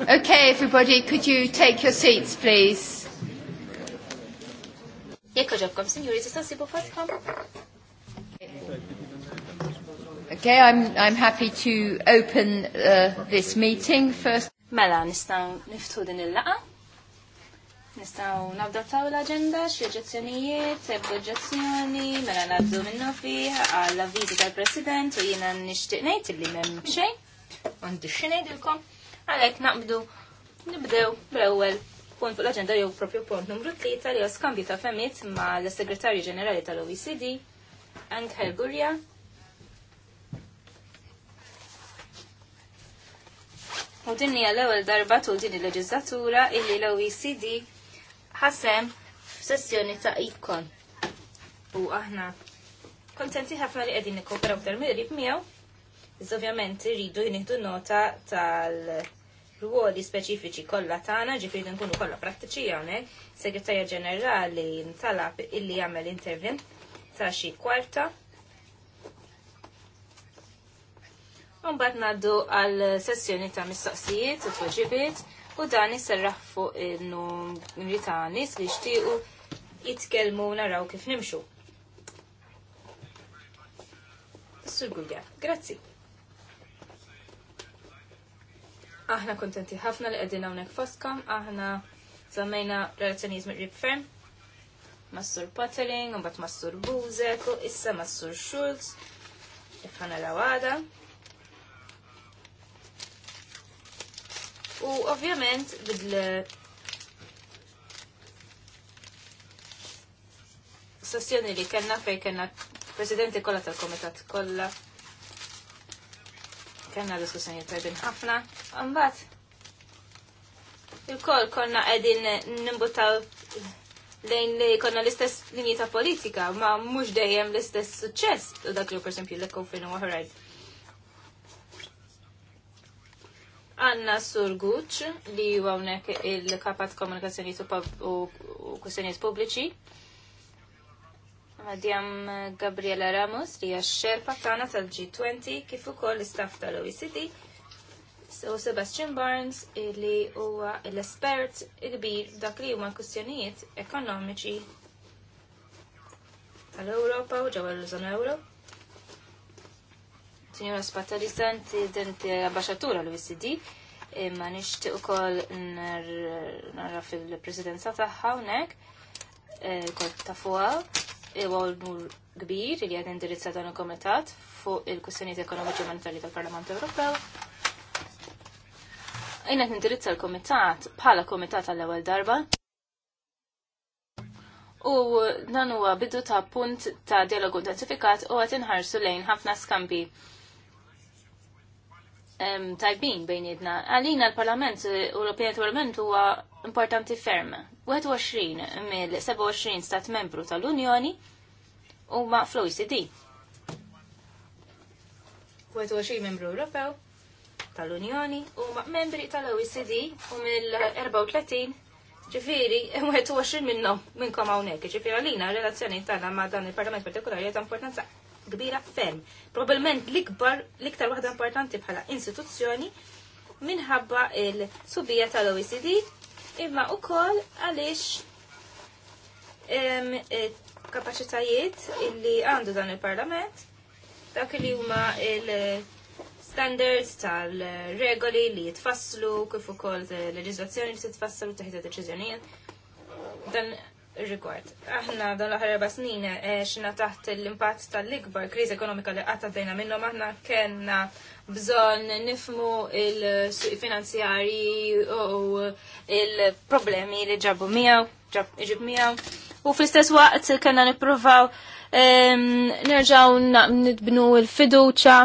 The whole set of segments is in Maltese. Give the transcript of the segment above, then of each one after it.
Okay, everybody, could you take your seats, please? Okay, I'm, I'm happy to open uh, this meeting first. Mela, nistan niftu din il-laqa. Nistaw nabdottaw l-agenda, xieġezzjonijiet, ebdoġazzjoni, mela nabdu minnu fiħ, għalla vizi tal-president u jina nishtiqnejt li mem bxej, għandu xinejt ilkom, għalek nabdu nibdew bl punt fuq l-agenda jew propju punt numru 3 li skambju ta' femmit ma' l-segretarju ġenerali tal-OECD, Angel Gurja, U dinni għal-ewel darba tul din il-leġizzatura illi l-OECD ħasem f'sessjoni ta' ikon. U aħna kontenti ħafna li qegħdin nikkooperaw aktar mill-qrib miegħu. Iż ovvjament irridu jnieħdu nota tal-ruoli speċifiċi kollha tagħna, ġifieri nkunu kollha prattiċi hawnhekk. Segretarja Ġenerali ntalab illi jagħmel intervjen ta' xi kwarta. Mbagħad ngħaddu għal sessjoni ta' mistoqsijiet u tweġibiet u dan iserraħ fuq innu ta' nis li xtiqu jitkelmu naraw kif nimxu. Sur Gulja, grazzi. Aħna kontenti ħafna li qegħdin hawnhekk foskom, aħna żammejna relazzjonizmu qrib ferm Massur Pottering, u mbagħad Buzek, u issa massur sur Schulz, ifħana rawada. għada U ovvjament bidl sessjoni li kellna fej kellna presidenti kollha tal-komitat kollha. Kellna diskussjoni tajbin ħafna. Mbagħad il-koll konna qegħdin nimbutaw lejn li konna l-istess linji ta' politika, ma mhux dejjem l-istess suċċess u dak li per esempio l-ekkonfinu waħrajn. Anna Surguc li huwa hawnhekk il-kapat komunikazzjonijiet u kwistjonijiet pubbliċi. Għadjam Gabriela Ramos li hija xerpa tagħna tal-G20 kif ukoll l-istaff tal-OECD. So Sebastian Barnes li huwa l-espert kbir dak li huma kwistjonijiet ekonomiċi tal-Ewropa u ġewwa l-żona Ewropa. Signora Spatali Santi, denti ambasciatura l-OECD, imma nishti u koll narra fil-presidenza ta' hawnek, eh, kol fuqa, e għol nur kbir li għad indirizza dan il-komitat fuq il-kussjoniet ekonomiċi monetari tal-Parlament Ewropew. Jina t indirizza l-komitat bħala komitat għall-ewel darba. U dan huwa bidu ta' punt ta' dialogu intensifikat u għed inħarsu lejn ħafna skambi tajbin jidna. Għalina l-Parlament l-Opinjoni eh, parlament huwa importanti ferm. 21 mill-27 stat membru tal-Unjoni huma fl-OECD. 21 membru Ewropew tal-Unjoni huma membri tal-OECD u mill-34 ġifiri, 21 minnhom koma hawnhekk, ġifiri għalina relazzjoni tagħna ma' dan il-Parlament partikolari ta' importanza kbira ferm. Probabilment l-ikbar, l-iktar waħda importanti bħala istituzzjoni minħabba il-subija tal-OECD imma u koll għalix eh, kapacitajiet illi għandu dan il-parlament dak li huma il-standards tal-regoli li jitfasslu kif ukoll leġiżlazzjoni li jitfasslu taħt taħt deċiżjonijiet. Dan rigward. Aħna dan l-aħħar erba' snin eh, xina taħt l-impatt tal-ikbar kriżi ekonomika li qatt għaddejna minnhom aħna kellna bżonn nifmu il-suq finanzjari u il-problemi li ġabu miegħu, ġib miegħu. U fl-istess waqt kellna nippruvaw ehm, nerġgħu nibnu l fiduċja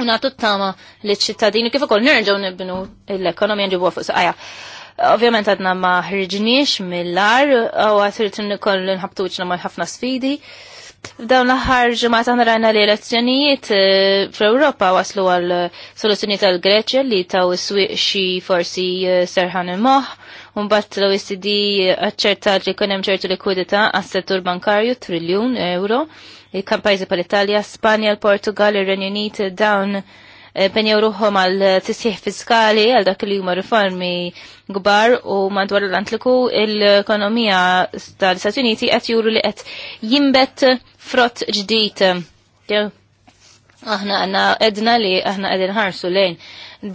u nagħtu t-tama ċittadini kif ukoll nerġgħu nibnu l-ekonomija nġibuha fuq saqajja. Ovvjament għadna ma ħriġniex mill-ar, u għatrit nikoll nħabtuċna ma ħafna sfidi. F'dawn l-aħħar ġemat aħna rajna li elezzjonijiet eh, fl-Ewropa waslu għal soluzzjoni għal Greċja li taw s-swiq xie forsi eh, serħan il-moħħ. Mbagħad l-OECD għacċerta li konem hemm ċertu likwidità għas-settur bankarju triljun euro. Il-kampajzi pal-Italja, Spanja, il portugal ir-Renju Unit dawn Eh, penjaw ruħom għal tisħiħ fiskali għal dak li huma riformi gbar u madwar l antliku l-ekonomija tal-Stati Uniti qed juru li qed jimbet frott ġdid. Aħna għanna edna li aħna qegħdin ħarsu lejn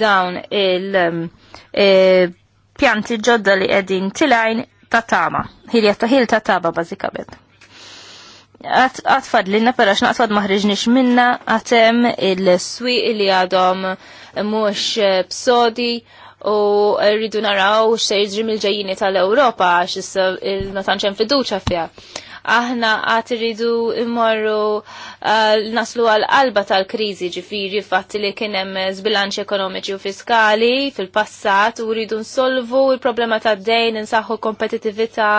dawn il-pjanti ehm, eh, ġodda li qegħdin tilajn ta' tama. Hilja ta' tatama ta' tama bażikament għatfad l-inna pera xnaqtfad maħriġnix minna għatem il-swiq li għadhom mux psodi u rridu naraw xsejġri mill-ġajjini tal-Europa għax il-notanċem fiduċa fija. Aħna għat rridu immorru eh, naslu għal-qalba tal-krizi ġifiri fatt li kienem zbilanċ ekonomiċi u fiskali fil-passat u rridu nsolvu il-problema tad-dejn, nsaħu kompetitivita'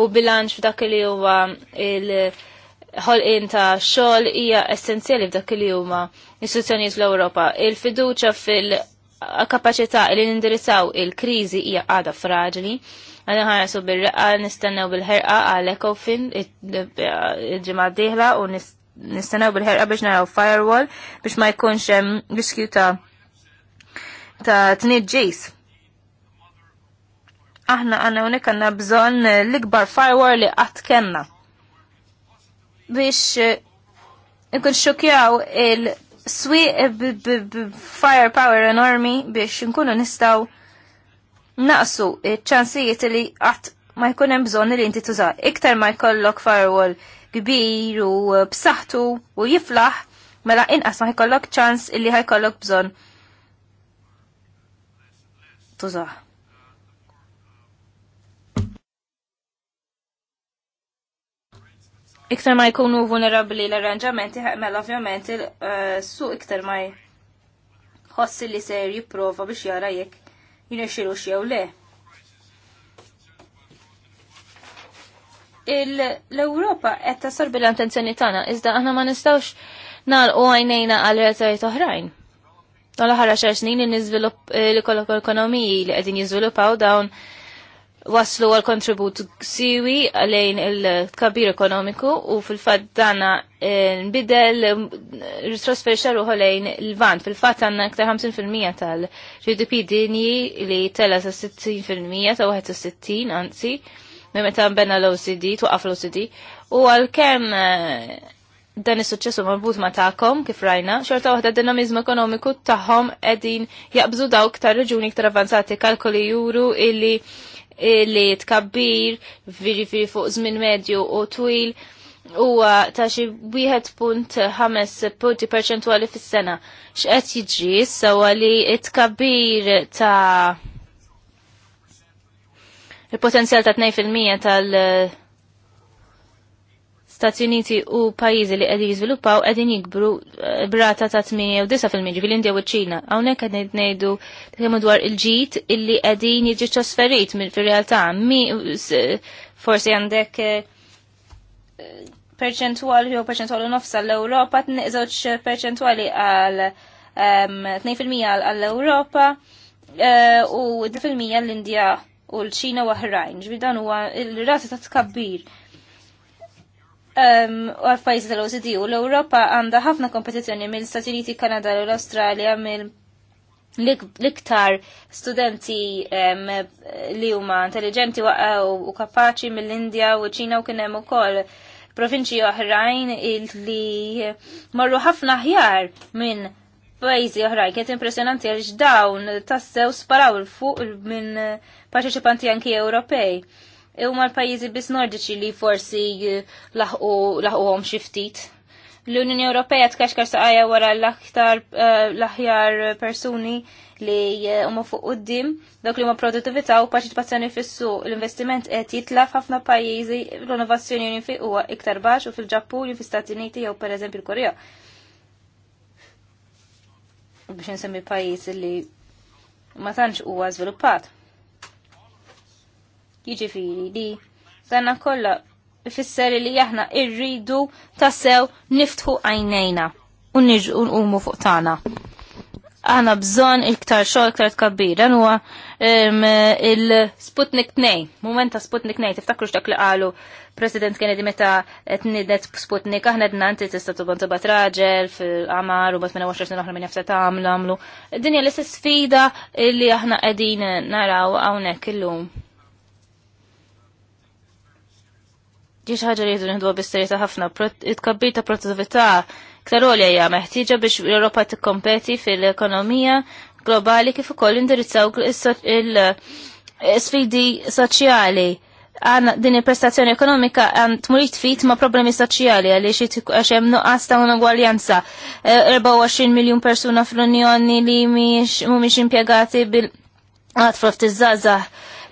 u bilanċ f'dak li huwa il-ħolqien ta' xogħol hija essenzjali f'dak li huma istituzzjonijiet l-Ewropa. Il-fiduċa fil-kapaċità li nindirizzaw il-kriżi hija għadha fraġli. Għana ħarsu bil-reqqa nistennew bil-ħerqa għalek u fin il-ġimgħa d-dieħla u nistennew bil-ħerqa biex naraw firewall biex ma jkunx riskju ta' ta' tniġġis aħna għanna unik għanna bżon eh, l-ikbar firewall li għat kenna biex eh, nkun xokjaw il-swi eh, firepower enormi biex nkunu nistaw naqsu ċansijiet li għat ma jkun hemm bżonn li inti tuża. Iktar ma jkollok firewall kbir u b'saħħtu u jiflaħ, mela inqas ma jkollok ċans illi ħajkollok bżonn tuża. iktar ma jkunu vulnerabli l-arranġamenti, mela ovvjament il-suq eh, iktar ma jħossi li ser jipprova biex jara jekk jinexxilu xew le. L-Ewropa qed tasar bil-attenzjoni tagħna, iżda aħna ma nistgħux nagħlqu għajnejna għal realtajiet oħrajn. Tal-aħħar għaxar snin li niżvilupp eh, ekonomiji li qegħdin jiżviluppaw dawn waslu għal kontribut siwi għalejn il-kabir ekonomiku u fil-fat dana eh, nbidel eh, trasfer xarru lejn il-vant. Fil-fat għanna ktar 50% tal-GDP dinji li tela sa 60% ta' 61 anzi, me meta nbenna l-OCD, twaqaf l-OCD, u għal kem eh, dan is-suċċessu marbut ma' tagħkom kif rajna, xorta waħda dinamizmu ekonomiku tagħhom qegħdin jaqbżu dawk tar reġuni iktar avanzati kalkoli juru illi li tkabbir viri fuq żmien medju u twil huwa ta' xi wieħed punt ħames punti perċentwali fis-sena. X'qed jiġri sewa li t-tkabbir ta' il-potenzjal ta' 2% tal- Stati Uniti u pajjiżi li qegħdin jiżviluppaw għedin jikbru eh, brata ta' 89% ġifieri fil indja u ċ-Ċina. Hawnhekk qed ngħidu tkellmu dwar il-ġid illi qegħdin jiġi ċosferit fir-realtà. Forsi għandek eh, perċentwal jew perċentwal nofsa l-Ewropa, tniqżewġ perċentwali għal 2% għall-Ewropa eh, u 2% l-Indja u l-ċina u oħrajn. Ġbir dan huwa il-rata ta' tkabbir Um, u għal-pajzi tal-OCD u l-Europa għanda ħafna kompetizjoni mill stati Uniti, Kanada u l-Australia mill l-iktar studenti um, li huma intelligenti u kapaċi mill-Indja u ċina u kienem u koll provinċi oħrajn li marru ħafna ħjar minn pajzi oħrajn. Kiet impressionanti għal dawn tassew sparaw il-fuq minn parċeċipanti anki Ewropej u l-pajjiżi biss nordiċi li forsi eh, laħquhom xi ftit. L-Unjoni Ewropea tkaxkar saqajja wara l-aktar eh, l-aħjar persuni li eh, huma fuq qudiem dawk li huma produttività u paċipazzjoni fis-suq. L-investiment qed jitlaf ħafna pajjiżi l-innovazzjoni jinfiq huwa iktar baxx u fil-Ġappun u fl-Istati Uniti jew pereżempju l-Korea. Biex insemmi pajjiż li ma tantx huwa żviluppat. Jiġifieri di, danna kollha ifisser li aħna irridu tassew niftħu għajnejna u niġu nqumu fuq tagħna. Aħna bżonn iktar xogħol iktar tkabbir. Dan huwa il-Sputnik 2, momenta ta' Sputnik 2, tiftakru x'dak li qalu President Kennedy meta tnidet Sputnik, aħna d-nanti tista' tubon tibat raġel fil-qamar u bat minna 20 sena oħra minn jafsa ta' għamlu għamlu. Dinja l-istess sfida li aħna qegħdin naraw hawnhekk illum. Jiex ħagġa li jidun jidwa bistarita ħafna, it-kabbir ta' produttività ktar olja hija meħtieġa biex l t tikkompeti fil-ekonomija globali kif ukoll indirizzaw il-sfidi soċjali. Għan din il-prestazzjoni ekonomika għan tmurit fit ma' problemi soċjali għalli xie għaxem nuqqas ta' un-ugwaljanza. 24 eh, miljon persuna fl-Unjoni li mumiex impiegati bil-għatfrof tizzazah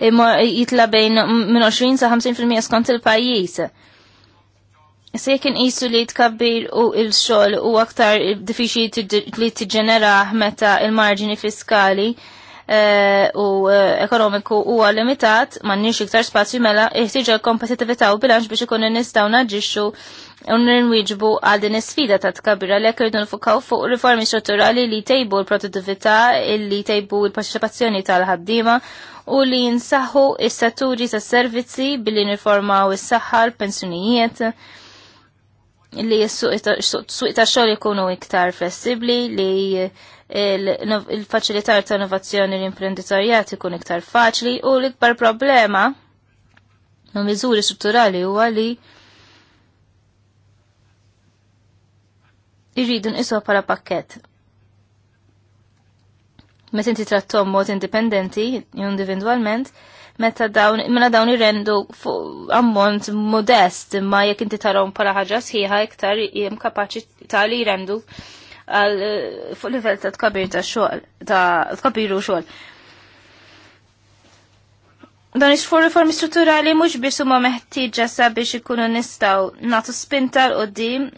jitla bejn minn 20 sa 50% skont il-pajjiż. Se jekk inqisu li tkabbir u il-xogħol u aktar diffiċli li t-ġenera meta il-marġini fiskali eh, u eh, ekonomiku huwa limitat, m'għandniex iktar spazju mela l kompetitività u bilanċ biex ikun nistgħu naġixxu u nirwiġbu għal din is-sfida ta' tkabbir għalhekk irridu nfukaw fuq riformi strutturali li tejbu l-produttività, li tejbu l-parċipazzjoni tal-ħaddiema u li jinsaħu is-saturi tas-servizzi billi nirformaw is-saħħa l-pensjonijiet li s-suq ta' xogħol ikunu iktar flessibbli li il-faċilitar ta' innovazzjoni l-imprenditorjat ikun iktar faċli u l-ikbar problema u miżuri strutturali huwa li irridu nqisuha bħala pakkett meta inti trattom mod indipendenti, individualment, meta dawn, imma mela dawn irrendu ammont modest, imma jekk inti tarom bħala ħaġa sħiħa iktar jem kapaċi tali jrendu għal eh, fuq livell ta' tkabir ta' xogħol, ta' tkabiru xogħol. Dan ix fuq riformi strutturali mhux biss huma meħtieġa sabiex ikunu nistgħu nagħtu spinta l qoddim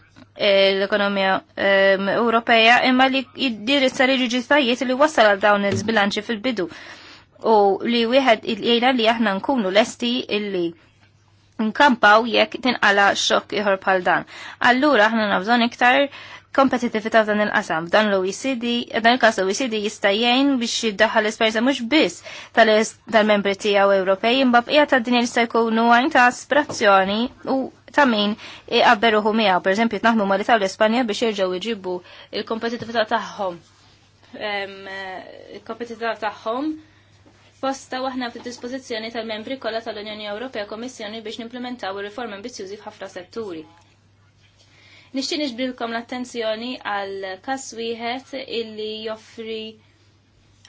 l-ekonomija Ewropea imma li is l-ġiġistajiet li wassal għal dawn il-bilanċi fil-bidu u li wieħed jgħidha li aħna nkunu lesti illi nkampaw jekk tinqala xokk iħor bħal dan. Allura aħna nabżon iktar kompetitivita f'dan il-qasam. Dan l-OECD, dan il-kas l-OECD jistajjen biex jiddaħħal l esperienza mux biss tal-membri tijaw Ewropej, imbab ija ta' din jista' jkunu għajn ta' aspirazzjoni u ta' min Per miegħu, t tnaħmu marita l espanja biex jerġgħu jġibu il-kompetitività tagħhom. Il-kompetitività tagħhom Posta waħna fid dispożizzjoni tal-membri kollha tal-Unjoni Ewropea Kommissjoni biex nimplementaw ir-riformi ambizjużi f'ħafna setturi. Nixtieq nixbrilkom l-attenzjoni għal każ wieħed illi joffri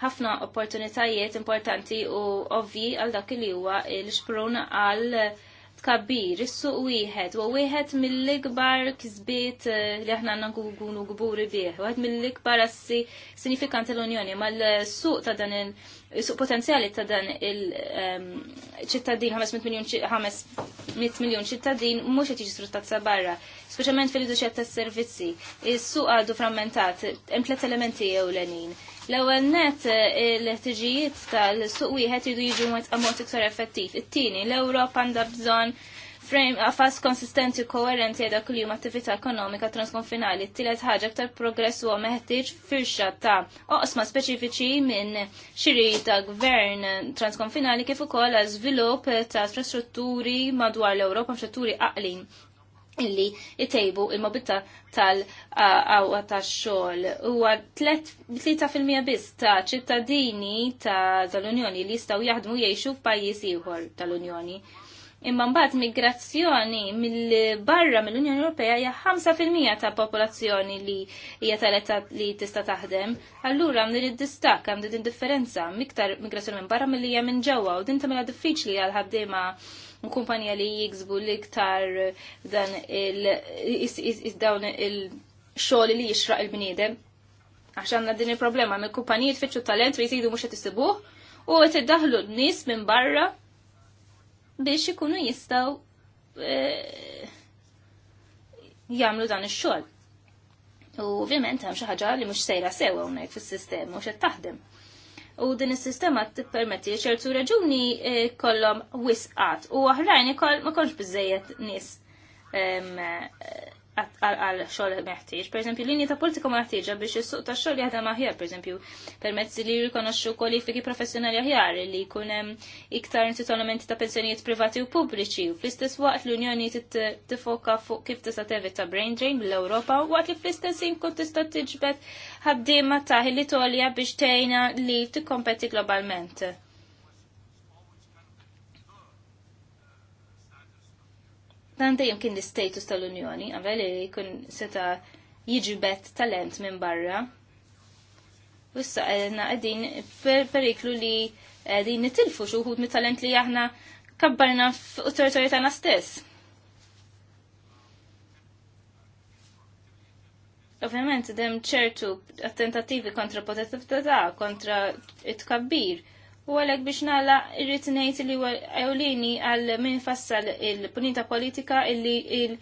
ħafna opportunitajiet importanti u ovvi għal dak li huwa l-xprun għal, -xprun Kabir, is-suq wieħed, u wieħed mill-ikbar kisbiet eh, li aħna għandna nkunu gburi bih, għed mill-ikbar assi sinifikanti l-Unjoni, ma l-suq ta' dan il-suq potenzjali ta' dan il-ċittadin, 500 miljon ċittadin, mhux qed jiġi sfruttat sa barra, speċjalment fil-iduċet tas-servizzi. Is-suq għadu frammentat, hemm tliet elementi ewlenin L-ewwel net eh, il-ħtiġijiet tal-suq wieħed jridu jiġu mod iktar effettiv. It-tieni, l-Ewropa għandha bżonn frame għafas konsistenti u koerenti għedha kull jum attività ekonomika transkonfinali. T-tielet ħaġa aktar progress huwa meħtieġ firxa ta' oqsma speċifiċi minn xiri ta' gvern transkonfinali kif ukoll għal żvilupp ta' infrastrutturi madwar l-Ewropa f'xatturi aqlin illi jtejbu il mobita tal-għawa ta' xol. Huwa 3% biss ta' ċittadini tal-Unjoni li jistaw jaħdmu jiexu f'pajjiż ieħor tal-Unjoni. Imma mbagħad migrazzjoni mill-barra mill-Unjoni Ewropea hija 5% ta' popolazzjoni li hija tal-età li tista' taħdem. Allura din id-distak hemm din differenza miktar migrazzjoni minn barra milli hija minn ġewwa u din tagħmilha diffiċli għal ħaddiema u kumpanija li jiksbu l-iktar dan il-dawn il xol li jixraq il-bniedem. Għax għandna din il-problema mill kumpanijiet tfittxu talent li jsidu mhux qed u qed iddaħlu n-nies minn barra biex ikunu jistgħu e, jagħmlu dan ix-xogħol. U ovvjament hemm xi ħaġa li mhux sejra sewa hawnhekk fis-sistema u x'qed taħdem u din is-sistema tippermetti ċertu raġuni eh, kollom wisqat u oħrajn ma kollx biżejjed nies eh, għal xogħol meħtieġ. l linja ta' politika meħtieġa biex is-suq tax-xogħol jaħdem aħjar, pereżempju, permezz li jirrikonoxxu kwalifiki professjonali aħjar li jkun hemm iktar intitolamenti ta' pensjonijiet privati u pubbliċi. Fl-istess waqt l-Unjoni tifoka fuq kif tista' tevita brain drain mill-Ewropa waqt li fl-istess inkun tista' tiġbed ħaddiema ta' li tolja biex tgħinha li tikkompeti globalment. Dan dejjem kien l-status tal-Unjoni, għavra li jkun seta jiġi bett talent minn barra. Wissa għedna għedin periklu li għedin nitilfu xuħud mit talent li aħna kabbarna fuq territorju tagħna stess. Ovvjament, dem ċertu attentativi kontra potenzjalità, kontra it-kabbir. it kabbir U għalek biex nala irrit ngħid li ewlieni għal min fassal il-punita politika illi il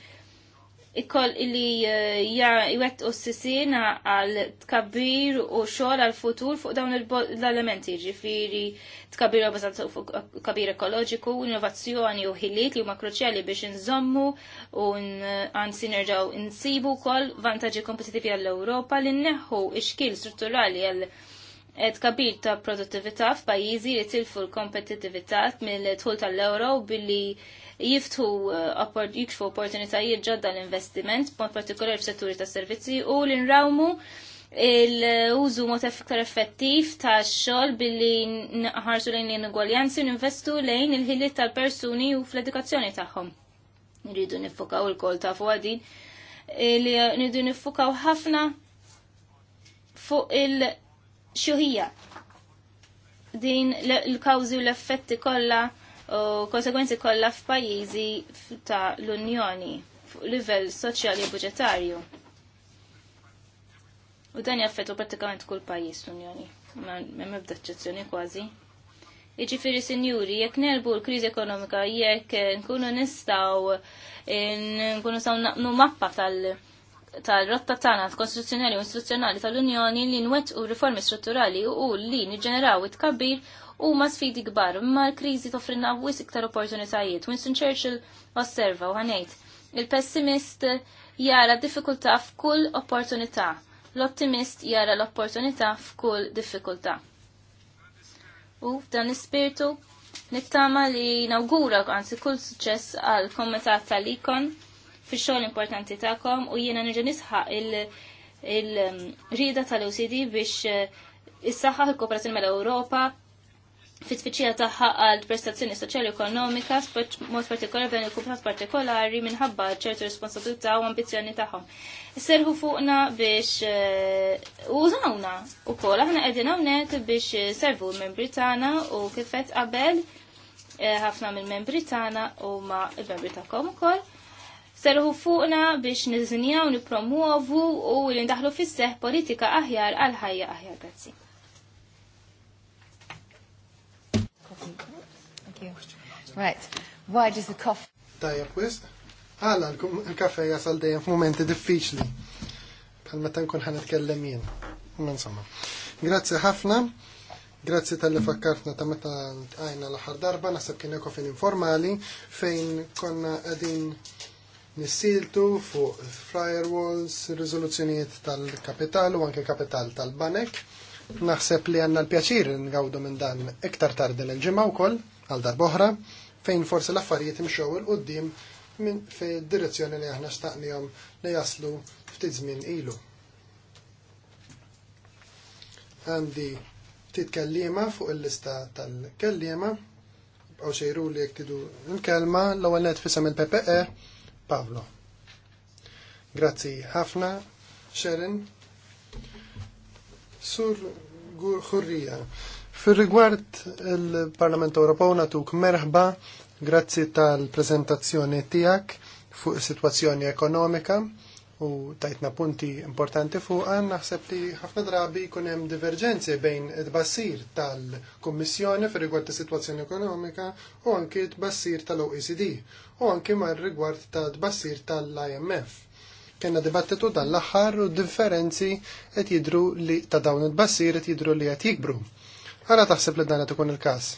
ikoll illi eh, jwett u s sissina għal tkabbir u xogħol għal futur fuq dawn l-elementi ġifiri tkabbir bazzat fuq kabir ekoloġiku, innovazzjoni u ħiliet li huma kruċjali biex nżommu u għan sinerġaw nsibu wkoll vantaġġi kompetitivi għall-Ewropa li nneħħu ix-xkil strutturali għall tkabir ta' produttività f'pajjiżi li tilfu l-kompetittività mill-dħul tal-euro billi jiftu eh, jikxfu opportunitajiet ġodda l-investiment, mod partikolar f'setturi ta' servizzi u l-inrawmu il-użu mod iktar effettiv ta' xogħol billi nħarsu lejn l-inugwaljanzi u ninvestu lejn il-ħiliet tal-persuni u fl-edukazzjoni tagħhom. Nridu nifukaw l kol ta' fuq din eh, li nridu nifukaw ħafna fuq il- hija din l-kawzi u l-effetti kollha u konsekwenzi kollha f'pajjiżi ta' l-Unjoni fuq livell soċjali u budgetarju. U dan jaffettu pratikament kull pajjiż l-Unjoni, ma' mebda eċċezzjoni kważi. Iġifiri sinjuri, jekk nelbu l-kriżi ekonomika, jekk nkunu nistaw nkunu saw naqnu mappa tal- tal-rotta tagħna kostituzzjonali u istituzzjonali tal-Unjoni li nwettqu riformi strutturali u li niġġeneraw it-kabbir huma sfidi kbar, imma l-kriżi toffrinna wis iktar opportunitajiet. Winston Churchill osserva u ħanejt. Il-pessimist jara diffikultà f'kull opportunità. L-ottimist jara l-opportunità f'kull diffikultà. U f'dan l-ispirtu nittama li nawgura għansi kull suċess għal komitat tal-ikon fix xogħol importanti tagħkom u jiena nerġa' nisħaq il-rida um, tal-OCD biex uh, issaħħaħ il-kooperazzjoni mal-Ewropa fit-tfittxija tagħha għal prestazzjoni soċjali ekonomika mod partikolari bejn il-kumpanat partikolari minħabba ċertu responsabilità u ambizzjoni tagħhom. Serħu fuqna biex uh, użawna ukoll aħna qegħdin hawnhekk biex uh, servu l-membri tagħna u kifet qabel ħafna mill-membri tagħna huma l-membri tagħkom ukoll serħu fuqna biex nizinjaw, nipromuovu u l ndaħlu fisseħ politika aħjar għal ħajja aħjar. Grazzi. Right. Why does the coffee? Tajja kwist. Għala l kaffe jasal dejjem f-momenti diffiċli. Bħal meta nkun ħan nitkellem jien. Insomma. Grazie ħafna. Grazie tal-li fakkartna ta' meta għajna l-ħar darba, nasab kien fin informali fejn konna għadin nissiltu fuq firewalls, rizoluzzjonijiet tal-kapital u anke kapital tal-banek. Naħseb li għanna l-pjaċir ngawdu minn dan iktar tard l-ġimgħa wkoll għal darboħra fejn forsi l-affarijiet imxew il qudiem minn fej direzzjoni li aħna xtaqnihom li jaslu ftit żmien ilu. Għandi ftit kellima fuq il-lista tal-kellima, bqgħu xejru li jekk tidu l-kelma, l-ewwel fissam il-PPE, Pavlo, Grazzi ħafna, Sharon. Sur Gurria, fil-rigward il-Parlament Ewropew natuk merħba, grazzi tal-prezentazzjoni tijak fuq situazzjoni ekonomika u tajtna punti importanti fuq għan naħseb li ħafna drabi jkun hemm diverġenzi bejn id-bassir tal-Kummissjoni fir rigward is-sitwazzjoni ekonomika u anki t-bassir tal-OECD u anki mar rigward ta' id bassir tal-IMF. Kenna dibattitu dan l-aħħar u differenzi et jidru li ta' dawn id-bassir qed jidru li qed jikbru. Għara taħseb li dan tkun ikun il-każ.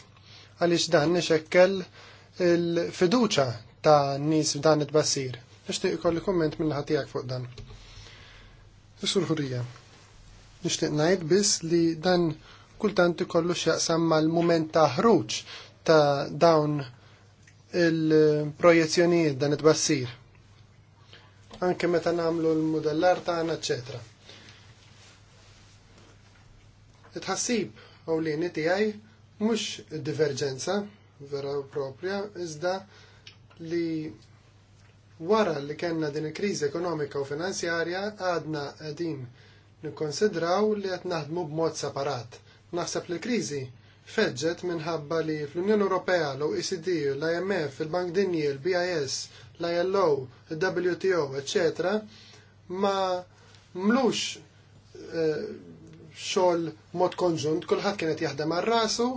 Għaliex dan nixekkel il-fiduċa ta' nies f'dan it-bassir Nixtieq ikolli komment minn ħadd tiegħek fuq dan. Isur ħurija. Nixtieq ngħid biss li dan kultant ikollu x'jaqsam mal-mument ta' ħruġ ta' dawn il-projezzjonijiet dan it-bassir. Anke meta nagħmlu l-modellar tagħna, għana, it Itħassib għaw li għaj mux divergenza vera u propria, iżda li Wara li kellna din il-kriżi ekonomika u finanzjarja għadna qegħdin nikkonsidraw li qed naħdmu b'mod separat. Naħseb li krizi kriżi feġġet minħabba li fl-Unjoni Ewropea, l-OECD, l-IMF, il-Bank Dinji, l bis l-ILO, l wto etc. ma mlux eh, xogħol mod konġunt, kulħadd kienet jaħdem ar rasu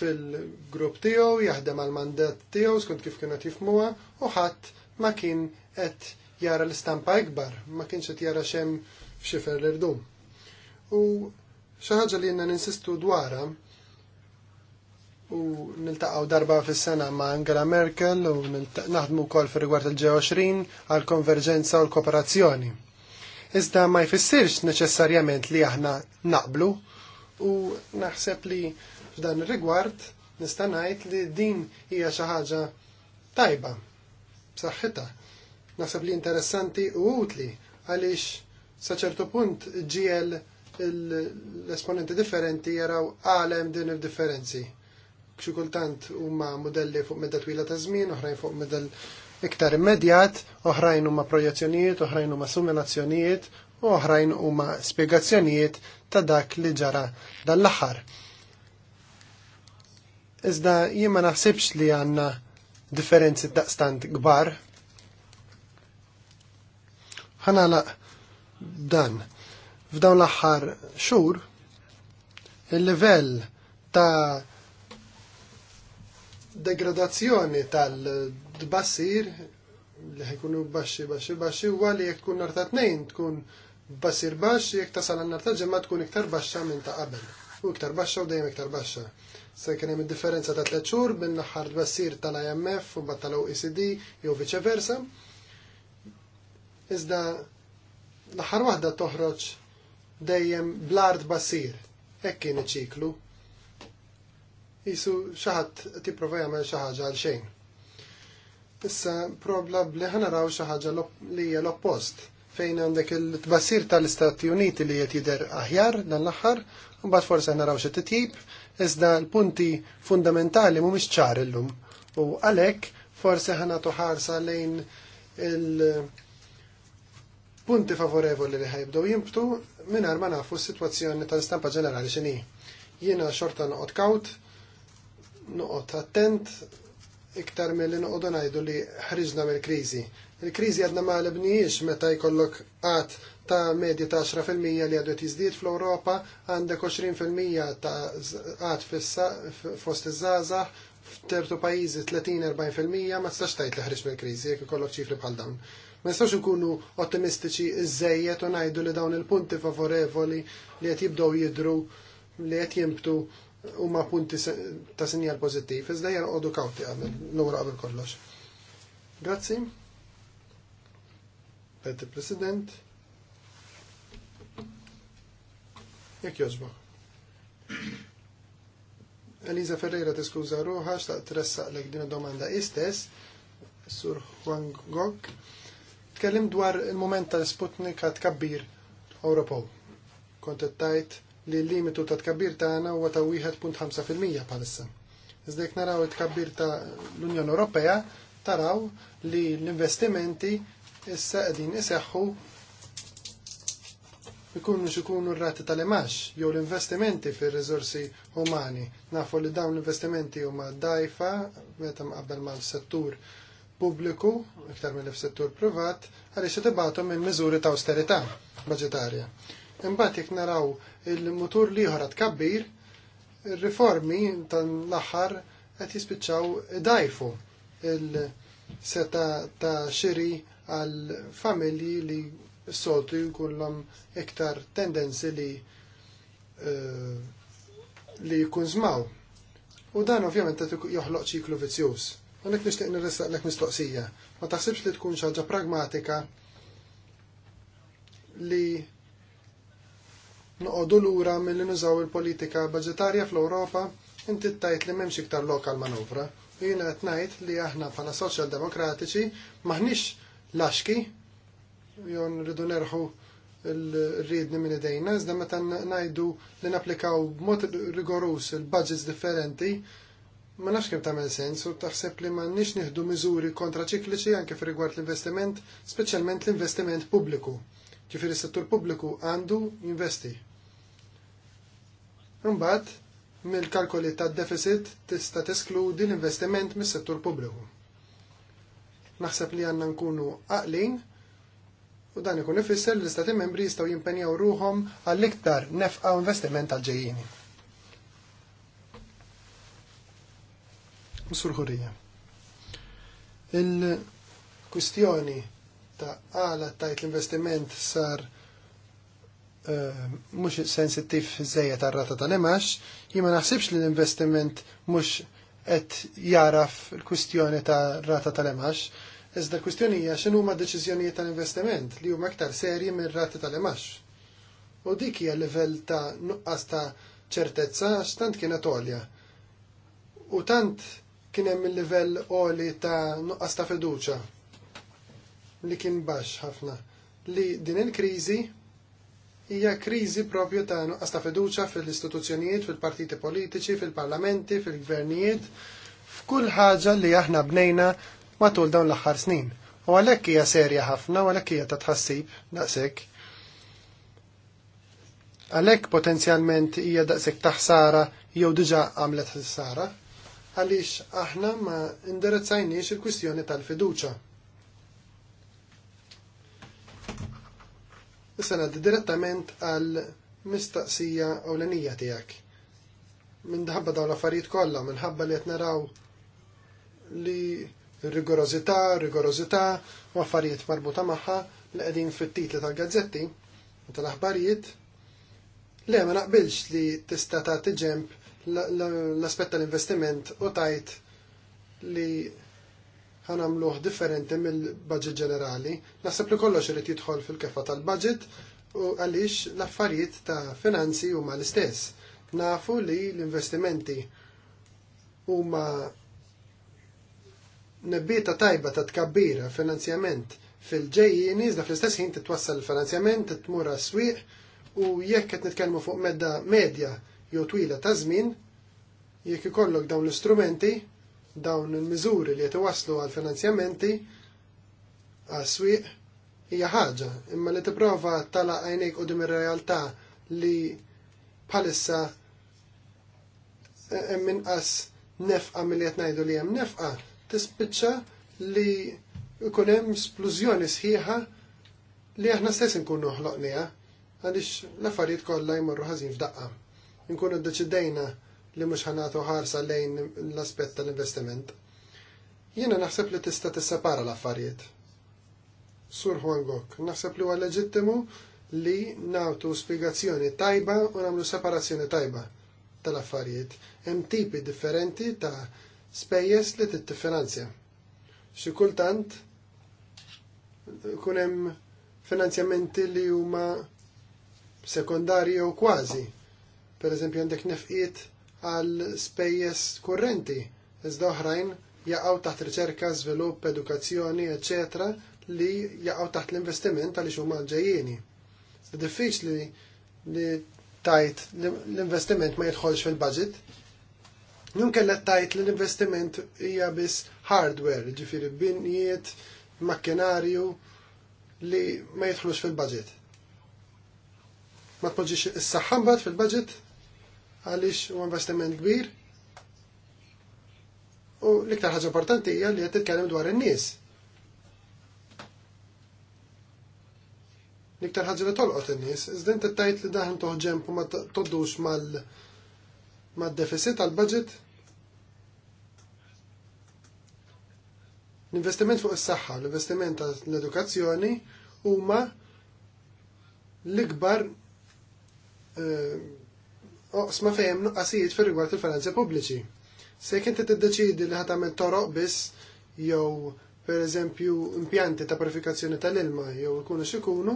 fil-grupp tiegħu, jaħdem għal mandat tiegħu skont kif kienet jifmuha u ħadd ma kien qed jara l-istampa ikbar, ma kienx qed jara xem f'xifer l-irdum. U xi ħaġa li jenna ninsistu dwarha u niltaqgħu darba fis-sena ma' Angela Merkel u naħdmu wkoll fir-rigward il-G20 għal konverġenza u l-kooperazzjoni. Iżda ma jfissirx neċessarjament li aħna naqblu u naħseb li f'dan ir-rigward nista' ngħid li din hija xi ħaġa tajba b'saħħitha. Naħseb li interessanti u utli għaliex sa ċertu punt ġiel l-esponenti differenti jaraw għalem din il-differenzi. Xi kultant huma modelli fuq medda twila ta' żmien, oħrajn fuq medda iktar immedjat, oħrajn huma projezzjonijiet, oħrajn huma simulazzjonijiet, oħrajn huma spjegazzjonijiet ta' dak li ġara dal-aħħar. Iżda jien ma naħsibx li għandna differenzi daqstant gbar. Ħanalaq dan. F'dawn l-aħħar xhur il-livell ta' degradazzjoni tal-dbassir li ħajkunu baxxi baxxi baxxi huwa li jekk tkun nar ta' tnejn tkun basir baxx jekk tasal għan nar ta' ġemma tkun iktar baxxa minn ta' qabel u iktar baxxa u dejjem iktar baxxa se kien hemm differenza ta' tliet xhur minn l-aħħar tbassir tal-IMF u mbagħad tal-OECD jew viċeversa. Iżda l-aħħar waħda toħroġ dejjem blard basir. Hekk kien iċiklu. ċiklu Isu xi ħadd tipprova jagħmel xi ħaġa għal xejn. Issa probabbli ħanaraw xi ħaġa li hija l-oppost fejn għandek il-tbassir tal-Istati Uniti li qed jidher aħjar dan l-aħħar, u bad forsi naraw xi titjib, iżda l-punti fundamentali mhumiex ċar illum. U għalhekk forsi ħana ħarsa lejn il-punti favorevoli li ħajbdew jimbtu mingħajr ma nafu s-sitwazzjoni tal-istampa ġenerali xini. Jiena xorta noqgħod kawt, noqot attent iktar mill-li noqogħdu ngħidu li ħriġna mill-kriżi. Il-kriżi għadna ma għalibniex meta jkollok qatt ta' medja ta' 10% li għadu jiżdied fl-Ewropa, għandek 20% ta' qatt fost iż-żgħażagħ, f'tertu pajjiżi 30-40% ma tistax tajt li ħriġ mill-kriżi jekk ikollok ċifri bħal dawn. Ma nistax ikunu ottimistiċi iżejjed u ngħidu li dawn il-punti favorevoli li qed jibdew jidru li qed jimbtu u ma punti ta' sinjal pozittiv, iżda jgħal u dukawti għamil, l-għura għamil kollox. Grazzi. Peti President. Jek jozba. Eliza Ferreira t-skuza ruħa xtaq tressaq lek din domanda istess, sur Juan Gog. Tkellim dwar il-moment tal-Sputnik għat kabbir Europol. Kontettajt tajt li l-limitu ta' tkabbir tagħna huwa ta' 1.5% bħalissa. Iżda jekk naraw it-tkabbir ta' l-Unjoni Ewropea taraw li l-investimenti issa qegħdin iseħħu ikunu xikunu r-rati tal-imax, jew l-investimenti fir rizorsi umani. Nafu li dawn l-investimenti huma dajfa, meta mqabbel ma' settur pubbliku, iktar mill settur privat, għaliex tibgħathom minn miżuri ta' austerita' budgetarja. Imbagħad jekk naraw il-mutur liħor kabbir, ir-riformi tal-aħħar qed jispiċċaw dajfu il-seta ta' xiri għal familji li s-soltu jkollhom iktar tendenzi li eh, li jkun żmaw. U dan ovvjament qed joħloq ċiklu vizzjuż. Unek nixtieq nirressaqlek mistoqsija. Ma taħsibx li tkun xi ħaġa pragmatika li noqogħdu lura milli nużaw il-politika budgetarja fl-Ewropa inti tajt li m'hemmx iktar lokal manovra. Jiena qed ngħid li aħna bħala Soċjal Demokratiċi maħniex laxki jon nridu nerħu ridni minn idejna, iżda meta ngħidu li napplikaw b'mod rigorus il-budgets differenti, ma nafx kem tagħmel sens u taħseb li m'għandniex nieħdu miżuri kontraċikliċi anke rigward l-investiment, speċjalment l-investiment pubbliku. Ġifieri s-settur pubbliku għandu jinvesti Imbagħad mill-kalkoli tad-deficit tista' teskludi l-investiment mis-settur pubbliku. Naħseb li għandna nkunu aqlin u dan ikun ifisser li l-istati membri jistgħu jimpenjaw ruhom għall-iktar nefqa' investiment għal ġejjini. Msur Ħurija. Il-kwistjoni ta' għala tajt l-investiment sar Eh, mhux sensittiv żejja tar-rata ta' nemax, jien ma naħsibx li l-investiment mhux qed jaraf l-kwistjoni ta' rata ta' nemax, iżda l kustjoni hija x'inhu huma deċiżjonijiet tal-investiment li huma aktar serji minn rata ta' nemax. U dik hija livell ta' nuqqas ta' ċertezza għax tant kienet għolja. U tant kien hemm il-livell għoli ta' nuqqas ta' fiduċa li kien baxx ħafna li din il-kriżi hija kriżi propju ta' nuqqas ta' fiduċa fil-istituzzjonijiet, fil-partiti politiċi, fil-parlamenti, fil-gvernijiet, f'kull ħaġa li aħna bnejna matul dawn l-aħħar snin. U għalhekk hija serja ħafna u għalhekk hija ta' tħassib daqshekk. Għalhekk potenzjalment hija daqshekk taħsara jew diġà għamlet ħsara għaliex aħna ma indirizzajniex il-kwistjoni tal-fiduċa Issa ngħaddi direttament għal mistaqsija ewlenija tiegħek. Minħabba dawn l-affarijiet kollha, minħabba li qed naraw li rigorozità, rigorozità u affarijiet marbuta magħha li qegħdin fit-titli tal-gazzetti u tal-aħbarijiet. Le ma naqbilx li tista' tagħti ġemp l-aspett tal-investiment u tajt li ħanamluħ differenti mill-budget ġenerali. Naħseb li kollox irid jidħol fil-kefa tal-budget u għaliex l-affarijiet ta' finanzi huma l-istess. Nafu li l-investimenti huma nebbieta tajba ta' tkabbira finanzjament fil ġejjini iżda fl-istess ħin titwassal l finanzjament tmur għas-swieq u jekk qed nitkellmu fuq medda medja jew twila ta' żmien, jekk ikollok dawn l-istrumenti, dawn il-miżuri li jtiwaslu għal finanzjamenti għas swieq hija ħaġa, imma li tipprova tala għajnejk u dim ir-realtà li bħalissa hemm inqas nefqa milli qed ngħidu li hemm nefqa, tispiċċa li jkun hemm splużjoni sħiħa li aħna stess nkunu ħloqnieha għaliex l-affarijiet kollha jmorru ħażin f'daqqa. Nkunu ddeċidejna li mhux ħanatu ħarsa lejn l-aspett tal-investiment. Jiena naħseb li tista' tissepara l-affarijiet. Sur Juan Gok, naħseb li huwa leġittimu li nagħtu spjegazzjoni tajba u nagħmlu separazzjoni tajba tal-affarijiet. Hemm tipi differenti ta' spejjeż li t-tifinanzja. Xi kultant kun hemm finanzjamenti li huma sekondarji jew kważi. Per eżempju għandek nefqiet għal spejjeż kurrenti, iżda oħrajn jaqgħu taħt riċerka, żvilupp, edukazzjoni, eċetera, li jaqgħu taħt l-investiment għaliex huma ġejjieni. Diffiċli li tajt l-investiment ma jidħolx fil-budget. Jum kella tajt l-investiment hija biss hardware, ġifiri binjiet, makkinarju li ma jidħolx fil-budget. Ma tpoġġix is-saħħambat fil-budget għaliex u investiment kbir. U l-iktar ħaġa importanti hija li qed titkellem dwar in-nies. L-iktar ħaġa li tolqot in-nies, iżda inti tajt li daħn toħġem u ma toddux mal mad-deficit għal-budget. L-investiment fuq is-saħħa, l-investiment tal edukazzjoni huma l-ikbar eh, ma fejem nuqqasijiet fir rigward il-finanzi pubbliċi. Se kien tiddeċidi li ħatamel toroq biss jew per eżempju impjanti ta' purifikazzjoni tal-ilma jew ikunu xikunu,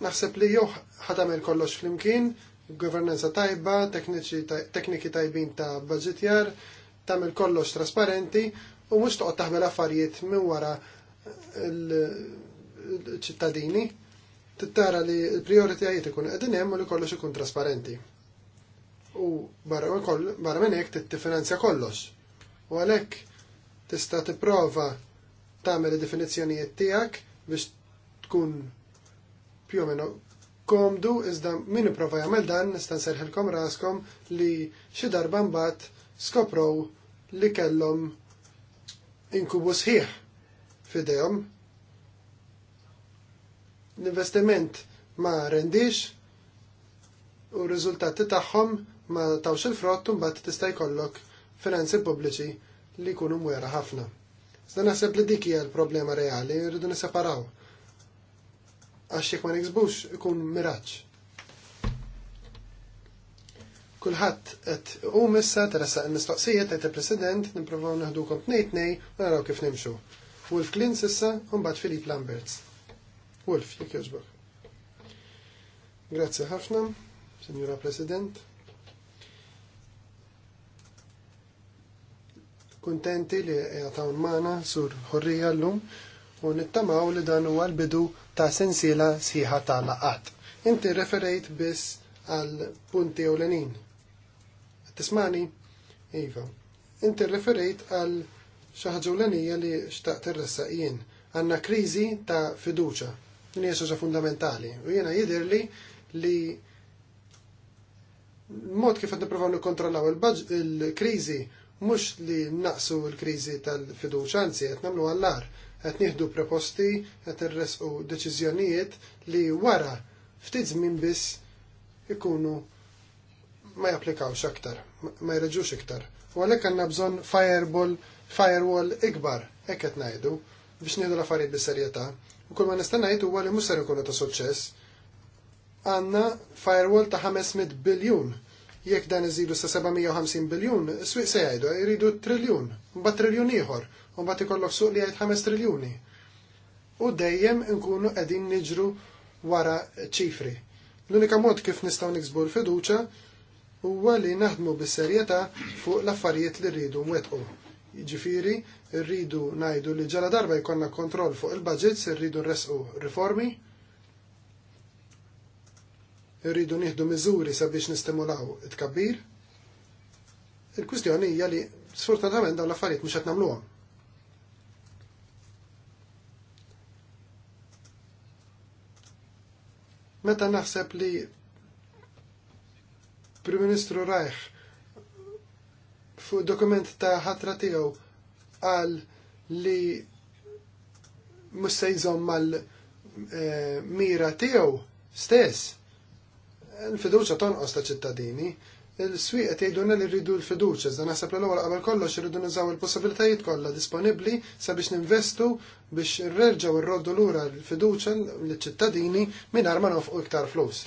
naħseb li jew ħatamel kollox flimkien, governanza tajba, tekniki tajbin ta' budgetjar, tamel kollox trasparenti u mhux toqgħod taħmel affarijiet minn wara l-ċittadini tittara li l-prioritajiet ikun qegħdin hemm u li kollox ikun trasparenti. U barra minn hekk tiffinanzja kollox. U għalhekk tista' tipprova tagħmel id-definizzjonijiet tiegħek biex tkun più meno komdu iżda min ipprova jagħmel dan nista' nserħilkom raskom li xi darba mbagħad skoprow li kellhom inkubu sħiħ f'idejhom l-investiment ma rendix u r-riżultati tagħhom ma tawx il-frott u mbagħad tista' jkollok finanzi pubbliċi li jkunu mwera ħafna. Iżda naħseb li dik hija l-problema reali, rridu niseparaw. Għax jekk ma niksbux ikun miraġġ. Kulħadd qed u issa teressaq il-mistoqsijiet qed il-President nippruvaw naħdukom tnejn tnejn u naraw kif nimxu. Wolf Klintz issa u mbagħad Filip Lamberts. Wolf, jek jazbak. Grazzi ħafna, Signora President. Kuntenti li għatawn mana sur ħorrija l-lum u nittamaw li dan huwa l-bidu ta' sensiela sħiħa ta' laqat. Inti referejt biss għal punti ewlenin. Tismani? Iva. Inti referejt għal l-enija li xtaqt irressaq jien. Għanna krizi ta' fiduċa Din hija fundamentali. U jiena jidhirli li mod kif qed nippruvaw nikkontrollaw il-kriżi mhux li naqsu l-kriżi tal-fiduċa, anzi qed nagħmlu għallar, qed nieħdu preposti qed irresqu deċiżjonijiet li wara ftit żmien biss ikunu ma japplikawx aktar, ma jreġux iktar. U għalhekk għandna bżonn firewall ikbar, hekk qed ngħidu biex ngħidu l-affarijiet bis-serjetà. U kull ma nistennajt huwa li mhux ser ikunu ta' suċċess. Għandna firewall ta' 500 biljun. Jekk dan iżidu sa' 750 biljun, swieq se jgħidu jridu triljun, mbagħad triljun ieħor, u mbagħad ikollok suq li jgħid 5 triljuni. U dejjem nkunu qegħdin niġru wara ċifri. L-unika mod kif nistgħu niksbu l-fiduċa huwa li naħdmu bis-serjetà fuq l-affarijiet li rridu nwettqu. Ġifiri, rridu najdu li ġala darba jkonna kontroll fuq il-budgets, rridu nresqu riformi, rridu nieħdu miżuri sabiex nistimulaw it-kabbir. Il-kwistjoni hija li sfortunatament dawn l-affarijiet mhux qed nagħmluhom. Meta naħseb li Prim Ministru Reich fuq dokument ta' ħatra tiegħu qal li mhux jżomm mal-mira eh, tiegħu stess. Il-fiduċa tonqos ta' ċittadini, il-swieq tgħidulna li rridu l-fiduċa, iżda naħseb l-ewwel qabel kollox irridu nużaw il-possibilitajiet kollha disponibbli sabiex ninvestu biex nrerġgħu rroddu lura l-fiduċa liċ-ċittadini mingħajr ma nofqu iktar flus.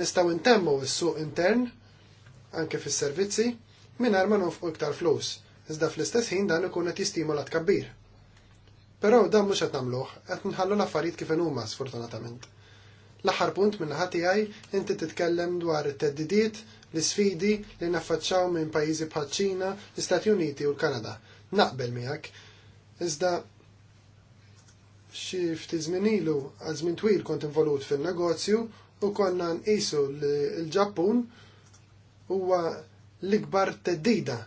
Nistgħu intemmu s-suq intern anke fis-servizzi, mingħajr ma nofqu iktar flus, iżda fl-istess ħin dan ikun qed jistimola tkabbir. Però dan mhux qed nagħmluh, qed nħallu l-affarijiet kif huma sfortunatament. L-aħħar punt minn naħa tiegħi inti titkellem dwar it-teddidiet, l-isfidi li naffaċċaw minn pajjiżi bħal Ċina, l-Istati Uniti u l-Kanada. Naqbel miegħek. Iżda xi ftit żmien ilu għal żmien twil kont involut fin negozju u konna nqisu l-Ġappun huwa l-ikbar teddida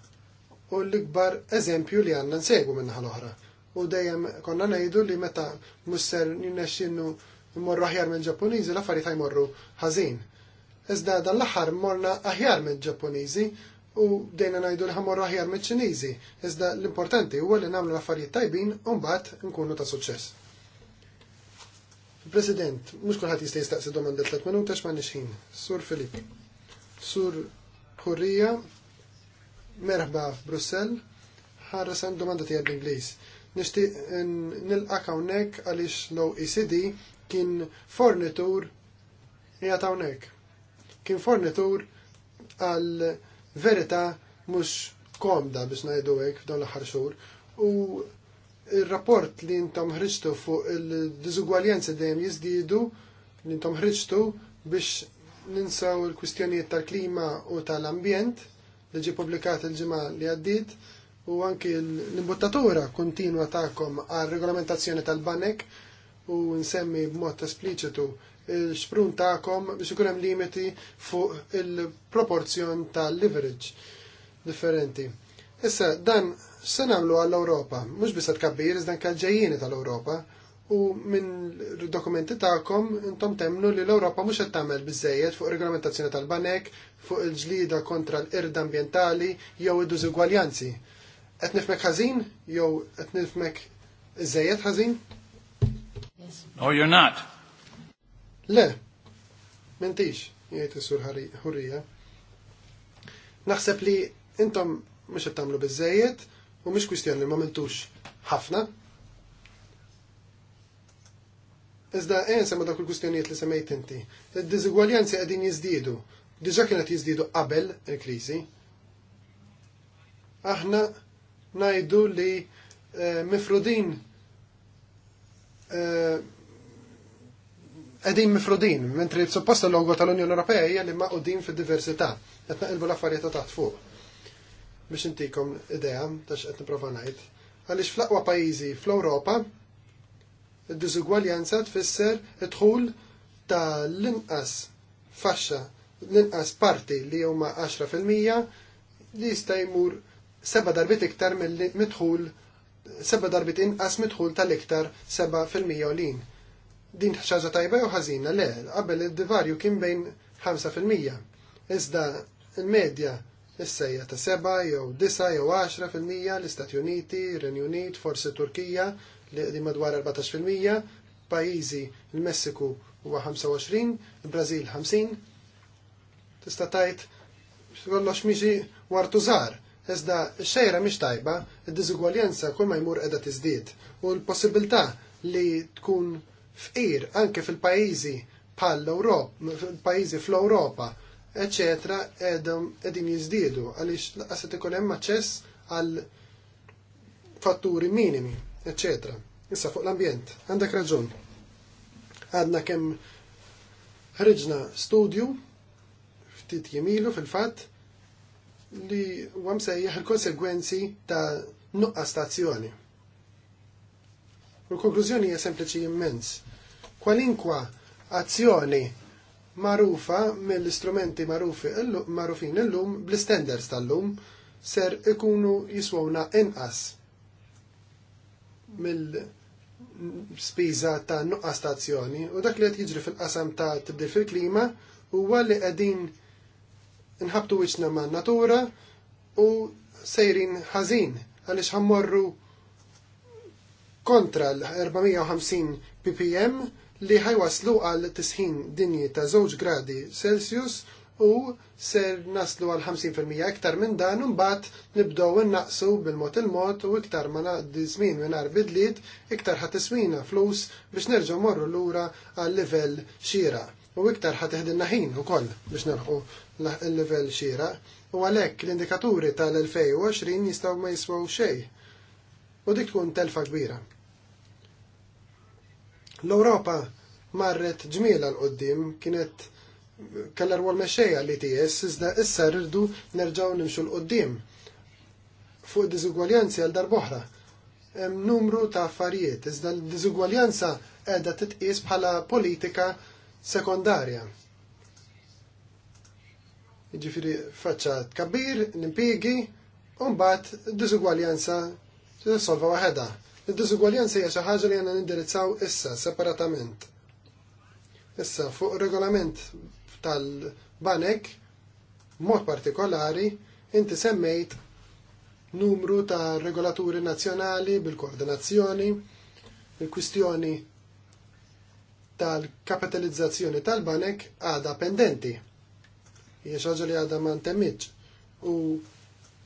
u l-ikbar eżempju li għanna nsegu minnaħa l-oħra. U dejjem konna ngħidu li meta musser ninexxinu morru aħjar minn ġappuniżi l-affarijiet jmorru ħażin. Iżda dan l-aħħar morna aħjar minn ġappuniżi u dejna ngħidu li ħamorru aħjar minn ċiniżi. Iżda l-importanti huwa li nagħmlu l-affarijiet tajbin u mbagħad nkunu ta' suċċess. President, mhux kulħadd jista' jistaqsi domanda minuta x'ma nixħin. Sur Filip. Sur Korea, merħba f'Brussell, ħarra għandu domanda tiegħek bl-Ingliż. Nixtieq nilqak hawnhekk għaliex low ECD kien fornitur jagħt hawnhekk. Kien fornitur għal verità mhux komda biex ngħidu hekk f'dawn l-aħħar u il-rapport li intom ħriġtu fuq il diżugwaljenzi dejjem jiżdiedu li intom ħriġtu biex ninsaw il-kwistjonijiet tal-klima u tal-ambjent li ġi publikat il-ġimgħa li għaddiet u anki l-imbuttatura kontinwa tagħkom għal regolamentazzjoni tal-banek u nsemmi b'mod espliċitu l sprun tagħkom biex ikun hemm limiti fuq il-proporzjon tal-leverage differenti. Issa dan se nagħmlu għall-Ewropa, mhux biss tkabbir iżda ġejjieni tal-Ewropa u minn dokumenti tagħkom intom temnu li l-Ewropa mhux qed tagħmel fuq regolamentazzjoni tal-banek, fuq il-ġlida kontra l-irda ambjentali jew id-dużugwaljanzi. Qed nifmek ħażin jew qed nifmek iżejjed ħażin? No, you're not. Le, mentix, jgħid is-sur ħurrija. Naħseb li intom mhux qed tagħmlu u mhux kwistjoni li ma ħafna Iżda ensa eh, ma dak il-kustjonijiet li semmejt inti. Id-diżigwaljanzi qegħdin jiżdiedu. Diġà kienet jiżdiedu qabel il-kriżi. Aħna ngħidu li eh, mifrudin eh, għedin mifrudin, mentri supposta l-logo tal-Unjoni Ewropea hija li ma' qudin fid-diversità, qed naqilbu l-affarijiet ta' taħt fuq. Biex intikom idea ta' x'qed nipprova ngħid. Għaliex fl-aqwa pajjiżi fl-Ewropa Id-diżugwaljanza tfisser id-dħul ta' l-inqas faxxa, l-inqas parti li huma 10% li jista' jmur seba' darbit iktar mill-midħul seba darbit inqas midħul tal-iktar 7% lin. Din ħaġa tajba jew ħażina le, qabel id-divarju kien bejn 5%. Iżda il-medja is-sejja ta' 7 jew 9 jew 10% l-Istati Uniti, Renju Unit, forsi Turkija, li madwar 14%, pajjiżi il-Messiku huwa 25, il-Brażil 50. Tista' tajt kollox miġi wartu żgħar. Iżda xejra mhix tajba, id-diżugwaljanza kull ma jmur qiegħda tiżdied u l-possibilità li tkun fqir anke fil-pajjiżi bħall-Ewropa, pajjiżi fl-Ewropa, eċetera, qegħdin jiżdiedu għaliex laqas ikun hemm aċċess għal fatturi minimi eccetera. Issa fuq l-ambjent, għandek raġun. Għadna kemm ħriġna studju ftit jemilu fil-fatt li għam sejjaħ il-konsegwenzi ta' nuqqa stazzjoni. U l-konklużjoni hija sempliċi immens. Kwalinkwa azzjoni marufa mill-istrumenti marufi marufin illum bl-standards tal-lum ser ikunu jiswawna inqas mill-spiża ta' nuqqa stazzjoni u dak li qed jiġri fil-qasam ta' tibdil fil-klima huwa li qegħdin nħabtu wiċċna man natura u sejrin ħażin għaliex ħammorru kontra l-450 ppm li ħajwaslu għal tisħin dinji ta' 2 gradi Celsius u ser naslu għal 50% iktar minn dan u mbagħad nibdew innaqsu bil-mod il-mod u iktar ma naqdi żmien mingħajr bidliet iktar ħadd iswina flus biex nerġgħu morru lura għal livell xira. U iktar ħat iħdilna ħin ukoll biex nerħu l-livell xira. U għalhekk l-indikaturi tal-2020 jistgħu ma jiswew xejn. U dik tkun telfa kbira. L-Ewropa marret ġmiela l-qoddim kienet kellha rwol mexxejja li ties iżda issa rridu nerġgħu nimxu l-qoddim fuq diżugwaljanzi għal darb'oħra. Hemm numru ta' affarijiet iżda l-diżugwaljanza qiegħda titqies bħala politika sekondarja. Jiġifieri faċċa tkabbir, l-impjiegi, u mbagħad solva waħeda. waħedha. Id-diżugwaljanza hija xi ħaġa li għandna nindirizzaw issa separatament. Issa fuq regolament tal-banek, mod partikolari, inti semmejt numru ta' regolaturi nazzjonali bil-koordinazzjoni, il-kwistjoni tal-kapitalizzazzjoni tal-banek għada pendenti. Jiex ħaġa li għada ma ntemmitx. U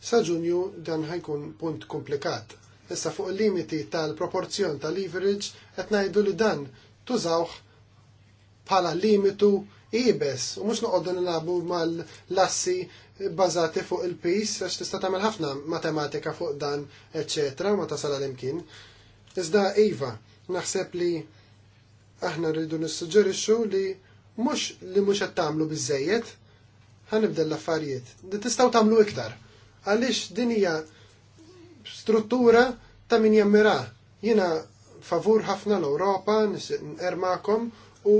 Saġunju, dan ħajkun punt komplikat. Issa fuq il-limiti tal-proporzjon tal-leverage qed ngħidu li dan tużawh bħala limitu ibes u mhux noqogħdu nilagħbu mal-lassi bbażati fuq il-pis għax tista' tagħmel ħafna matematika fuq dan, eċċetra, ma tasal imkien. Iżda iva, naħseb li aħna rridu nissuġġerixxu li mhux li mhux qed tagħmlu biżejjed, ħanibda l-affarijiet. Tistgħu tagħmlu iktar. Għaliex din hija struttura ta' min jammira. Jiena favur ħafna l-Ewropa, ermakom u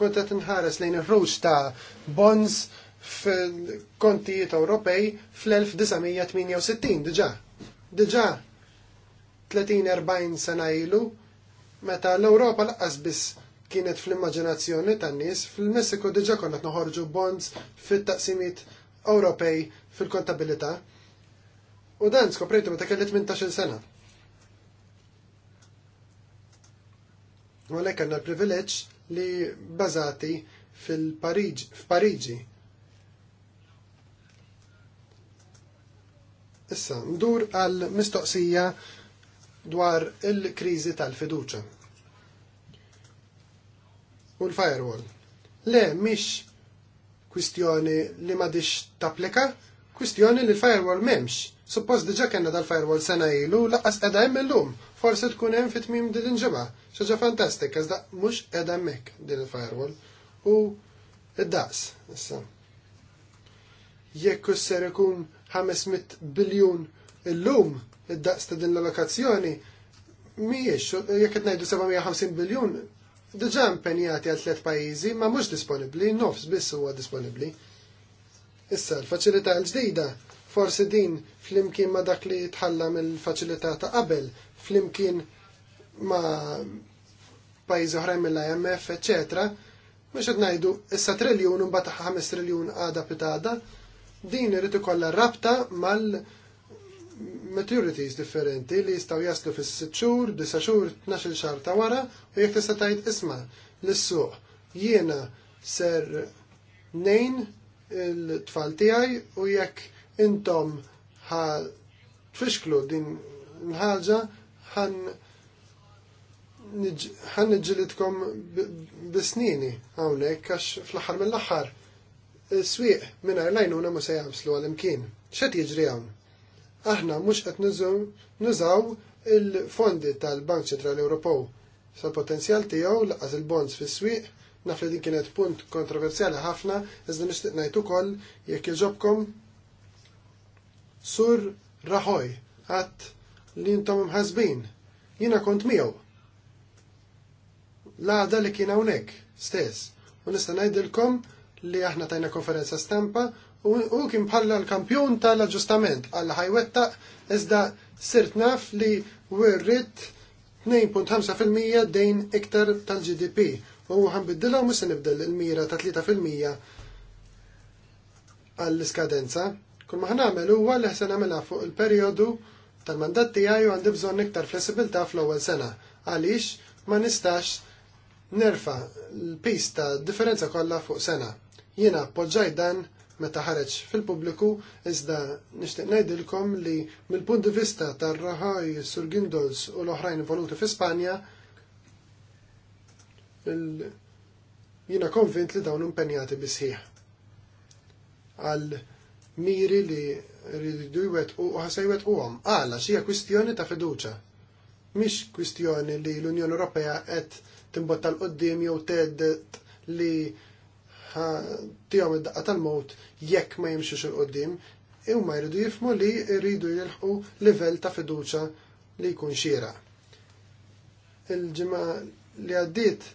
kont qed inħares lejn ir rus ta' bonds fil-kontijiet Ewropej fl-1968 diġà. Diġà 30-40 sena ilu meta l-Ewropa laqqas biss kienet fl-immaġinazzjoni tan-nies fil-Messiku diġà konna qed noħorġu bonds fit-taqsimiet Ewropej fil-kontabilità. U dan skoprejtu meta kelli 18 sena. U għalhekk għandna l-privileġġ li bazati fil-Pariġi. Issa, ndur għal mistoqsija dwar il-krizi tal-fiduċa. U l-firewall. Le, mish kwistjoni li madix taplika, kwistjoni li l-firewall memx Suppost diġa kena dal-firewall sena ilu, laqqas edha hemm illum. Forsi tkun hemm fit tmim din ġimgħa. Xaġa fantastik, għazda mhux edha hemmhekk din il-firewall. U id-daqs issa. Jekk ser ikun 500 biljun illum id-daqs ta' din l-allokazzjoni, mhijiex, jekk qed ngħidu 750 biljun, diġà impenjati għal 3 pajjiżi ma mhux disponibbli, nofs biss huwa disponibbli. Issa l-faċilità l-ġdida Forsi din flimkien ma dak li tħalla mill-faċilità ta' qabel, flimkien ma pajjiżi oħrajn mill-IMF, eċetera, mhux qed ngħidu issa triljun u mbagħad 5 triljun għada pitada, din irid ikollha rabta mal- maturities differenti li jistaw jaslu fis sitt xhur, disa xhur, 12 xahar ta' wara u jekk tista' tgħid isma' lis-suq jiena ser nejn il-tfal tiegħi u jekk intom ħa tfixklu din nħaġa ħan ħan nġilitkom b-snini għawnek għax fl ħar mill-axar swieq minna lajnuna ma se jamslu għal-imkien. ċet jġri għawn? Aħna mux qed nużaw il-fondi tal-Bank Ċentrali Ewropew sal-potenzjal tiegħu laqas il-bonds fis-swieq naf li din kienet punt kontroversjali ħafna iżda nixtieq ngħid ukoll jekk iġobkom Sur Rajoy għat li intom mħazbin. Jina kont miegħu. l li kien hawnhekk stess. U nista' ngħidilkom li aħna tajna konferenza stampa u kien bħalla l-kampjon tal-aġġustament għal ħajwetta iżda sirt naf li wirrit 2.5% dejn iktar tal-GDP u ħanbiddilha u musa se nibdel il-mira ta' 3% għall-iskadenza Kull ma ħnamel huwa li se għamela fuq il-perjodu tal-mandat tijaj u għandi bżonn iktar flessibilta fl-ewwel sena. Għaliex ma nistax nerfa l-pis ta' differenza kollha fuq sena. Jiena appoġġaj dan meta ħareġ fil-pubbliku, iżda nixtieq ngħidilkom li mill-punt di vista tar-raħaj sur Gindols u l-oħrajn voluti fi Spanja, jiena konvint li dawn impenjati bisħiħ. għal miri li rridu jwet u ħasa jwet u għom. Għala, xija kwistjoni ta' fiduċa. Mish kwistjoni li l-Unjoni Ewropea qed timbotta l-qoddim jew teddet li tijom id-daqqa tal-mot jekk ma jimxux il-qoddim, imma jridu jifmu li rridu jilħu livell ta' fiduċa li jkun xira. Il-ġimma li għaddit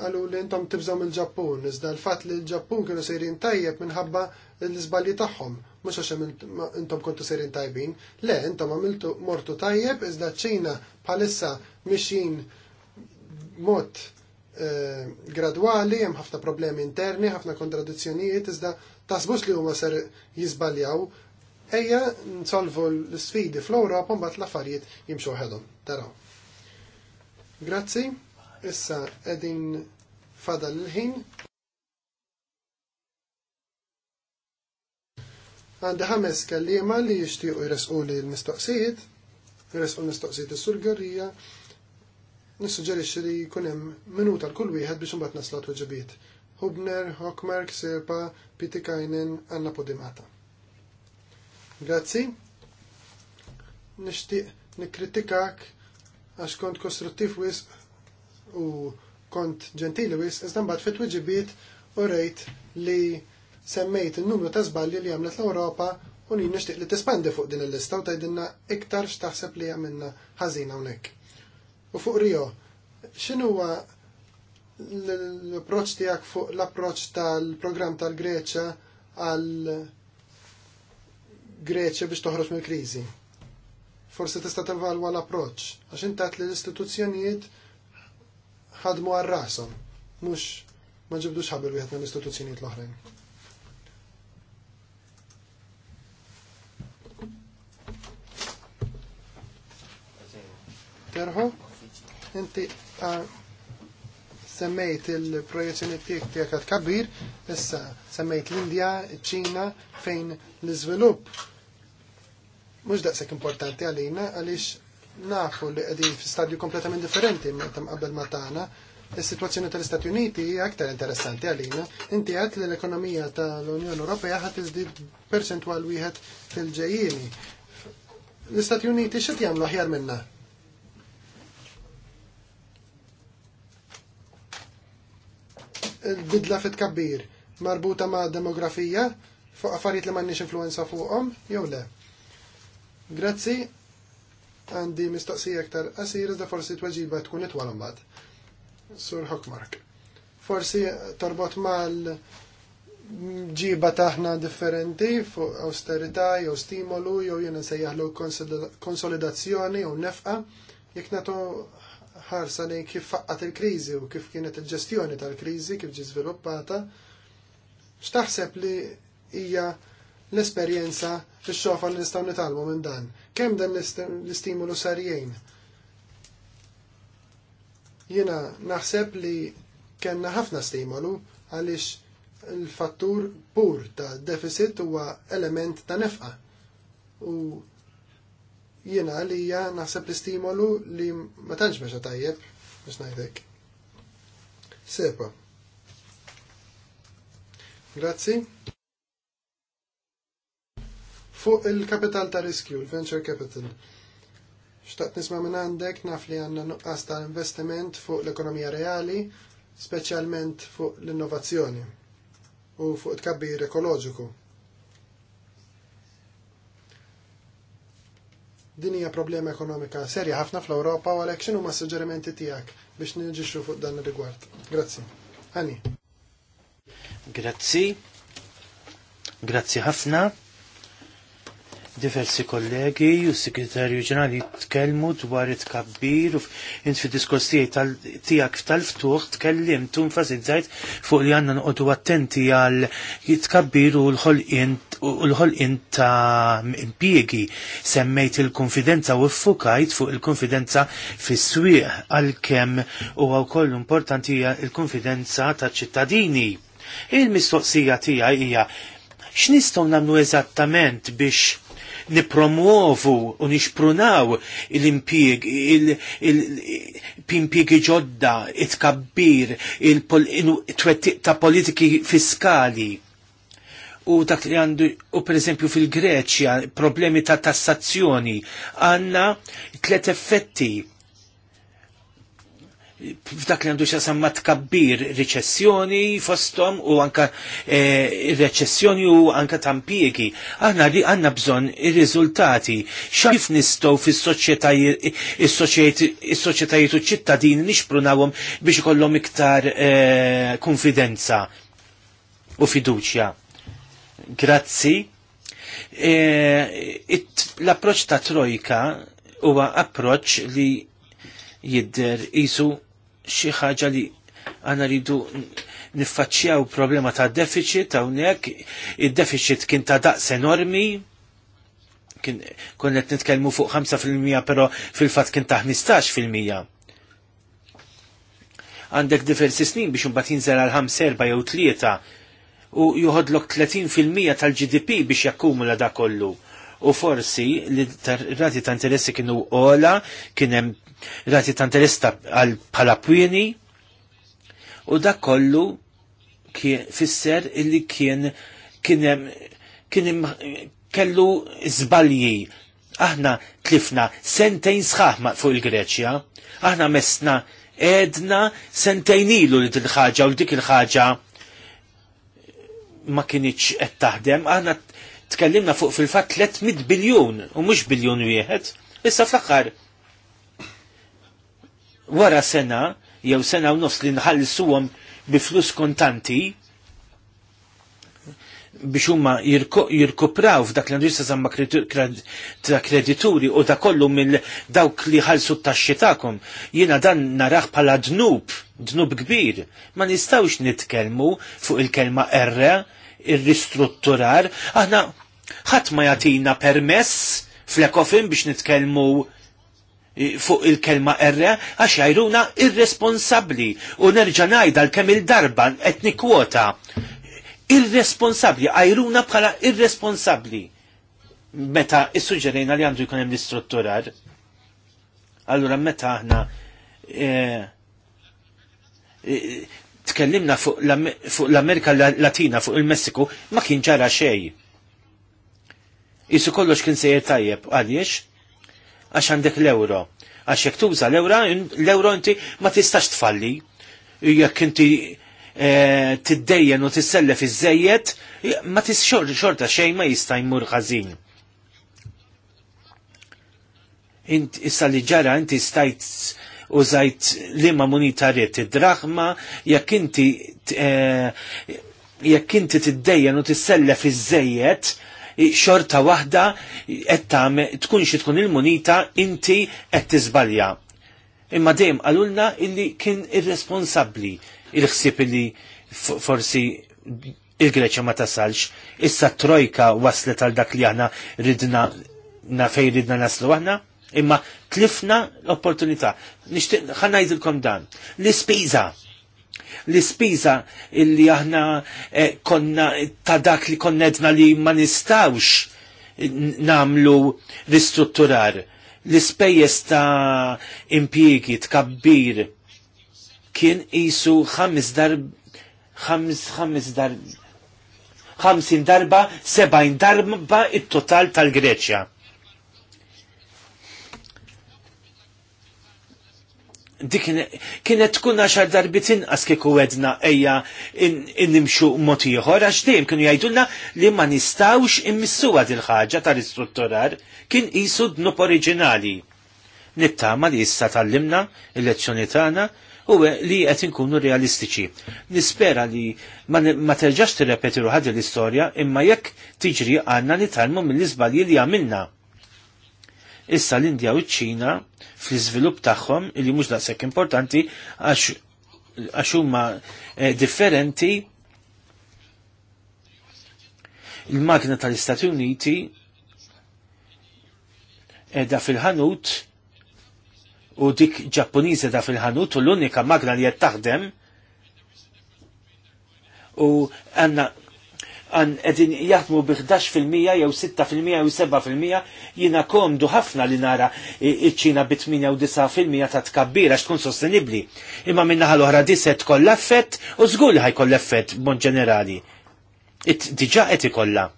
għallu li intom tibżom il-ġappun, iżda l-fat li l-ġappun kienu sejrin tajjeb minħabba l-izballi tagħhom, mhux għax intom kontu sejrin tajbin, le intom għamiltu mortu tajjeb iżda ċina bħalissa mixin mod eh, gradwali, hemm ħafna problemi interni, ħafna kontradizzjonijiet, iżda tasbus li huma ser jizbaljaw, ejja nsolvu l-sfidi fl europa mbat l-affarijiet jimxu ħedhom. Taraw. Grazzi issa qegħdin fadal il-ħin. Għandi ħames kellima li jixtiequ jresqu li l-mistoqsijiet, jresqu l-mistoqsijiet is-sur Garrija, nissuġġerixxi li jkun hemm minuta l kull wieħed biex imbagħad naslu tweġibiet. Hubner, Hockmark, Serpa, Pitikajnen, Anna Podimata. Grazzi. Nixtieq nikkritikak għax kont kostruttiv wisq u kont ġentili wis, iżda mbagħad fit wiġibiet u rejt li semmejt il-numru ta' zballi li għamlet l-Ewropa u li nixtieq li tispandi fuq din il-lista u tgħidilna iktar x'taħseb li għamilna ħażin hawnhekk. U fuq Rio, xinu huwa l-approċċ tiegħek fuq l-approċċ tal-programm tal-Greċja għal Greċja biex toħroġ mill-kriżi? Forsi tista' tevalwa l-approċċ għax intat li l-istituzzjonijiet ħadmu għal rasom, mux ma ġibdux ħabel wieħed mill-istituzzjonijiet l-oħrajn. Terħu, inti ah, semmejt il-projezzjoni tiegħek tiegħek għad kabir, issa semmejt l-Indja, ċina fejn l-iżvilupp. Mhux daqshekk importanti għalina għaliex nafu li qegħdin fi stadju kompletament differenti meta qabel ma tagħna. Is-sitwazzjoni tal-Istati Uniti hija aktar interessanti għalina. Inti għedt li l-ekonomija tal-Unjoni Ewropea ħadd iżdid perċentwal wieħed fil-ġejjieni. L-Istati Uniti x'qed jagħmlu aħjar minna? il-bidla fit kabbir marbuta ma' demografija fuq affarijiet li m'għandniex influenza fuqhom jew le. Grazzi, għandi mistoqsija aktar qasir iżda forsi tweġiba tkun itwal imbagħad. Sur Hokmark. Forsi torbot mal ġiba taħna differenti fuq austerità jew stimolu jew jien sejjaħlu konsolidazzjoni jew nefqa jekk nagħtu ħarsa lejn kif faqqat il-kriżi u kif kienet il-ġestjoni tal-kriżi kif ġi żviluppata x'taħseb li hija l-esperjenza ix-xofa li nistaw nitalmu minn dan. Kemm dan l-istimulu sar jgħin? Jiena naħseb li kellna ħafna stimolu għaliex il-fattur pur ta' deficit huwa element ta' nefqa. U jiena li hija naħseb l-istimolu li ma tantx mexa tajjeb biex ngħidlek. Sepa. Grazzi. Fuq il-kapital ta' riskju, il-venture capital. Xtaqt nisma minn għandek naf li għanna nuqqas ta' investiment fuq l-ekonomija reali, specialment fuq l-innovazzjoni u fuq it-kabbir ekoloġiku. Din hija problema ekonomika serja ħafna fl-Ewropa u għalhekk x'inhuma s-suġġerimenti tiegħek biex niġixxu fuq dan ir-rigward. Grazzi. Ani. Grazzi. Grazzi ħafna diversi kollegi u s-Segretarju ġenerali tkellmu dwar it-kabbir u int fi diskorsijiet tijak tal-ftuħ tkellim tu nfasizzajt fuq li għanna noqogħdu attenti għal jitkabbir u l l-ħolqien ta' impiegi semmejt il-konfidenza u ffukajt fuq il-konfidenza fis swieq għal-kem u għaw importanti il-konfidenza ta' ċittadini. Il-mistoqsija tiegħi hija x'nistgħu nagħmlu eżattament biex nipromovu u nixprunaw l-impieg, il-impiegi ġodda, it-kabbir, il-twettiq ta' politiki fiskali u dak li għandu, u per eżempju fil-Greċja, problemi ta' tassazzjoni, għanna tlet effetti f'dak li għandu xasamma tkabbir riċessjoni fostom u anka e, riċessjoni u anka tampiegi. Aħna li għanna bżon il-rizultati. Xaf nistow fil soċjetajiet u ċittadini nixprunawhom biex ikollhom iktar e, konfidenza u fiduċja. Grazzi. E, L-approċ ta' trojka huwa approċ li jidder jisu xi ħaġa li għana ridu niffaċċjaw problema ta' deficit hawnhekk, il deficit kien ta' daqs enormi, kien konnet nitkellmu fuq 5% però fil-fatt kien ta' 15%. Għandek diversi snin biex imbagħad jinżel għal 5 erba' jew tlieta u juħodlok 30% tal-GDP biex jakkumula da kollu u forsi li rati ta' interessi kienu ola, kienem rati ta' interess għal palapwini u dak kollu fisser illi kien kienem kienem kellu zbalji. Aħna tlifna sentejn sħaħ fuq il-Greċja, aħna messna edna sentejn ilu li dil ħaġa u dik il-ħaġa ma kienieċ qed taħdem, aħna tkellimna fuq fil-fat 300 biljun u mhux biljun wieħed. Issa fl-aħħar wara sena jew sena u nofs li nħallsuhom bi flus kontanti biex huma jirkupraw f'dak l-industria zamma ta' kredituri u ta' kollu mill dawk li ħalsu t-taxxi tagħkom. Jiena dan narah bħala dnub, dnub kbir. Ma nistgħux nitkellmu fuq il-kelma erra, ir-ristrutturar, aħna ħadd ma jagħtina permess fl-ekofin biex nitkellmu fuq il-kelma erre għax jajruna irresponsabli u nerġa' najda l-kemm il-darba qed nikkwota. Irresponsabli, għajruna bħala irresponsabli. Meta issuġġerejna li għandu jkun hemm l-istrutturar. Allura meta aħna e, e, tkellimna fuq l-Amerika Latina, fuq il-Messiku, ma kien ġara xej. Isu kollox kien sejjer tajjeb, għaliex? Għax għandek l-euro. Għax jek tuża l-euro, l-euro inti ma tistax tfalli. Jekk inti eh, tiddejjen u tissellef iż-żejjed, ma tisxor xorta xejn ma jista' jmur ħażin. Issa li ġara inti stajt użajt liema munita rrit id-draħma, jekk inti eh, jekk inti tiddejjen u tissellef iż-żejjed, xorta waħda qed tkun xi tkun il-munita inti qed tiżbalja. Imma dejjem għalulna illi kien irresponsabbli il ħsib illi forsi il-Greċja ma tasalx, issa trojka waslet għal dak li aħna ridna na fej ridna naslu aħna, imma tlifna l-opportunità. Nixtieq ħanajdilkom dan. L-ispiża l-ispiża illi aħna eh, konna ta' dak li konnedna li ma nistawx namlu ristrutturar l-ispejjeż ta' impjiegi tkabbir kien isu ħames darb ħames ħames darb 50 darba, 70 darba it-total tal-Greċja. dik kienet tkun għaxar darbit inqas kieku wedna ejja nimxu mod ieħor għax dejjem kienu jgħidulna li ma nistawx immissuha dil ħaġa tal-istrutturar kien qisu dnub oriġinali. Nittama li issa limna il-lezzjoni tagħna u li qed inkunu realistiċi. Nispera li ma terġax tirrepeti ruħad l-istorja imma jekk tiġri għandna nitalmu mill-iżbalji li għamilna. Issa l-Indja u ċ-Ċina fl-iżvilupp tagħhom illi mhux daqshekk importanti għax huma eh, differenti il-magna tal-Istati Uniti edha fil-ħanut u dik Ġappuniżi da fil-ħanut u l-unika magna li qed taħdem u għanna għan edin jaħdmu bi 11% jew 6% jew 7% jina komdu ħafna li nara iċ-ċina bi 8 u 9% ta' tkabbira x'tkun sostenibli. Imma minna l-oħra diset koll effett u żgur li ħajkoll effett bon ġenerali. Diġa qed ikollha.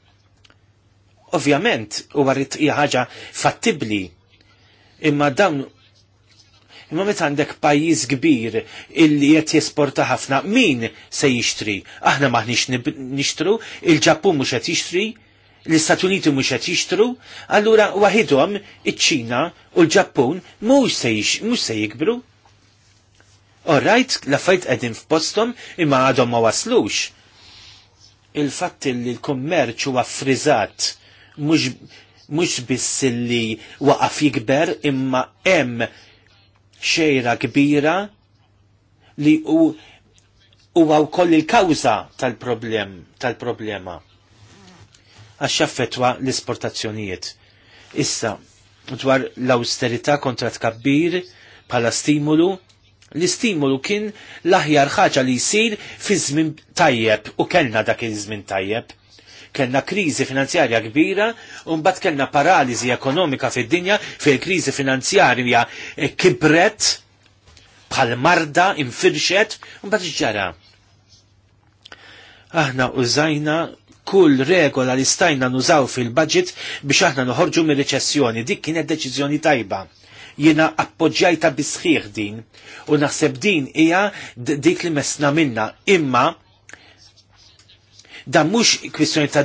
Ovvjament huwa rid hija ħaġa fattibbli imma dawn Imma meta għandek pajjiż kbir illi qed jesporta ħafna, min se jixtri? Aħna maħniex nixtru, il-Ġappun mhux qed jixtri, l-Istati Uniti mhux qed jixtru, allura waħidhom iċ-Ċina u l-Ġappun mhux se mhux se jikbru. Orrajt, l-affajt qegħdin f'postom imma għadhom ma waslux. Il-fatt li l-kummerċ huwa frizzat mhux biss li waqaf jikber imma hemm xejra kbira li u huwa wkoll il-kawża tal-problem tal-problema għax jaffetwa l isportazzjonijiet Issa, dwar l-austerità kontra tkabbir bħala stimulu, l-istimulu kien l-aħjar ħaġa li jsir fi żmien tajjeb u kellna dak iż-żmien tajjeb kellna kriżi finanzjarja kbira u mbagħad kellna paraliżi ekonomika fid-dinja fil-kriżi finanzjarja eh, kibret bħal marda infirxet u mbagħad ġara. Aħna użajna kull regola li stajna nużaw fil-budget biex aħna noħorġu mir riċessjoni Dik kienet deċiżjoni tajba. Jiena appoġġjajta bisħiħ din u naħseb din hija dik li mesna minna. Imma Dan mhux kwistjoni ta'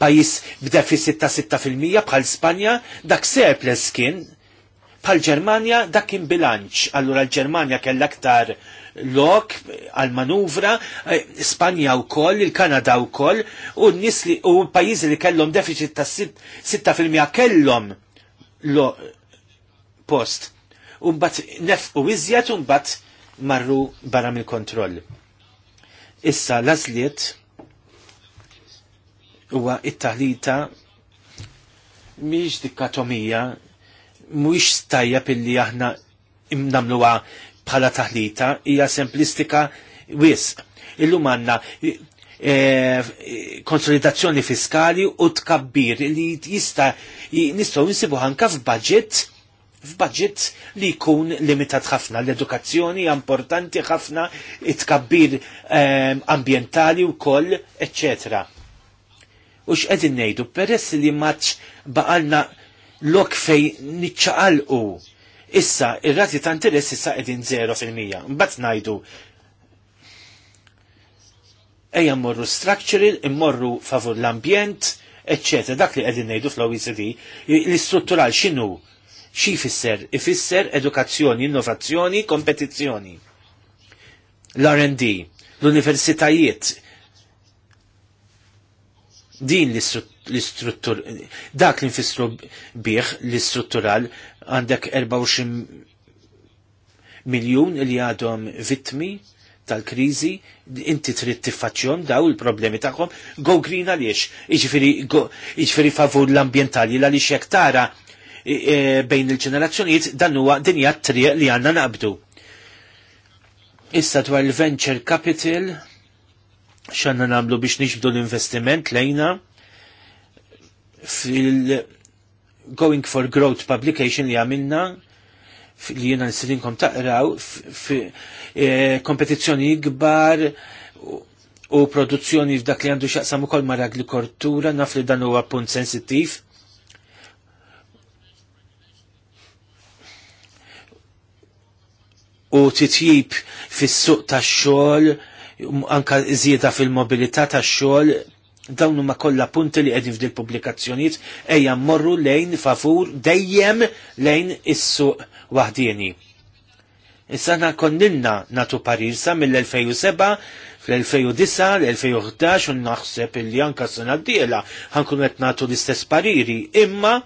pajjiż b'deficit ta' 6% bħal Spanja, dak surplus kien bħal Ġermanja dak kien bilanċ. Allura l-Ġermanja kellha aktar lok għal manuvra, eh, Spanja u koll, il-Kanada u koll, u nis li u pajizi li kellhom deficit ta' 6% kellhom lo post. Umbat nef u iżjed umbat marru barra mill kontroll Issa lażliet huwa it-taħlita miex dikatomija, mhuwiex stajja billi aħna imnamluha bħala taħlita hija semplistika wisq. Illum għandna e, konsolidazzjoni fiskali u tkabbir li jista nistgħu nsibu anke f'budget f'budget li jkun limitat ħafna. L-edukazzjoni importanti ħafna, it tkabbir eh, ambientali u koll, eccetera u x'qegħdin ngħidu peress li maċ baqalna lok fej niċċaqalqu. Issa ir-rati ta' interess issa qegħdin 0%. Mbagħad ngħidu ejja mmorru structural, immorru favur l-ambjent, eċċetera, Dak li qegħdin ngħidu fl-OECD l-istruttural x'inhu? Xi jfisser? Ifisser edukazzjoni, innovazzjoni, kompetizzjoni. L-R&D, l-universitajiet, din l-istruttur, dak li nfissru bih l-istruttural għandek 24 miljon li għadhom vittmi tal-krizi, inti trid tiffaċjon daw il-problemi tagħhom, go green għaliex, iġifieri favur l-ambjentali għaliex jekk tara e, e, bejn il-ġenerazzjonijiet dan huwa dinja t-triq li għandna naqbdu. Issa dwar il-venture capital, xanna namlu biex nixbdu l-investiment lejna fil-Going for Growth publication li għamilna li jena nistidinkom taqraw e, kompetizzjoni gbar u produzzjoni f'dak li għandu xaqsam ukoll mar l-agrikoltura naf li dan huwa punt sensittiv. U titjib fis-suq tax-xogħol anka iżjeda fil-mobilità tax-xogħol dawn huma kollha punti li qegħdin f'dil pubblikazzjonijiet ejja mmorru lejn favur dejjem lejn is-suq waħdieni. Issa aħna konnilna natu parir mill-2007 fl-2009, l-2011 u naħseb illi anka s-sena d-diela ħankun qed nagħtu l-istess pariri, imma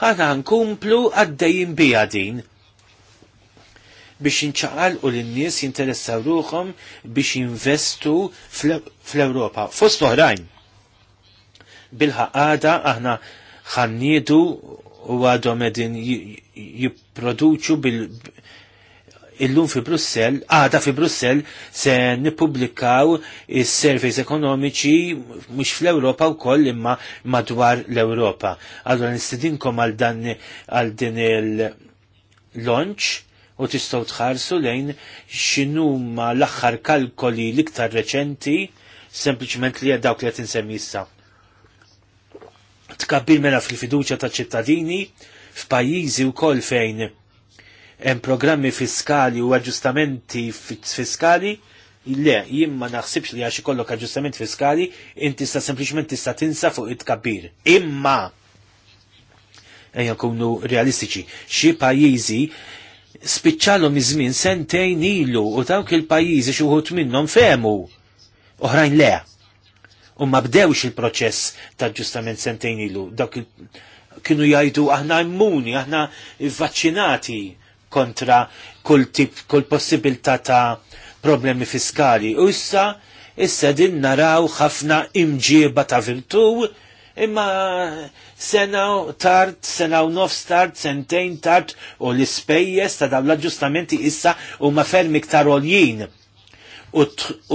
ħana ħankumplu għaddejjim bija din biex inċaqal u l-nies jinteressaw ruħom biex jinvestu fl-Europa. Fost oħrajn. Bil-ħaqada aħna ħanniedu u għadhom edin jipproduċu bil- illum fi Brussel, għada fi Brussel se nipublikaw is-surveys ekonomiċi mhux fl-Ewropa wkoll imma madwar l-Ewropa. Allora nistidinkom għal dan għal din il-launch u tistgħu tħarsu lejn x'inhuma l-aħħar kalkoli l-iktar reċenti sempliċement li dawk li qed insemmi issa. Tkabbir mela fil-fiduċja ta' ċittadini f'pajjiżi wkoll fejn hemm programmi fiskali u aġġustamenti fiskali le, jien ma naħsibx li għaxi ikollok aġġustament fiskali, inti sta sempliċement tista' tinsa fuq it-kabbir. Imma ejja nkunu realistiċi, xi pajjiżi spiċċalhom iż-żmien sentejn ilu u dawk il-pajjiżi xi wħud minnhom femu oħrajn le. U ma bdewx il-proċess ta' ġustament sentejn ilu. Dawk kienu jgħidu aħna immuni, aħna vaccinati kontra kull tip, kull possibilità ta' problemi fiskali. U issa, issa din naraw ħafna imġieba ta' virtu imma sena tard, sena u nofs tard, sentejn tard u l-ispejjes ta' dawn l-aġġustamenti issa u ma ferm iktar oljien u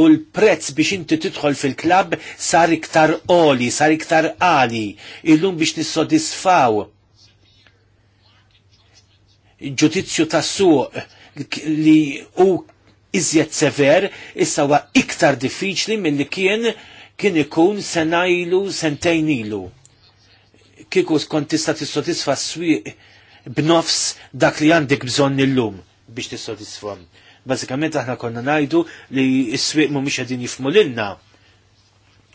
l-prezz biex inti tidħol fil-klab sar iktar oli, sar iktar għali, illum biex nissodisfaw ġudizzju ta' suq li u iżjed sever, issa wa iktar diffiċli mill-li kien kien ikun senajlu sentejn ilu. Kieku skont tista' tissotisfa s-swieq b'nofs dak li għandek bżonn illum biex tissotisfhom. Bażikament aħna konna ngħidu li s-swieq mhumiex qegħdin jifmu l-inna.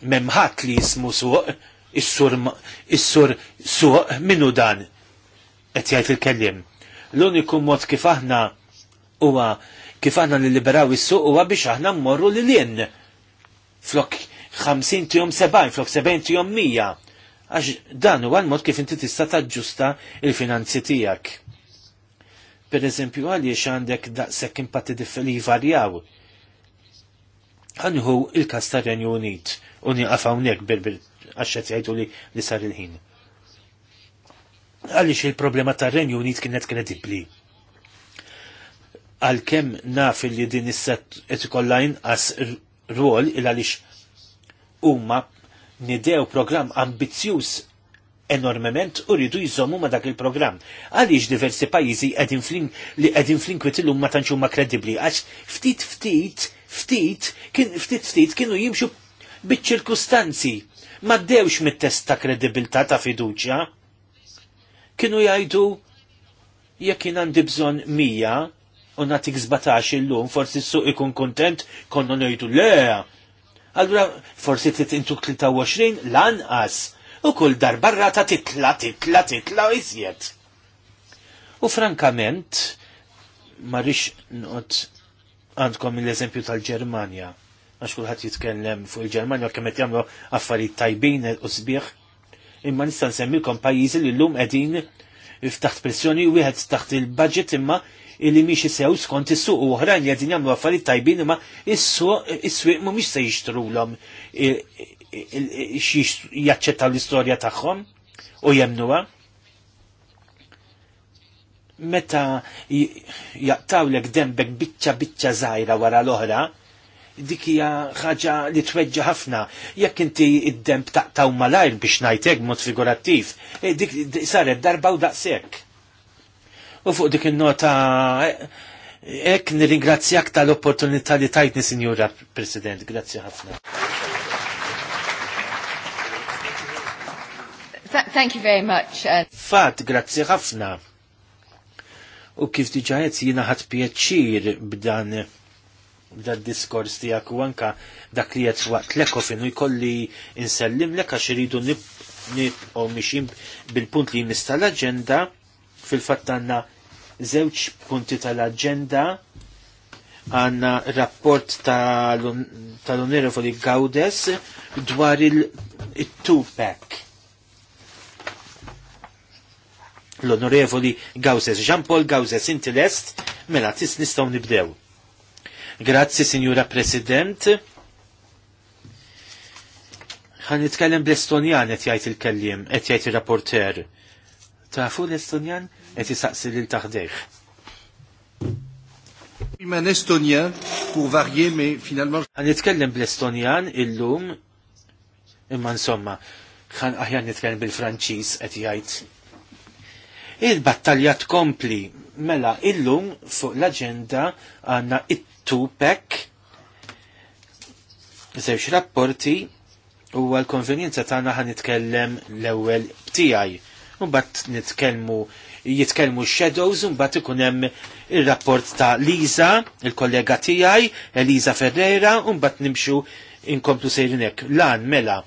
Memħat li jismu suq, is-sur suq minnu dan qed jgħid il-kellim. L-uniku mod kif aħna huwa kif aħna nilliberaw is-suq huwa biex aħna mmorru lil hinn flok 50 tijom 70 flok 70 tijom 100 għax dan huwa l-mod kif inti tista' taġġusta il-finanzi tiegħek. Per eżempju għaliex għandek daqshekk impatti li jvarjaw. Anħu il-kas Renju Unit u nieqaf hawnhekk bil-bil għax qed jgħidu li li sar il-ħin. Għaliex il-problema ta' Renju Unit kienet kredibbli għal-kem naf li din is-set qed ikollha inqas rwol il għaliex huma nidew programm ambizzjuż enormement u rridu jizomu ma dak il-programm. Għaliex diversi pajjiżi qegħdin flink li qegħdin flin kwitilhom ma tanċu ma kredibbli għax ftit ftit ftit kien ftit ftit kienu jimxu biċ-ċirkustanzi ma dewx mit-test ta' kredibilta ta' fiduċja. Kienu jgħidu jekk kien għandi bżonn mija u nagħtik il illum forsi s-suq ikun kontent konna ngħidu le Allura forsi titintu 23 lanqas u kull dar barra ta' titla titla titla u iżjed. U frankament, marrix nqot għandkom l-eżempju tal-Ġermanja, għax kulħadd jitkellem fuq il-Ġermanja kemm qed jagħmlu affarijiet tajbin u sbieħ, imma nista' nsemmikom pajjiżi li llum qegħdin f'taħt pressjoni u wieħed taħt il-budget imma illi miex sew skont is-suq u oħrajn li qegħdin jagħmlu affarijiet tajbin imma is-suq mhumiex se jixtrulhom jaċċettaw l-istorja tagħhom u jemnuha. Meta jaqtawlek dembek biċċa biċċa żgħira wara l-oħra, dik hija ħaġa li tweġġa ħafna. Jekk inti id-demb taqtaw malajr biex ngħidlek mod figurattiv, eh, dik saret darba u daqshekk. U fuq dik il-nota eh, ek nir-ingrazzjak tal-opportunità li tajtni, Signora President. Grazzi ħafna. Thank you very much. Uh, Fat, grazzi ħafna. U kif diġajet jina ħat pjaċir b'dan dal diskors tijak u anka dak li jett waqt l-ekofin jkolli insellim l-eka xiridu nip u mixim bil-punt li jimista l-agenda fil-fattanna żewġ punti tal-aġenda għanna rapport tal-onorevoli ta Gawdes dwar il-Tupac. L-onorevoli Gawdes, Jean-Paul Gawdes, inti lest, mela tis nistaw nibdew. Grazzi, Signora President. Għan nitkellem bl-Estonjan, et jajt il-kellim, et jajt il-rapporter. Tafu l-Estonjan? Et c'est qed isaqsi lil Il Iman estonien, pour varier, mais finalement... varje me finalment. Għan nitkellem bl-Estonjan illum imma insomma ħan aħjan nitkellem bil-Franċiż qed jgħid. Il-battalja tkompli mela illum fuq l-aġenda għandna it-tupek żewġ rapporti u għal-konvenjenza tagħna ħan nitkellem l-ewwel btiegħi. Mbagħad nitkellmu jitkellmu shadows u ikun hemm ir-rapport ta' Liza, il-kollega tiegħi, Eliza Ferreira, u mbagħad nimxu inkomplu sejrinek, Lan mela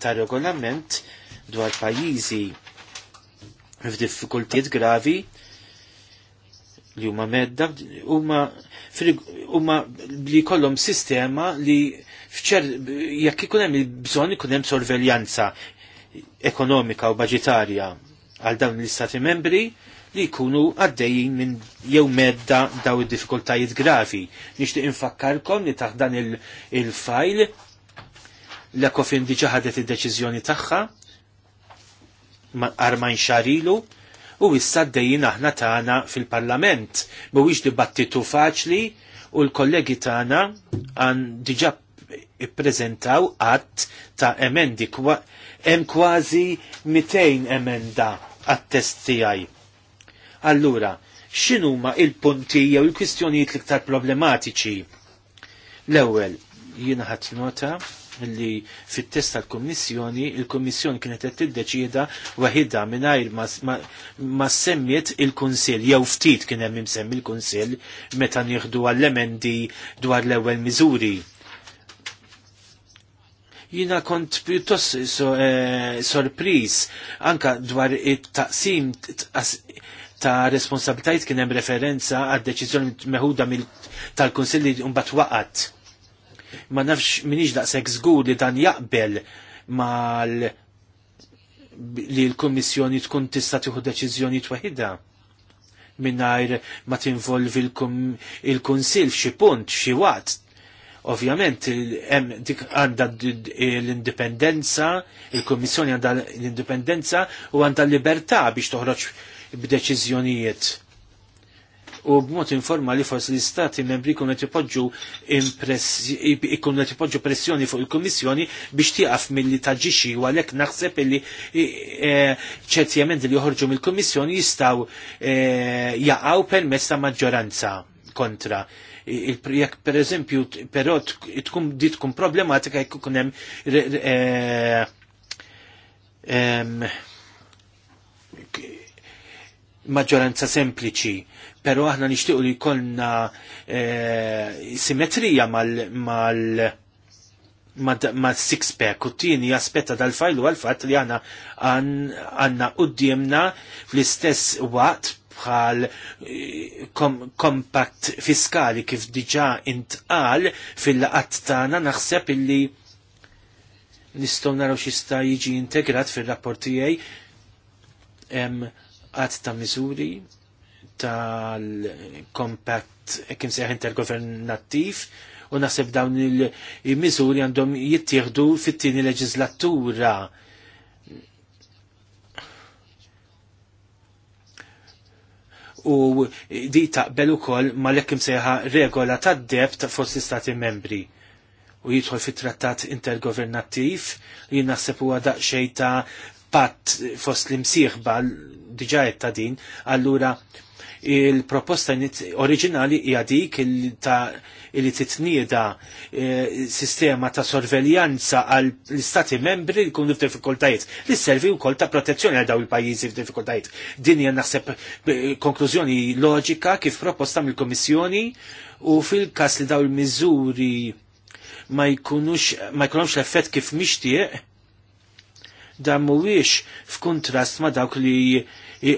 ta' regolament dwar pajjiżi f'diffikultiet gravi li huma medda huma huma li kollhom sistema li fċer jekk ikun hemm il-bżonn ikun hemm sorveljanza ekonomika u budgetarja għal dawn l-istati membri li jkunu għaddejjin minn jew medda daw id-diffikultajiet gravi. Nixtieq infakkarkom li taħdan dan il-fajl l-ekofin diġa ħadet id-deċiżjoni tagħha armajn xarilu u issa għaddejjin aħna tagħna fil-Parlament. Mhuwiex dibattitu faċli u l-kollegi tagħna għan diġa ippreżentaw qatt ta' emendi hemm kważi 200 emenda għat-test tiegħi. Allura, x'inhuma il-punti jew il-kwistjonijiet l-iktar problematiċi? L-ewwel, jiena ħat nota li fit-test tal-Kommissjoni, il-Kommissjoni kienet qed tiddeċieda waħida mingħajr ma semmiet il-Kunsill jew ftit kien hemm imsemmi il-Kunsill meta nieħdu għall-emendi dwar l-ewwel miżuri. Jina kont pjuttost eh, sorpris anka dwar it-taqsim ta' responsabilitajt kien hemm referenza għad deċiżjoni meħuda tal-Kunsilli mbagħad waqgħet. Ma nafx minix daqshekk żgur li dan jaqbel mal li l-Kummissjoni tkun tista' tieħu deċiżjoni twaħida minnajr ma tinvolvi il kunsill f'xi punt, xi waqt Ovvjament, dik għandha l-indipendenza, il-Kummissjoni għandha l-indipendenza u għandha l-libertà biex toħroġ b'deċiżjonijiet u b'mod informali forsi l-istati membri kunet qed ipoġġu ikun pressjoni fuq il-Kummissjoni biex tieqaf milli taġixxi u għalhekk naħseb li e, ċerti emendi li joħorġu mill-Kummissjoni jistgħu e, jaqgħu permezz ta' maġġoranza kontra jekk per eżempju, però tkun di tkun problematika jekk ikun hemm eh, maġġoranza sempliċi, però aħna nixtiequ li jkollna eh, simetrija mal, mal ma, six pack u tini jaspetta dal-fajlu għal-fat li għanna għanna u fl-istess waqt bħal eh, kompatt fiskali kif diġa intqal fil-laqat tagħna naħseb illi nistgħu naraw x'ista jiġi integrat fir-rapport tiegħi hemm qatt ta' miżuri tal-kompatt kim seħ intergovernattiv u naħseb dawn il-miżuri għandhom jittieħdu fit-tieni leġislatura u di taqbel ukoll ma hekk seħa regola tad debt ta' fost istati membri u jidħol fit-trattat intergovernattiv li naħseb huwa daqsxejn ta' patt fost l-imsieħba diġa ta' din, allura il-proposta oriġinali hija dik li titnieda eh, sistema ta' sorveljanza għal l-istati membri li jkunu f'diffikultajiet li servi wkoll ta' protezzjoni għal daw il-pajjiżi f'diffikultajiet. Din hija naħseb eh, konklużjoni loġika kif proposta mill-Kummissjoni u fil-każ li daw il-miżuri ma jkunux ma jkunux l-effett kif mixtieq dan mhuwiex f'kuntrast ma dawk li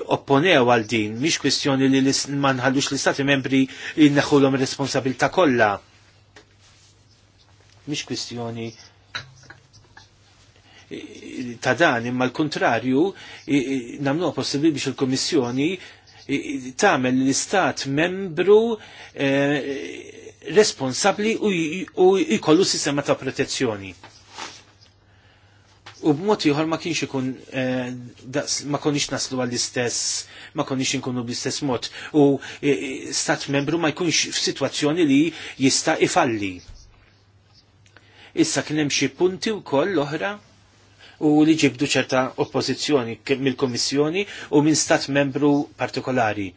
opponew għal din, miex kwestjoni li ma nħallux l-istati membri neħulhom responsabilta kollha. Miex kwestjoni ta' dan, imma l-kontrarju namnu possibli biex il-Komissjoni tagħmel l-istat membru eh, responsabli u jkollu sistema ta' protezzjoni u b'mod ieħor ma kienx ikun eh, ma konniex naslu għall-istess, ma konniex inkunu bl-istess mod u eh, eh, stat membru ma jkunx f'sitwazzjoni li jista' ifalli. Issa kien hemm xi punti wkoll oħra u li ġibdu ċerta oppożizzjoni mill-Komissjoni u minn stat membru partikolari.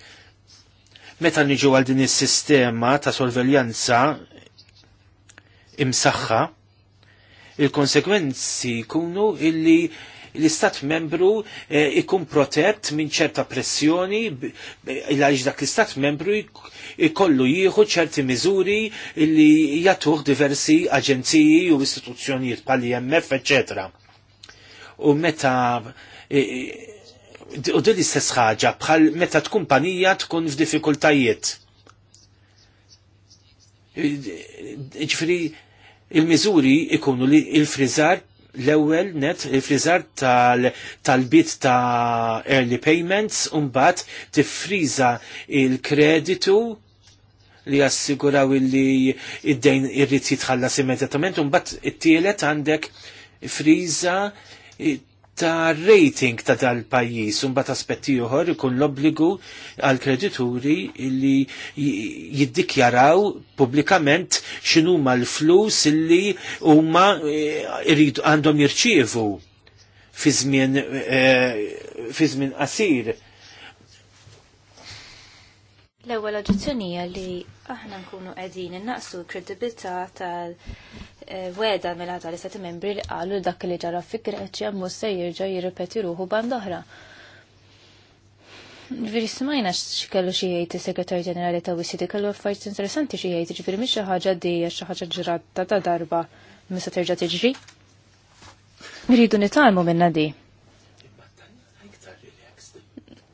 Meta niġu għal din is-sistema ta' sorveljanza imsaħħa, il-konsekwenzi jkunu illi l-istat membru eh, ikun protett minn ċerta pressjoni għaliex dak l-istat membru ikollu jieħu ċerti miżuri li jatuħ diversi aġenziji u istituzzjonijiet pal IMF, ecc. U meta eh, eh, u din l-istess ħaġa bħal meta tkun panija tkun f'diffikultajiet. Ġifieri il-miżuri ikunu li il-frizar l-ewwel net il-frizar tal-bit ta' early payments umbat tiffriza il-kreditu li jassiguraw li id-dejn irrid jitħallas immedjatament, un bat it-tielet għandek friza ta' rating ta' dal-pajis, un bat aspetti uħor ikun l-obbligu għal-kredituri li jiddikjaraw publikament xinu ma l-flus li huma eh, irridu għandhom jirċievu fi żmien eh, fi żmien qasir. L-ewwel oġġezzjonija li aħna nkunu qegħdin innaqsu l-kredibilità tal weda mela ta' li seti membri li qalu dak li ġara fi Greċja mhux se jirġa' jirrepeti ruħu bandohra. oħra. smajna x'kellu xi jgħid is-Segretarju Ġenerali ta' WCD kellu affarijiet interessanti xi jgħid, ġifieri mhix xi ħaġa dejja xi ħaġa ġratta ta' darba mista terġa' tiġri. Miridu nitalmu minna di.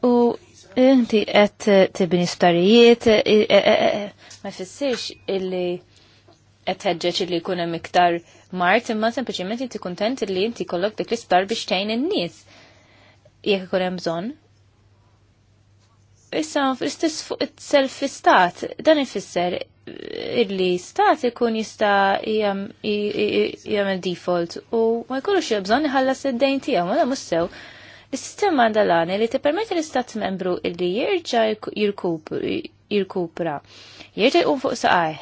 U inti qed tibni starijiet e, e, e, ma jfissirx illi etħedġeċ li jkun hemm iktar mart imma sempliciment inti kontent li inti kollok dik l-isptar biex tgħin in-nies jekk ikun hemm bżonn. Issa fl-istess fuq itself istat dan ifisser eh, illi stat ikun jista jgħamil default u ma jkollux bżonn iħallas id-dejn tijaw, ma mhux sew. Is-sistema l-għani li tippermetti l-istat membru illi jirġa' jirkupra, jirġa' jgħum fuq saqajh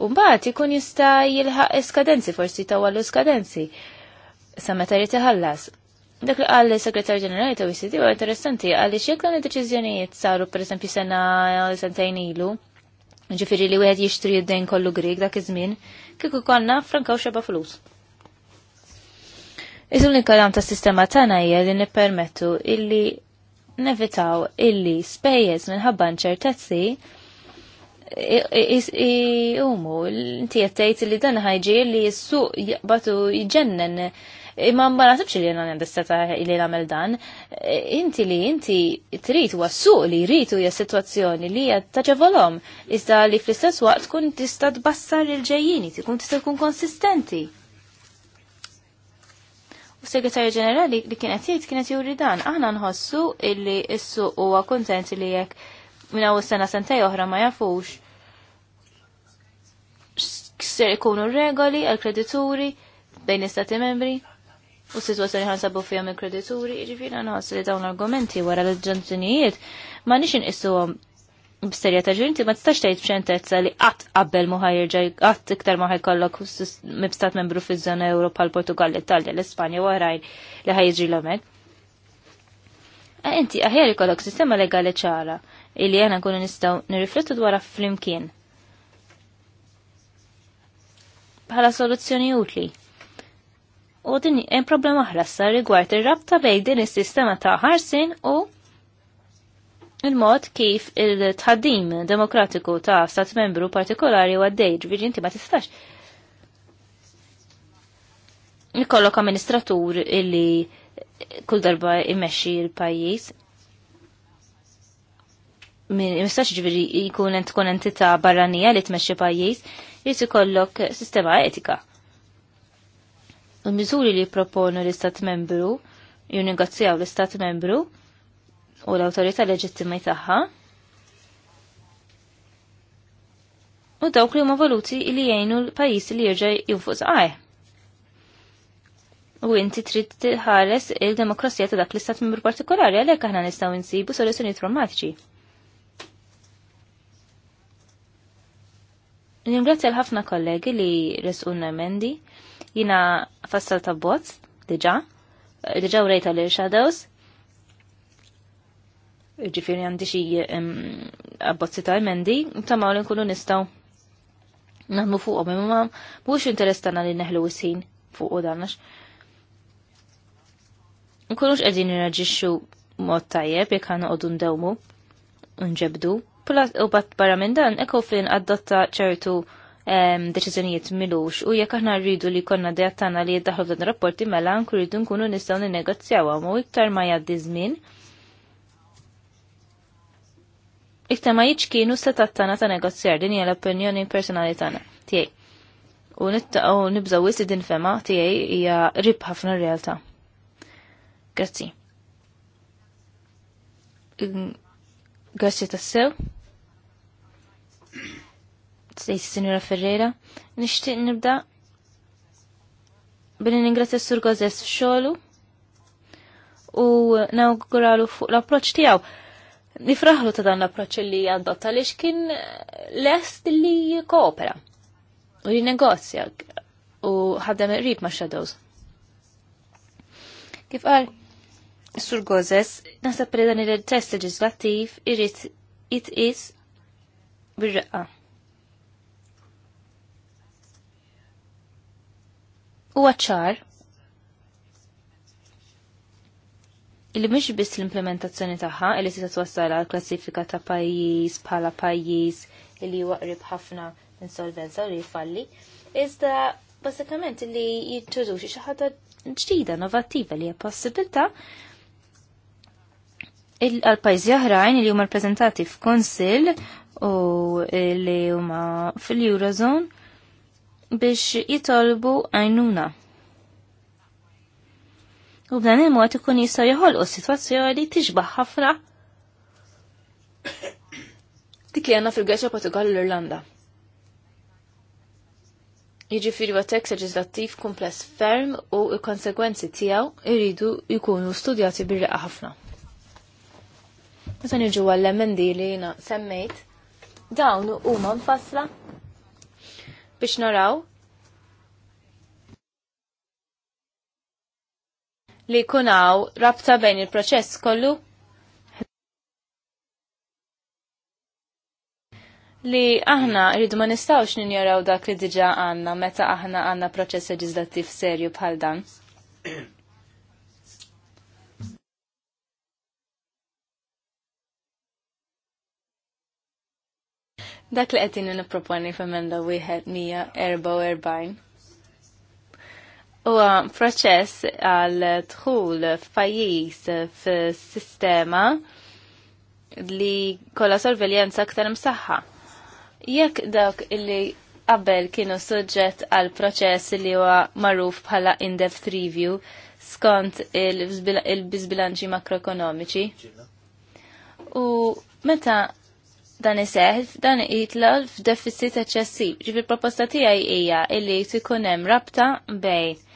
Umbaħt ikun jista' jilħaq eskadenzi forsi tawallu skadenzi sa meta jrid iħallas. Dak li qal segretar ġenerali ta' OECD u interessanti għaliex jekk dan id-deċiżjonijiet saru pereżempju sena sentejn ilu, ġifiri li wieħed jixtri id-dejn kollu Grieg dak iż-żmien, kieku konna frankaw xeba flus. Iżul nikkalam ta' sistema tagħna hija li nippermettu illi nevitaw illi spejjeż minħabba nċertezzi umu, inti jattejt li dan ħajġi li s-suq jaqbatu jġennen. Imma ma nasibx li jena nendisseta li namel dan. Inti li inti trit u s-suq li jritu hija situazzjoni li jattaċevolom. Iżda li fl-istess waqt kun tista tbassar il-ġejjini, tkun tista tkun konsistenti. U segretarju ġenerali li kienet jgħid kienet juri dan. Aħna nħossu illi s-suq huwa kontent li jekk minna u sena sentej oħra ma jafux kser ikunu regoli għal-kredituri bejn istati membri u situazzjoni ħansabu fija mill kredituri ġifina nħas li dawn argumenti wara l-ġantinijiet ma nix nqissu b'serja ta' ġurinti ma tistax tgħid bċentezza li qatt qabel muħajr ġaj qatt iktar ma ħajkollok mibstat membru fiż-żona Ewropa l-Portugal, l-Italja, l-Ispanja u oħrajn li ħajġi l-omek. Eh, inti aħjar ikollok sistema legali ċara illi għana nkunu nistaw nirriflettu dwar flimkien. Bħala soluzzjoni utli. U din hemm problema oħra sa rigward ir-rabta bejn din is-sistema ta' ħarsin u il-mod kif il-tħaddim demokratiku ta' stat membru partikolari u għaddej ġviġi inti ma tistax. Nikollok amministratur illi kull darba imexxi l-pajjiż. Min mistax ġifieri jkun tkun entità barranija li tmexxi pajjiż, jrid ikollok sistema etika. Il-miżuri li proponu l-Istat membru, negozjaw l-Istat membru u l-awtorità leġittima tagħha. U dawk li huma voluti li jgħinu l-pajjiż li jerġa' jinfuq saqajh u inti trid tħares il demokrazija ta' dak l-istat membru partikolari għalhekk aħna nistgħu nsibu soluzzjonijiet traumatiċi. Ningrazzja l-ħafna kollegi li resqunna emendi. Jina fassal ta' bozz, diġa, diġa u rejta li shadows. Ġifiri għandi xie abbozzi ta' emendi, ma' li nkunu nistaw naħdmu fuqhom imma mhux interess tagħna li neħlu wisin fuq u dannax nkunux qegħdin nirraġiċu mod tajjeb jekk għanna għodun ndewmu nġebdu. U bat barra minn dan, ECOFIN adotta ċertu deċiżjonijiet milux u jekk aħna rridu li konna dejattana li jeddaħlu dan rapporti mela rridu nkunu nistgħu ninnegozjaw u iktar ma jgħaddi Iktar ma jiċkienu setat tattana ta' negozjar din hija l-opinjoni personali tagħna tiegħi. U nittaqgħu nibżaw wis din fema tiegħi hija rib ħafna r-realtà. Grazzi. Grazzi tassew. Sejt Signora Ferreira. Nishtiq nibda Bini ningrazzja s-sur Gozes f'xogħlu u nawguralu fuq l-approċċ tiegħu. Nifraħlu ta' dan l-approċċ li adotta għaliex kien lest li koopera u li negozja u ħadem qrib ma' shadows. Kif qal Sur Gozes, naħseb li dan il-test leġislattiv irrid jitqis bir-reqqa. U għacċar illi mhix biss l-implementazzjoni tagħha li se twassal għal klassifika ta' pajjiż bħala pajjiż li waqrib ħafna insolvenza u li jfalli, iżda bażikament li jintroduċi xi ħaġa ġdida, novattiva li hija possibilità għal-pajzi oħrajn li huma rappreżentati f'Konsil u li huma fil-Eurozone biex jitolbu għajnuna. U b'dan il-mod ikun jistgħu joħolqu sitwazzjoni tixbaħ ħafna dik li għandna fil-Greċja Portugal u l-Irlanda. Jiġifieri wa tekst leġislattiv kumpless ferm u l-konsegwenzi tiegħu jridu jkunu studjati bir-reqa ħafna. Meta nirġu għall-emendi li jina semmejt, dawn huma nfasla biex naraw li kunaw rabta bejn il-proċess kollu li aħna rridu ma nistawx ninjaraw dak li diġa għanna meta aħna għanna proċess leġislattiv serju bħal dan. Dak li qed nipproponi f'emenda wieħed erbajn. Huwa proċess għal dħul f'pajjiż fis-sistema li kollha sorveljenza aktar msaħħa. Jekk dak illi qabel kienu suġġett għal proċess li huwa magħruf bħala in-depth review skont il-bizbilanċi makroekonomiċi. U meta dan iseħ dan jitla f'deficit eċċessi. Ġifi proposta tiegħi hija illi tkun hemm rabta bejn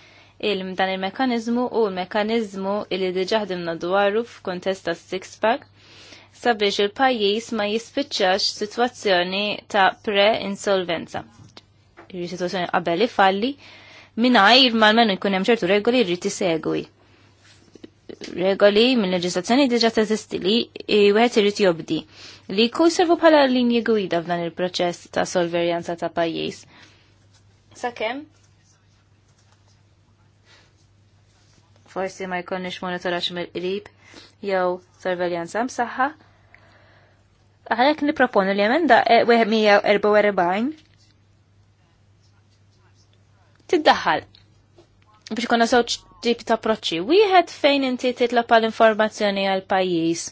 il dan il-mekanizmu u l-mekanizmu illi diġa dwaru f'kontesta six pack sabiex il-pajjiż ma jispiċċax sitwazzjoni ta' pre-insolvenza. Ġifi situazzjoni qabel falli, mingħajr ma l-menu jkun hemm ċertu regoli jrid isegwi regoli minn leġislazzjoni diġa teżisti li e, wieħed irid jobdi li jkun servu bħala linji gwida f'dan il-proċess ta' solverjanza ta' pajjiż. Sakemm forsi ma jkollniex monitoraġġ mill-qrib jew sorveljanza msaħħa. Għalhekk nipproponu li emenda 144 e, tiddaħħal biex konna żewġ tip ta' proċċi. Wieħed fejn inti titla għal informazzjoni għal pajjiż.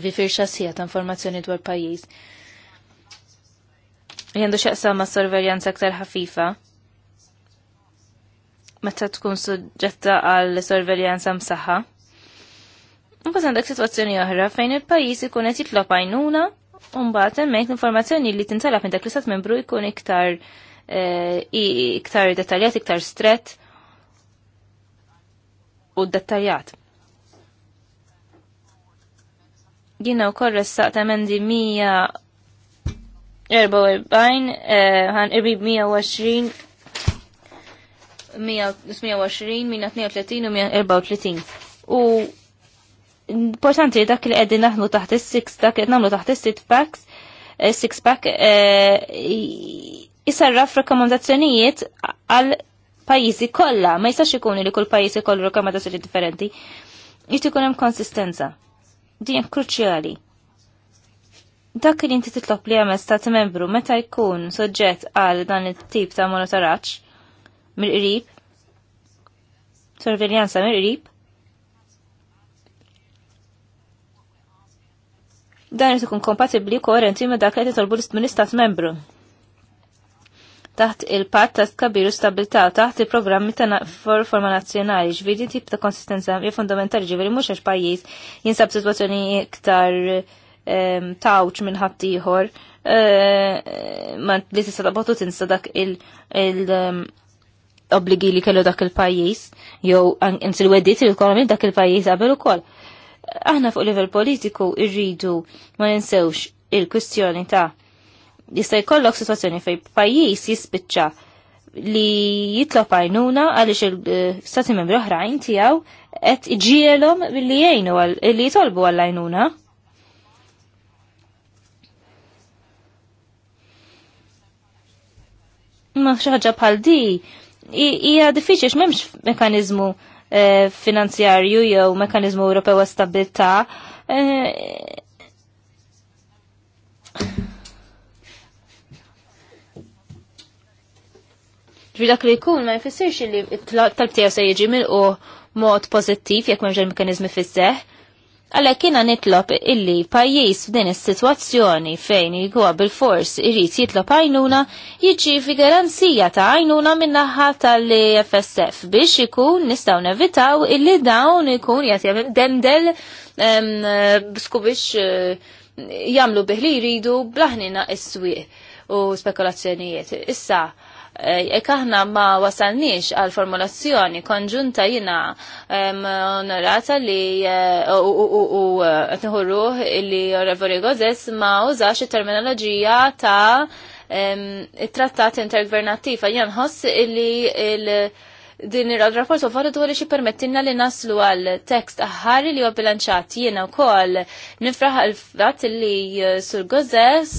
Vi firxa sija ta' informazzjoni dwar pajjiż. Jendu xaqsa ma' sorveljanza aktar ħafifa. Meta tkun suġġetta għal sorveljanza msaħħa. Mbagħad għandek sitwazzjoni oħra fejn il-pajjiż ikun qed jitlob għajnuna u mbagħad hemmhekk informazzjoni li tintalab minn dak l sat membru jkun iktar eh, iktar detaljat, iktar stret u dettajat. Jina u korre s-saqt emendi 144, eh, għan irbib 120, 132 u 134. U importanti dak li għeddi naħnu taħt il-six, dak li naħnu taħt il-six packs, eh, six pack, jisarraf eh, rekomendazzjonijiet għal pajjiżi kollha, ma jistax ikun li kull pajjiż ikollu rakkomandazzjoni differenti. Jrid ikun hemm konsistenza. Din kruċjali. Dak li inti titlob li għamel stat membru meta jkun soġġett għal dan it-tip ta' monitoraġġ mill-qrib, sorveljanza mill-qrib, dan jrid ikun kompatibbli koerenti ma' dak li titolbu l-istat membru taħt il pat ta' skabir u taħt il-programmi ta' forma nazzjonali ġvidi tip ta' konsistenza fundamentali ġviri mux għax pajjiż jinsab situazzjoni iktar ehm, tawċ minn ħattijħor, eh, ma li tista' tabotu tinsa dak il- ehm, obligi li kellu dak il-pajjiż jew insil weddit il kolomin dak il-pajjiż qabel ukoll. Aħna fuq livell politiku irridu ma ninsewx il-kwistjoni ta' jista' jkollok situazzjoni fej pajjiż jispiċċa li jitlob għajnuna għaliex il-stati membri oħrajn tiegħu qed iġielhom li jgħinu li jitolbu għall għajnuna. Ma xi ħaġa bħal di hija diffiċli m'hemmx mekanizmu eh, finanzjarju jew mekanizmu Ewropew stabilità eh, Ġbir dak li jkun ma jfissirx li tal tiegħu se jiġi milqu mod pożittiv jekk m'hemmx il-mekkaniżmi fisseħ. Għalhekk kiena nitlob illi pajjiż f'din is-sitwazzjoni fejn jgħuha bil-fors irid jitlob għajnuna jiġi fi garanzija ta' għajnuna min-naħa tal-FSF biex ikun nistgħu nevitaw illi dawn ikun jagħti dendel biex eh, jamlu bih li jridu blaħnina is swieq u spekulazzjonijiet. Issa, Eh, ek aħna ma wasalniex għal formulazzjoni konġunta jina onorata li eh, u eh, tnħurruh li Revori Gozes ma użax it-terminoloġija ta' il trattat intergvernativa għajan ħoss li il- din il-rapport u uffariet u xi permettinna li naslu għal tekst aħħari li huwa bilanċat jiena wkoll nifraħ għal fatt li sur Gozes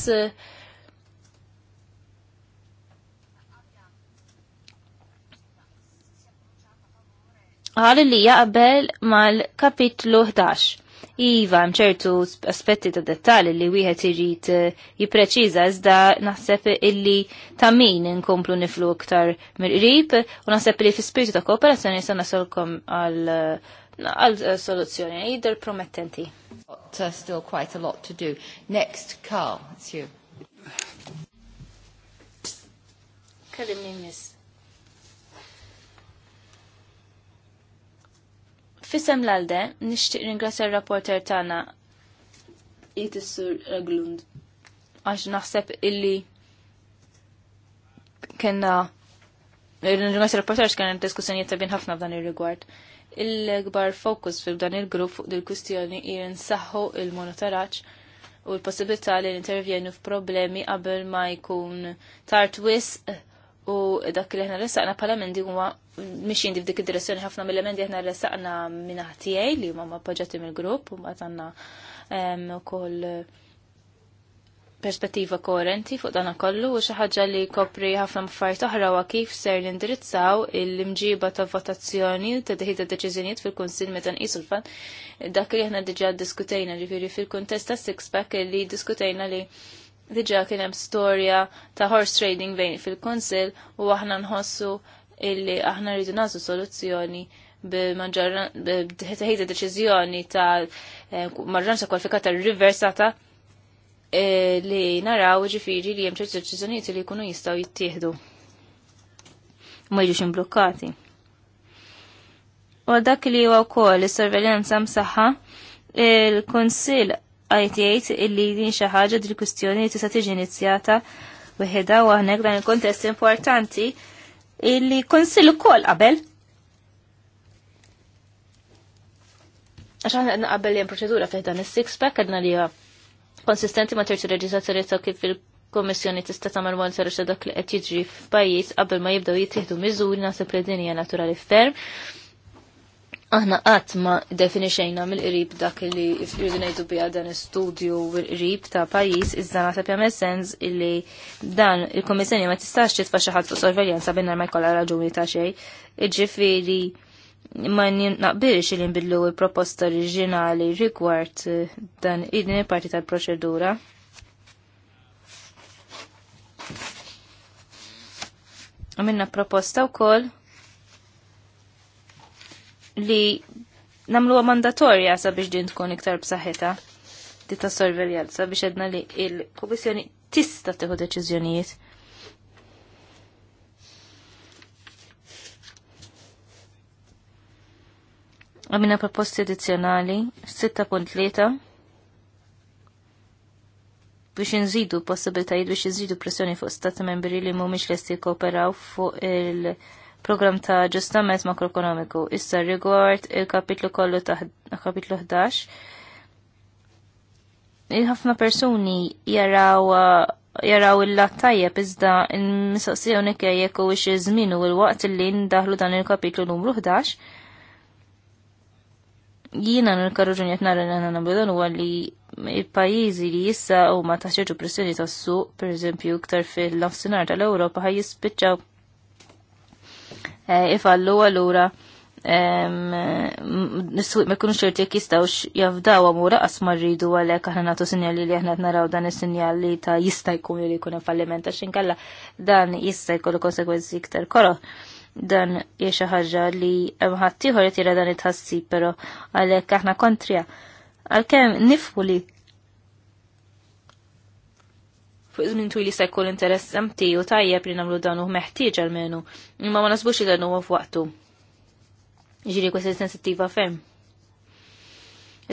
għal li jaqbel mal-kapitlu 11. Iva, mċertu aspetti ta' dettali li wieħed irid eh, jippreċiża iżda naħseb illi ta' min inkomplu niflu iktar mill-qrib u naħseb li fi spiritu ta' kooperazzjoni se nasolkom għal għal eh, soluzzjoni jidher promettenti. Still quite a lot to do. Next, Carl, it's you. Kellimni miss. Fisem l-alde, nishtiq ringrazzja il-rapporter tana jitissur Raglund, Għax naħseb illi kena il-ringrazzja il-rapporter xkena ta' bin ħafna f'dan il-rigward il-gbar fokus f'dan dan il-grupp fuq dil-kustjoni jirin saħħu il-monitoraċ u l-possibilità li intervjenu f'problemi qabel ma jkun tard wis u dak li ħna ressaqna pala mendi huwa mixin dik id-direzzjoni ħafna mill emendi aħna ressaqna resaqna minnaħtijaj li huma appoġġati mill-grupp u tanna u koll perspettiva koherenti fuq dan kollu u xi ħaġa li kopri ħafna affarijiet oħra wa kif ser nindirizzaw il imġiba ta' votazzjoni ta' deħid deċizjoniet deċiżjonijiet fil-Kunsill meta nqisu l-fan dak li aħna diġà diskutejna ġifieri fil kontesta ta' six pack li diskutejna li diġà kien hemm storja ta' horse trading bejn fil-Kunsill u aħna nħossu illi aħna rridu nasu soluzzjoni b'ħejta deċiżjoni ta' eh, marranza kwalifikata riversata eh, li naraw ġifiri li hemm ċerti li jkunu jistgħu jittieħdu. Ma jiġux imblukkati. U dak li huwa wkoll is-sorveljanza msaħħa il-Kunsill qajt jgħid illi din xi ħaġa dil kwistjoni tista' tiġi inizjata ħeda u aħna dan il-kontest importanti illi konsil ukoll qabel. Għax aħna qedna qabel jem proċedura fejn dan is-six-pack għedna li konsistenti ma terċi reġizazzjoni ta' kif il-Kommissjoni tista' tagħmel monitoraġġ ta' dak li qed jiġri f'pajjiż qabel ma jibdew jittieħdu miżuri naħseb li din hija naturali ferm aħna qatt ma definixejna mill-qrib dak li irridu ngħidu biha dan istudju l-qrib ta' pajjiż iżda naħseb jagħmel sens illi dan il-Kummissjoni ma tistax titfa' xi ħadd fuq sorveljanza binnar ma jkollha raġuni ta' xejn. Iġifieri ma naqbilx li nbidlu l proposta oriġinali rigward eh, dan id parti tal-proċedura. Għamilna proposta wkoll li namlu mandatorja sabiex din tkun iktar b'saħħitha di ta' sorveljanza biex edna li il-Komissjoni tista' tieħu deċiżjonijiet. Għamina proposti addizzjonali 6.3 biex nżidu possibilitajiet biex nżidu pressjoni fuq stati membri li mhumiex lesti jkooperaw fuq il- program ta' ġustament makroekonomiku. Issa rigward il-kapitlu kollu ta' kapitlu 11. Il-ħafna persuni jaraw jaraw il-lat tajjeb iżda il-mistoqsijoni kejjek u ix żmien u l-waqt li ndaħlu dan il-kapitlu numru 11. Jiena nil-karruġun jett nara nana għanna dan huwa li il-pajizi li jissa u ma taċċeġu pressjoni tas-suq, per eżempju, iktar fil-nofsinhar tal-Ewropa ħaj jispiċċaw Eh, ifallu għallura nissuq ma jkunux ċerti jekk jafdaw għamura qasma rridu għalhekk aħna nagħtu sinjali li aħna naraw dan is-sinjal li ta' jista' jkun li kuna fallimenta x'inkalla, dan jista' jkollu konsekwenzi iktar koro Dan jiexa ħagġa ħaġa li hemm ħadd ieħor jtira dan it ħassi pero għalhekk aħna kontrija. Għalkemm nifhu li fuq żmien twil jista' jkun interess amti u tajjeb li nagħmlu dan u meħtieġ għalmenu, imma ma nasbux li dan huwa f'waqtu. Ġiri kwesta sensittiva fem.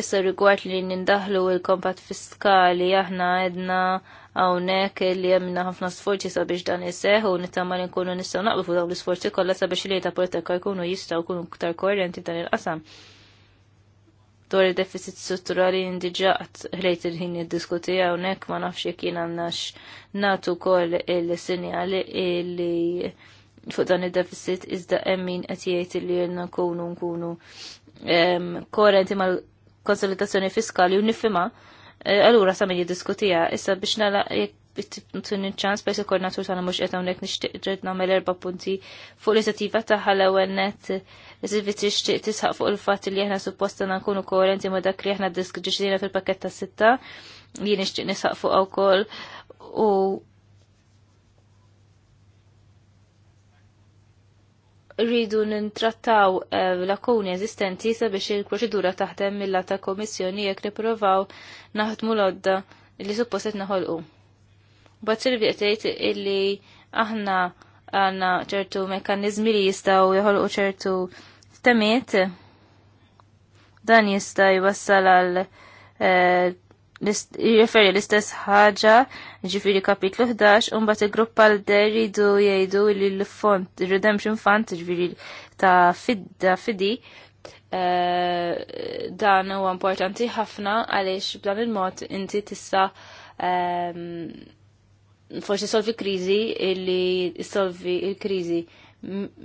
Issa rigward li nindaħlu il-kompat fiskali aħna għedna hawnhekk li jemna ħafna sforzi sabiex dan iseħ u nittama li nkunu nistgħu naqbu fuq dawn l-isforzi kollha sabiex li ta' portekka jkunu jistgħu jkunu iktar korrenti dan il-qasam dwar il-deficit strutturali indiġa ħlejt il-ħin jiddiskuti għawnek hawnhekk ma nafx jekk jien għandnax natu wkoll il-sinjali li fuq dan id-deficit iżda hemm min qed jgħid li jirna nkunu nkunu korenti mal-konsolidazzjoni fiskali u nifhimha eh, allura sa min issa biex nagħlaq tuni ċans bejs koordinatur tagħna mhux qed hawnhekk nixtieq ġed nagħmel erba' punti fuq l-inizjattiva tagħha l-ewwel net tisħaq fuq il-fatt li aħna supposta nkunu koerenti ma' dak li aħna disk ġixlina fil paketta tas-sitta li nixtieq nisħaq fuq kol u rridu nintrattaw eh, lakuni eżistenti sabiex il-proċedura taħdem mill-lata komissjoni jekk niprovaw naħdmu l-odda li supposet naħolqu. Bat Silvija tgħid illi aħna għanna ċertu mekkaniżmi li jistgħu jħolqu ċertu temiet dan jista' jwassal għal eh, jirreferi l-istess ħaġa ġifiri kapitlu 11 un bat il-grupp għal deridu jgħidu li l-font, redemption font ġifiri ta' fidda fidi eh, dan huwa importanti ħafna għaliex b'dan il-mod inti tista' ehm, forsi solvi krizi illi solvi il-krizi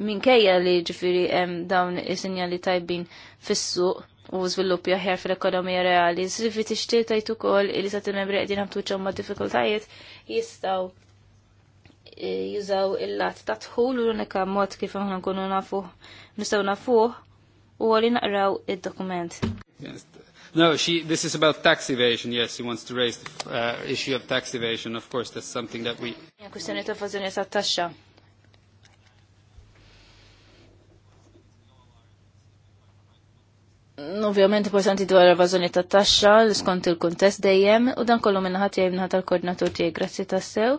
minkejja li ġifiri dawn is-sinjali tajbin fis-suq u żviluppi aħjar fil-ekonomija reali, s-sifi tajtu tajt ukoll li sa membri qegħdin għamtu ċomma diffikultajiet jistgħu e, jużaw il-lat ta' tħul u l-unika mod kif aħna nkunu nafu nistgħu nafu u li naqraw id-dokument. No, she, this is about tax evasion. Yes, she wants to raise the uh, issue of tax evasion. Of course, that's something that we... Mm, ovvjament importanti dwar l evażjoni ta' taxxa l skont il-kuntest dejjem u dan kollu minn ħadd jgħid minħat tal-koordinatur tiegħi grazzi tassew.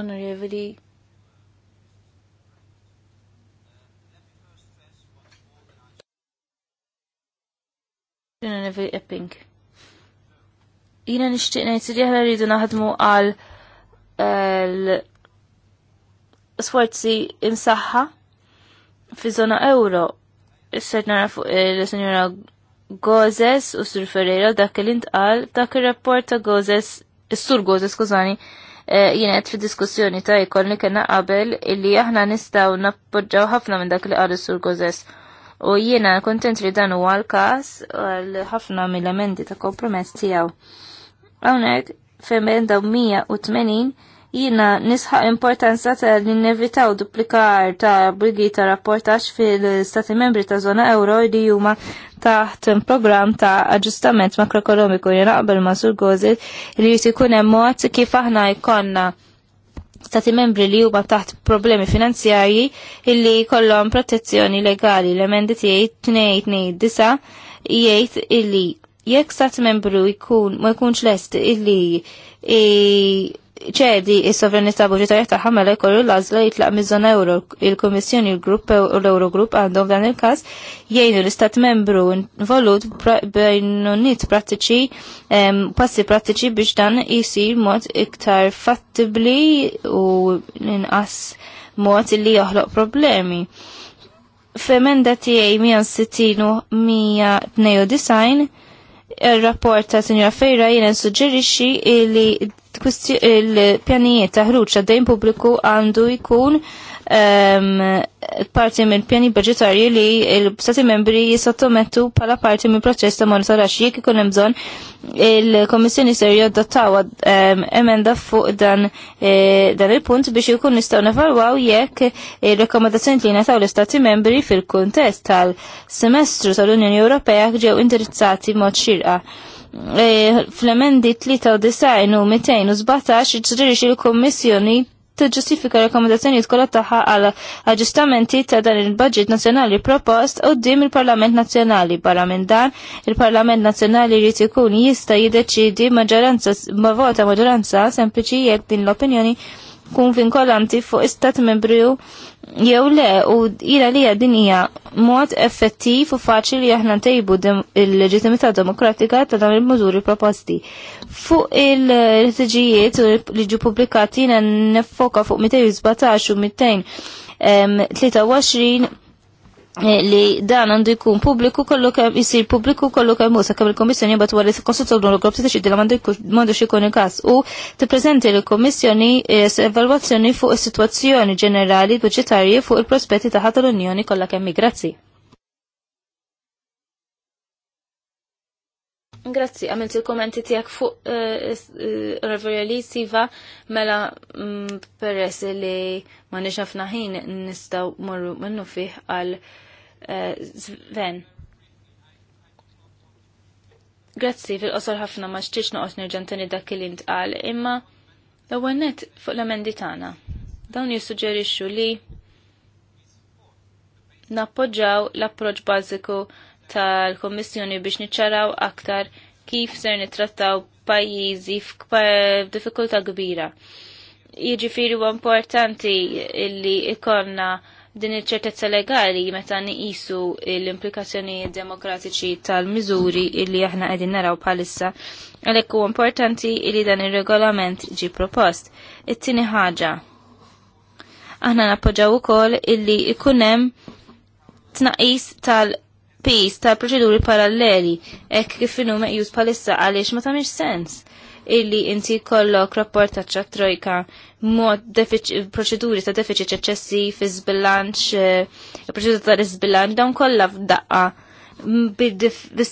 Onorevoli Jina nevi epping. Jina nishtiq nejt li ħna rridu naħdmu għal sforzi imsaħħa fi zona euro. Issa nara fuq il-senjora Gozes u Sur Ferreira dak li intqal dak ir-rapport ta' Gozes, is-Sur Gozes, skużani, eh, jienet fi diskussjoni ta' jkollni kena qabel illi aħna nistaw nappoġġaw ħafna minn dak li qal is-Sur Gozes. U jiena kontent li dan huwa l-każ għal ħafna mill amendi ta' kompromess tiegħu. Hawnhekk f'emenda 180 jiena nisħaq importanza ta' li nevitaw duplikar ta' brigi ta' rapportax fil-Stati membri ta' zona euro li huma taħt program ta' aġustament makroekonomiku li naqbel ma' sur li jkun hemm mod kif aħna jkollna stati membri li huma taħt problemi finanzjarji illi kollhom protezzjoni legali l-emendi tiegħi tnejn disa jgħid illi jekk stat membru jkun ma jkunx lest illi ċedi il sovranità budġetarja tagħha mela jkollu l-għażla jitlaq mizzon euro. Il-Kummissjoni il-Grupp u l-Eurogrupp għandhom dan il-każ jgħinu l-Istat membru involut nit prattiċi passi prattiċi biex dan jisir mod iktar fattibli u inqas mod li joħloq problemi. F'emenda tiegħi 160 u 192 il-rapport ta' Sinjora Fejra jena suġġerixi li il-pjanijiet ta' ħruġ għad-dejn pubbliku għandu jkun Ehm, parti minn pjani budgetarji li l-stati membri jisottomettu pala parti minn proċess ta' monitorax jek ikun hemm bżonn il-Komissjoni ser um, emenda fuq dan eh, dan il-punt biex ikun nistgħu nevalwaw jekk ir-rekomendazzjoni li nataw l-Istati membri fil-kuntest tal-semestru tal-Unjoni Ewropea ġew indirizzati mod xirqa. Eh, fl-emendi 93 u 217 ġriri il-Kommissjoni tiġġustifika rekomendazzjonijiet kollha tagħha għal aġġustamenti ta' dan il-budget nazzjonali propost dim il-Parlament Nazzjonali. Barra minn dan, il-Parlament Nazzjonali jrid ikun jista' jiddeċiedi maġġoranza ma' vota maġġoranza sempliċi jekk din l-opinjoni kun vinkolanti fuq istat membru jew le u ira li din hija mod effettiv u faċli li aħna ntejbu il-leġitimità demokratika ta' dan il-mużuri proposti. Fuq il ritiġijiet u li ġu pubblikati jiena nifoka fuq 217 u 223 Eh, li dan għandu jkun pubbliku kollu kemm isir pubbliku kollu kemm musa kemm il-Kommissjoni jibgħat wara il-Konsultazzjoni l-Grupp tiddeċidi li m'għandux ikun il-każ u tippreżenti lill eh, s evalwazzjoni fuq is-sitwazzjoni ġenerali budġetarji fuq il-prospetti taħat l-Unjoni kollha kemm grazzi. Grazzi, għamilt il-kommenti tijak fuq eh, Reverjali Siva mela mm, peress li ma nixafna ħin nistaw morru minnu fih għal Eh, Sven. Grazzi fil-qosor ħafna ma xtiex noqgħod nerġantani dak li ntqal, imma l-ewwel net fuq l-emendi tagħna. Dawn jissuġġerixxu li nappoġġaw l-approċċ bażiku tal-Kommissjoni biex niċċaraw aktar kif ser nitrattaw pajjiżi f'diffikultà kbira. Jiġifieri huwa importanti illi ikonna din iċ-ċertezza legali meta niqisu l-implikazzjonijiet demokratiċi tal-miżuri illi aħna qegħdin naraw bħalissa għalhekk huwa importanti li dan ir-regolament ġi propost. It-tieni ħaġa. Aħna nappoġġaw ukoll illi ikun hemm tnaqis tal- pis ta' proċeduri paralleli, ek kif inhum meqjus palissa għaliex ma ta' sens illi inti kollok rapport ta' trojka mod proċeduri ta' deficit eċċessiv, fi zbilanċ, eh, proċeduri ta' iż dawn kollha f'daqqa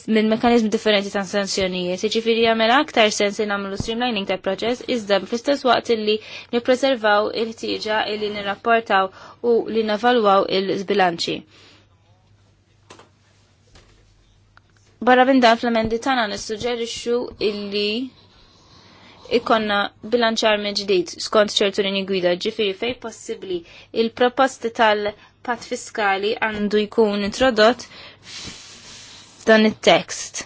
minn mekanizmi differenti ta' sanzjonijiet. Ġifiri jagħmel aktar sens li nagħmlu streamlining tal proċess iżda fl-istess waqt li nippreservaw il-ħtieġa illi nirrapportaw u li navalwaw il żbilanċi Barra minn dan fl-emendi tagħna nissuġġerixxu illi ikonna bilanċar minn ġdid skont ċertu rini gwida ġifiri fej possibli il-proposti tal-pat fiskali għandu jkun introdott dan it-tekst.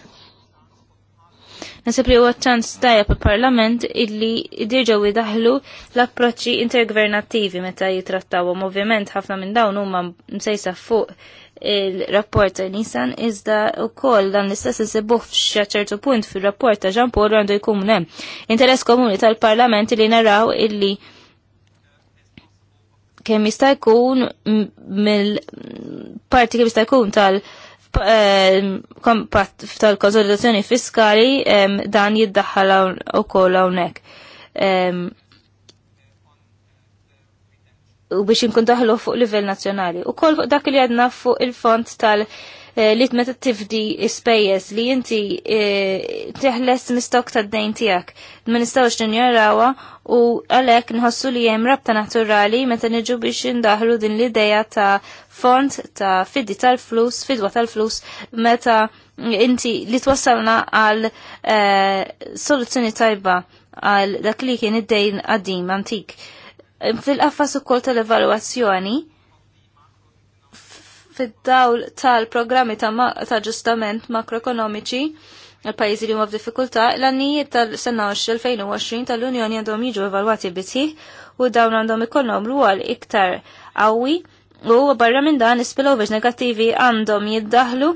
Nasib li huwa ċans tajja pa parlament illi dirġaw jidaħlu l-approċċi intergovernattivi meta jitrattawhom. Ovvjament ħafna minn dawn huma msejsa fuq il-rapport ta' Nissan iżda wkoll dan l-istess insibuh ċertu punt fir-rapport ta' Jean Paul għandu jkun hemm. Interess komuni tal-Parlament li naraw illi kemm jista' jkun mill-parti kemm jista' jkun tal- eh, kompatt tal-konsolidazzjoni fiskali dan jiddaħħal ukoll hawnhekk u biex inkun daħlu fuq livell nazzjonali. U kol dak li għadna fuq il-font tal- eh, li meta tifdi spejjeż li inti eh, teħles mistok ta' d-dejn tijak. Ministawx n-njarawa u għalek nħossu li jem rabta naturali meta nġu biex ndaħlu din l-ideja ta' font ta' fiddi tal-flus, fidwa tal-flus, meta inti li twassalna għal eh, soluzzjoni tajba għal dak li kien id-dejn għaddim antik fil-qaffas ukoll tal-evalwazzjoni fid-dawl tal-programmi ta' ġustament makroekonomiċi għal-pajizi li huma f'diffikultà, l-annijiet tal-sena 2020 tal-Unjoni għandhom jiġu evalwati bitih u dawn għandhom ikollhom rwol iktar qawwi u barra minn dan is negativi negattivi għandhom jiddaħlu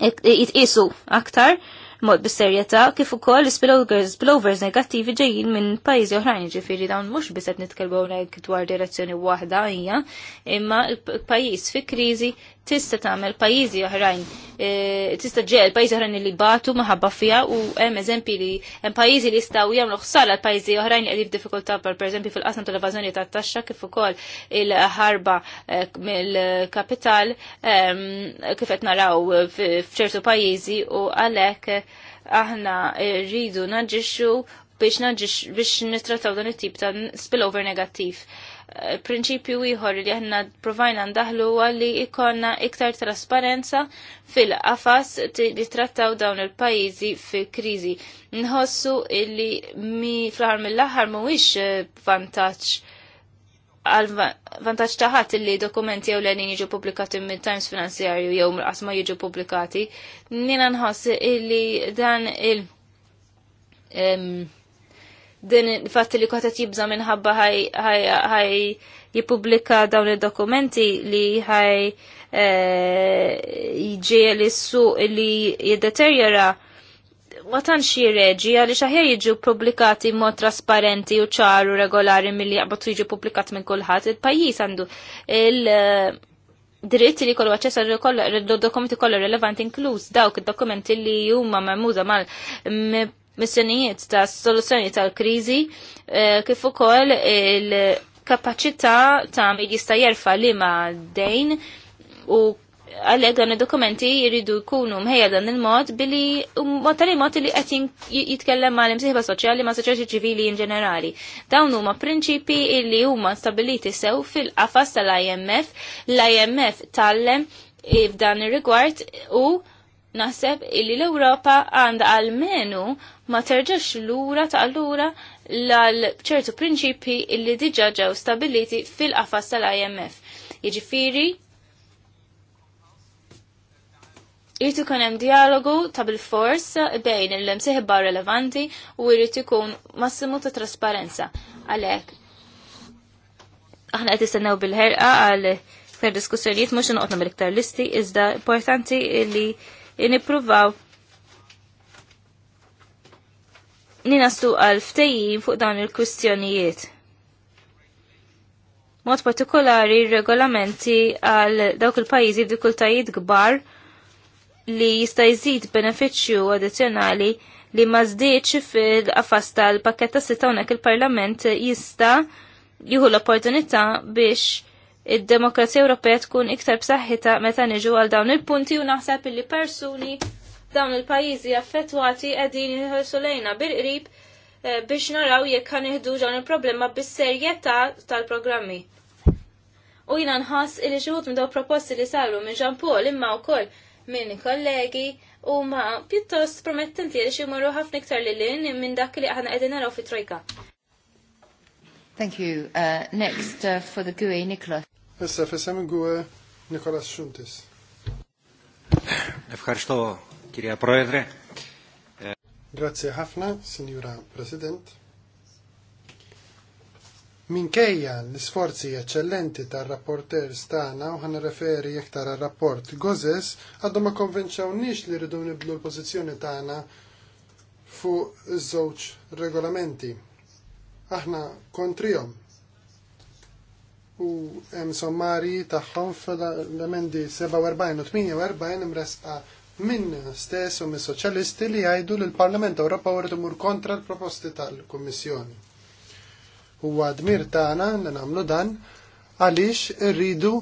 jitqisu aktar mod bisserjeta kif ukoll spillovers negattivi ġejjin minn pajjiżi oħrajn ġifieri dawn mhux biss qed nitkellmu dwar direzzjoni waħda hija imma l-pajjiż fi kriżi tista tagħmel pajjiżi oħrajn e, tista il pajjiżi oħrajn li batu maħabba fija u hemm eżempji li hemm pajjiżi li jistgħu jagħmlu ħsara għal pajjiżi oħrajn li qegħdin f'diffikultà per pereżempju fil-qasam tal-evażjoni tat-taxxa kif ukoll il-ħarba e, mill-kapital e, kif qed naraw f'ċertu pajjiżi u għalhekk aħna rridu naġixxu biex naġix biex nitrataw dan it-tip ta' spillover negattiv prinċipju ieħor li aħna provajna ndaħlu li ikonna iktar trasparenza fil-qafas li trattaw dawn il-pajjiżi fil-kriżi. Nħossu illi mi fl-aħħar mill-aħħar mhuwiex eh, vantaġġ għal vantaġġ taħat li dokumenti jew l-għanin jiġu publikati minn Times Finanzjarju jew mill-qasma jiġu publikati, nina nħoss illi dan il- um, din il li kotet jibza minħabba ħaj jipublika dawn il-dokumenti li ħaj eh, jġi l-issu li jiddeterjera ma xie reġi għaliex xaħja jiġu publikati mod trasparenti u ċaru regolari milli għabatu jġu publikat minn kulħadd. Il-pajjiż għandu il-dritt eh, li kollu għacċessa l dokumenti kollu relevanti inkluż dawk id-dokumenti li huma memuża mal missjonijiet ta' soluzzjoni tal-krizi eh, kif ukoll il-kapaċità ta' jista' jerfa' li ma' dejn u għalhekk dan id-dokumenti jridu jkunu mħejja dan il-mod billi mod tal mod li qed jitkellem mal imsieħba soċjali ma' soċjali ċivili in ġenerali. Dawn huma prinċipi li huma stabiliti sew fil-qafas tal-IMF, l-IMF tallem f'dan ir-rigward u naħseb illi l-Ewropa għandha għalmenu ma terġax lura ta' l-ura l-ċertu prinċipi illi diġa ġew stabiliti fil-qafas tal-IMF. Jiġifieri Irrit ikun hemm dialogu ta' bil-fors bejn il-msieħba relevanti u irrit ikun massimu ta' trasparenza. Għalhekk aħna qed istennew bil-ħerqa għal diskussjonijiet mhux inqodna bil-iktar listi iżda importanti li E nippruvaw ninastu għal ftejjim fuq dawn il-kwistjonijiet. Mod partikolari regolamenti għal dawk il-pajjiżi dikultajiet kbar li jista' jżid benefiċċju addizzjonali li ma żdiedx fil-qafas tal-pakketta sitawnek il-Parlament jista' jieħu l-opportunità biex id-demokrazija Ewropea tkun iktar b'saħħitha meta niġu għal dawn il-punti u naħseb li persuni dawn il-pajjiżi affettwati qegħdin jħolsu lejna bil-qrib eh, biex naraw jekk kan dawn il-problema bis-serjetà tal-programmi. U jina nħass il ġuħut minn proposti li saru minn Jean Paul imma wkoll minn kollegi u ma pjuttost promettenti li ximurru ħafna iktar lil lin minn dak li aħna qegħdin naraw fi trojka. Thank you. Uh, next uh, for the GUE, Nicola. Issa fissem GUE, Nicolas Schuntis. Ευχαριστώ, κυρία Πρόεδρε. Grazie ħafna, Signora President. Minkejja l-sforzi eccellenti tar rapporter stana u ħan referi iktar għal rapport Gozes għaddu ma nix li rridu nibdlu l-pozizjoni tagħna fuq zoċ żewġ regolamenti aħna kontrihom. U hemm sommari tagħhom fl-emendi 47 u 48 imresqa minn stess u mis soċjalisti li jgħidu l-Parlament Ewropew irid imur kontra l-proposti tal-Kummissjoni. Huwa dmir tagħna li nagħmlu dan għaliex irridu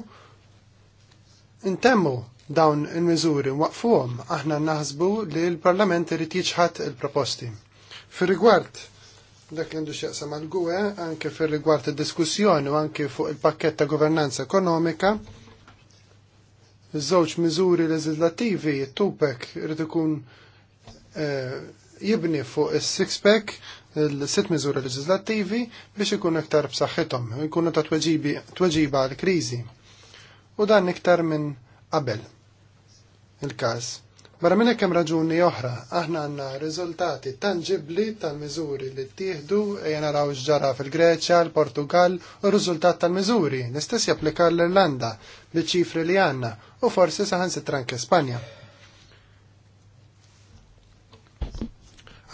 intemmu dawn il-miżuri waqfuhom aħna naħsbu li l-Parlament irid jiġħad il-proposti. Fir rigward dak li għandu xieqsa mal-gwe, anke fil rigward il-diskussjoni u anke fuq il-pakket ta' governanza ekonomika, żewġ miżuri legislativi, tupek rrid ikun eh, jibni fuq il-six-pack, il-sitt miżuri legislativi, biex ikun iktar b'saħħithom, ikunu ta' tweġiba għal kriżi U dan iktar minn qabel il-każ Barra minn hemm raġuni oħra, aħna għandna riżultati tangibli tal-miżuri li ttieħdu ejja naraw ġara fil-Greċja, l-Portugal u r-riżultat tal-miżuri l-istess japplika l-Irlanda biċ-ċifri li għandna u forsi saħansitra anke Spanja.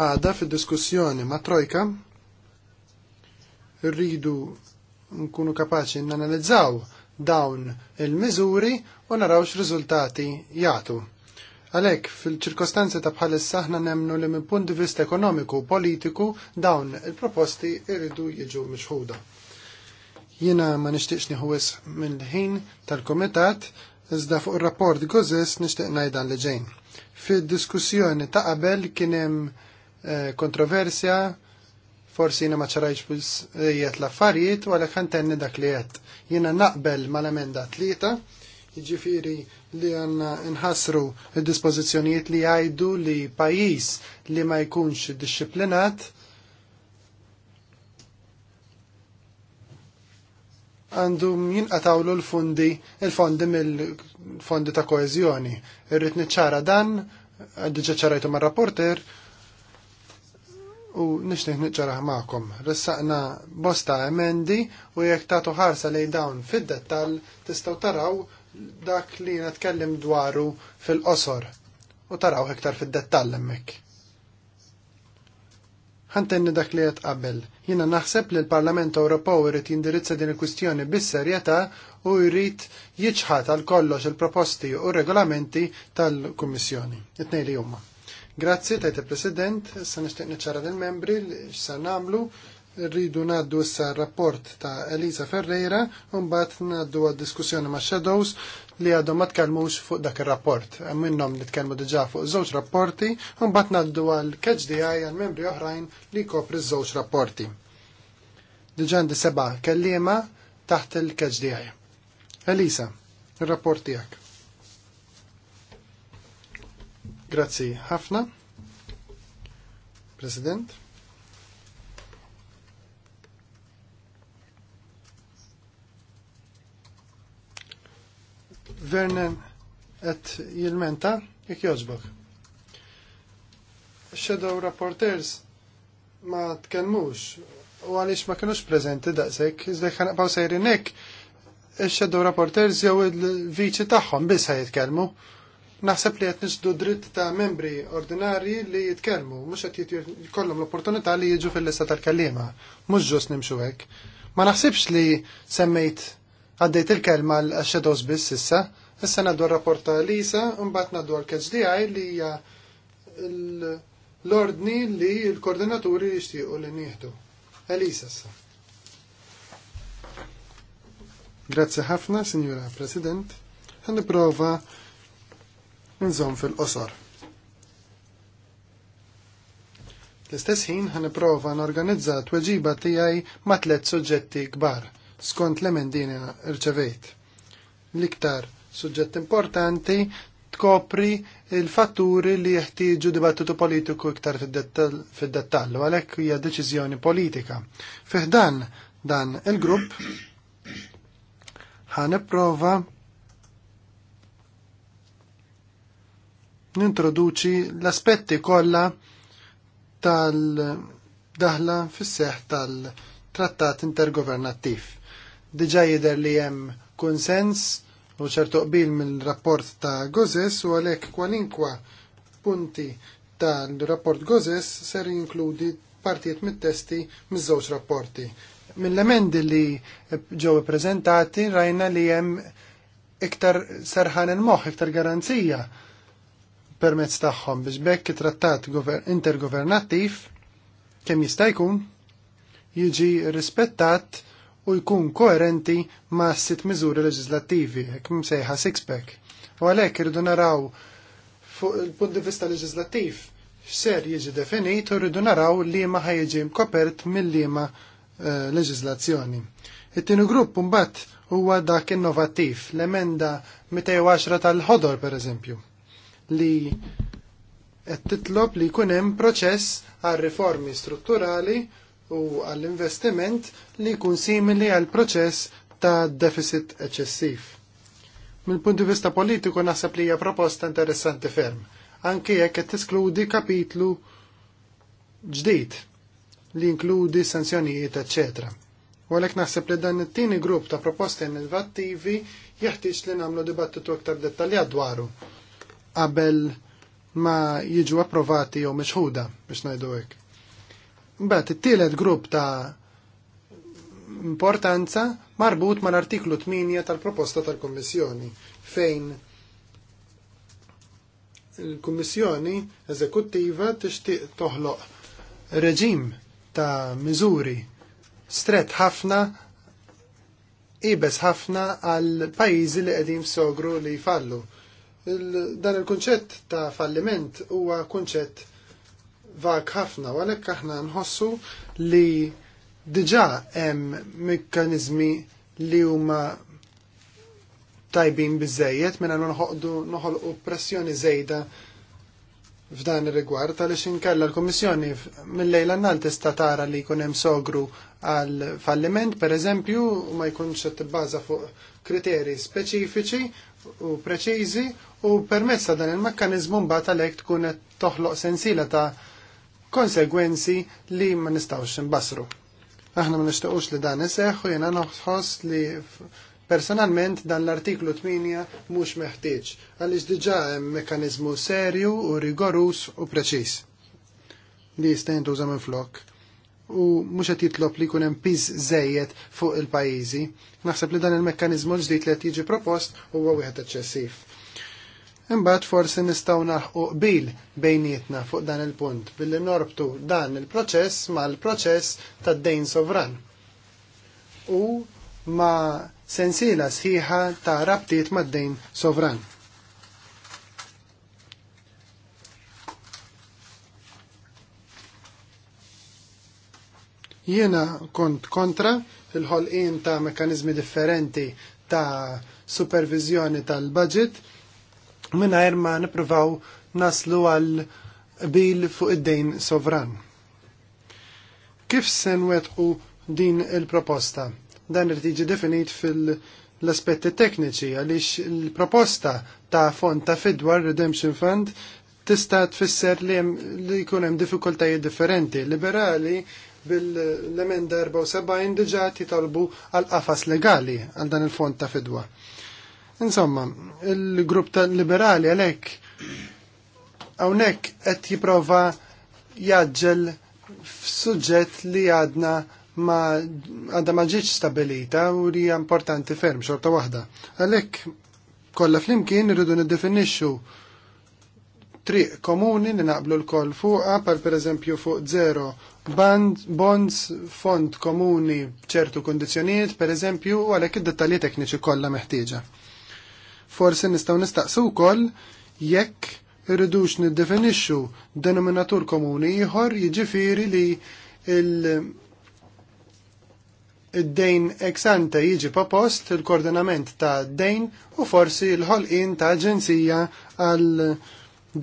Għada fid-diskussjoni ma' Trojka rridu nkunu kapaċi nanalizzaw dawn il-miżuri u narawx riżultati jagħtu Għalek, fil-ċirkostanzi ta' bħalissa ħna nemnu li minn punt di vista ekonomiku u politiku dawn il-proposti irridu jiġu mxħuda. Jiena ma nixtieqx nieħuwis mill-ħin tal-komitat, iżda fuq ir-rapport Gozes nixtieq najdan li ġejn. Fid-diskussjoni ta' qabel kien hemm eh, kontroversja forsi jina maċarajġ bil jiet l-affarijiet u għalek għantenni dak li jiet. Jina naqbel mal-emenda tlieta Ġifiri li għanna nħasru il dispożizzjonijiet li għajdu li pajis li ma jkunx disciplinat għandhom jinqatawlu l fondi il-fondi mill-fondi ta' koezjoni. Irrit niċċara dan, diġà ċarajtu ma' rapporter, u nishtiq niċċara ma'kom. Ressaqna bosta emendi u jekk tagħtu ħarsa lej dawn fid-dettall tistgħu taraw dak li natkellim dwaru fil-qosor u taraw iktar fid-dettall hemmhekk. Ħantenni dak li qed qabel. Jiena naħseb li l-Parlament Ewropew irid jindirizza din il-kwistjoni bis-serjetà u jrid jiċħat għal kollox il-proposti u regolamenti tal-Kummissjoni. Itnej li huma. Grazzi tajt il-President, s nixtieq niċċara lill membri x'sar nagħmlu rridu naddu issa rapport ta' Elisa Ferreira un bat naddu għad diskussjoni ma' Shadows li għadhom ma tkellmux fuq dak ir-rapport. Minnhom nitkellmu diġà fuq żewġ rapporti un bat naddu għal eye għal membri oħrajn li kopri żewġ rapporti. Diġà għandi seba' kellima taħt il-KHDI. Elisa, ir-rapport tiegħek. Grazzi ħafna. President. Vernon et jilmenta, jek joġbok. Shadow Reporters ma tkenmux u għalix ma kienux prezenti daqsek, iżda ħanaqbaw sejrin ek, il-Shadow Reporters jew il-viċi tagħhom biss jitkellmu. Naħseb li qed nisdu dritt ta' membri ordinari li jitkellmu, mhux qed jkollhom l-opportunità li jiġu fil-lista tal-kellima, mhux ġus nimxu hekk. Ma naħsibx li semmejt Għaddejt il-kelma għal-Shadows biss issa, issa naddu rapporta ta' un mbagħad naddu għal-KHDI li hija l-ordni li l-koordinaturi jixtiequ li nieħdu. Elisa issa. Grazzi ħafna, Signora President. Għan prova nżom fil-qosor. L-istess ħin ħan prova n organizzat weġiba tijaj ma tlet suġġetti kbar skont l-emendina rċevejt. L-iktar suġġett importanti tkopri il-fatturi li jeħtieġu dibattitu politiku iktar fid-dettallu, għalhekk hija deċiżjoni politika. Fiħdan dan il-grupp ħan prova nintroduċi l-aspetti kollha tal-daħla fis seħħ tal-trattat intergovernattiv Diġa jider li jem konsens u ċertu qbil mill-rapport ta' Gozes u għalek kwalinkwa punti ta' rapport Gozes ser jinkludi partijiet mit-testi miż-żewġ rapporti. Mill-emendi li ġew prezentati rajna li hemm iktar serħan il-moħ, iktar garanzija permezz tagħhom biex bekk trattat intergovernattiv kemm jista' jkun jiġi rispettat u jkun koerenti ma' sitt miżuri leġislattivi, hekk msejħa six-pack. U għalhekk irridu naraw fuq il-punt di vista leġislattiv x'ser jiġi definit u rridu naraw li ma ħajġi kopert mill lima eh, leġislazzjoni. It-tieni grupp mbagħad huwa dak innovattiv, l-emenda 210 tal-ħodor pereżempju, li qed titlob li jkun hemm proċess għal riformi strutturali u għall-investiment li jkun simili għal proċess ta' deficit eċessiv. Mill-punt di vista politiku naħseb li hija proposta interessanti ferm, anke jekk qed tiskludi kapitlu ġdid li jinkludi sanzjonijiet, eccetera. U għalhekk naħseb li dan it-tieni grupp ta' proposti innovattivi jeħtieġ li nagħmlu dibattitu aktar dettaljat dwaru qabel ma jiġu approvati jew mixħuda biex ngħidu hekk. Mbagħad it-tielet grupp ta' importanza marbut mal-artiklu 8 tal-proposta tal-Kommissjoni fejn il-Kummissjoni eżekuttiva tixtieq toħloq reġim ta' miżuri stret ħafna ibes ħafna għal pajjiżi li qegħdin sogru li jfallu. Dan il-kunċett ta' falliment huwa kunċett Vak ħafna u għalhekk aħna nħossu li diġà hemm mekkaniżmi li huma tajbin biżejjed minn noħolqu noħolqu pressjoni żejda f'dan ir-rigward għaliex inkella l-Kummissjoni mill-lejla nal tista' tara li jkun hemm sogru għal falliment pereżempju u ma jkunx qed tibbaża fuq kriteri speċifiċi u preċiżi u permezz ta' dan il-mekkaniżmu mbagħad għalhekk tkun qed toħloq sensiela ta' konsegwenzi li ma nistawx nbassru. Aħna ma nixtaqux li dan iseħħ u jena noħħos li personalment dan l-artiklu 8 mhux meħtieġ għaliex diġà hemm mekkaniżmu serju u rigorus u preċiż li jista' jintuża minn flok u mhux qed jitlob li jkun hemm piż żejjed fuq il-pajjiżi. Naħseb li dan il-mekkaniżmu l-ġdid li qed jiġi propost huwa wieħed eċċessiv Imbagħad forsi nistgħu naħqu qbil bejnietna fuq dan il-punt billi norbtu dan il-proċess mal-proċess tad-dejn sovran. U ma sensiela sħiħa ta' rabtiet mad-dejn sovran. Jiena kont kontra fil-ħolqien ta' mekanizmi differenti ta' supervizjoni tal-budget minna ma nipruvaw naslu għal bil fuq id-dejn sovran. Kif sen wetqu din il-proposta? Dan irtiġi definit fil-aspetti tekniċi għaliex il-proposta ta' fond ta' fidwa, Redemption Fund tista' tfisser li, li jkun hemm diffikultajiet differenti. Liberali bil-emenda 74 diġa titolbu għal qafas legali għal dan il-fond ta' fidwa. Insomma, il-grupp tal-liberali għalek għawnek qed jiprofa jaġġel f'suġġett li għadna ma għadha ma ġietx stabilita u li hija importanti ferm xorta waħda. Għalhekk kollha flimkien irridu niddefinixxu triq komuni li naqblu l-koll fuqa, par pereżempju fuq zero band, bonds, fond komuni b'ċertu kondizjoniet, pereżempju, u għalhekk id-dettalji tekniċi kollha meħtieġa. Forsi nistgħu nistaqsu wkoll jekk irridux niddefinixxu denominatur komuni ieħor jiġifieri li il- id-dejn eksante jiġi pa post il-koordinament ta' dejn u forsi l-ħolqin ta' aġenzija għal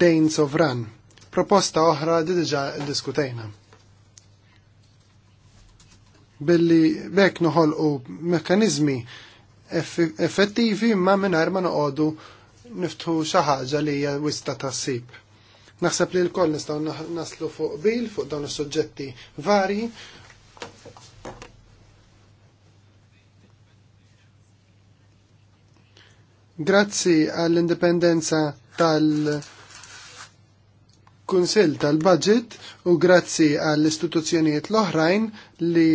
dejn sovran. Proposta oħra di diġa diskutejna. Billi bekk noħolqu mekkaniżmi effettivi imma mingħajr ma noqogħdu niftħu xi ħaġa li hija wista tassib. Naħseb li l-koll nistgħu naslu fuq bil fuq dawn is-suġġetti varji. Grazzi għall-indipendenza tal- kunsil tal-budget u grazzi għall istituzzjonijiet l-oħrajn li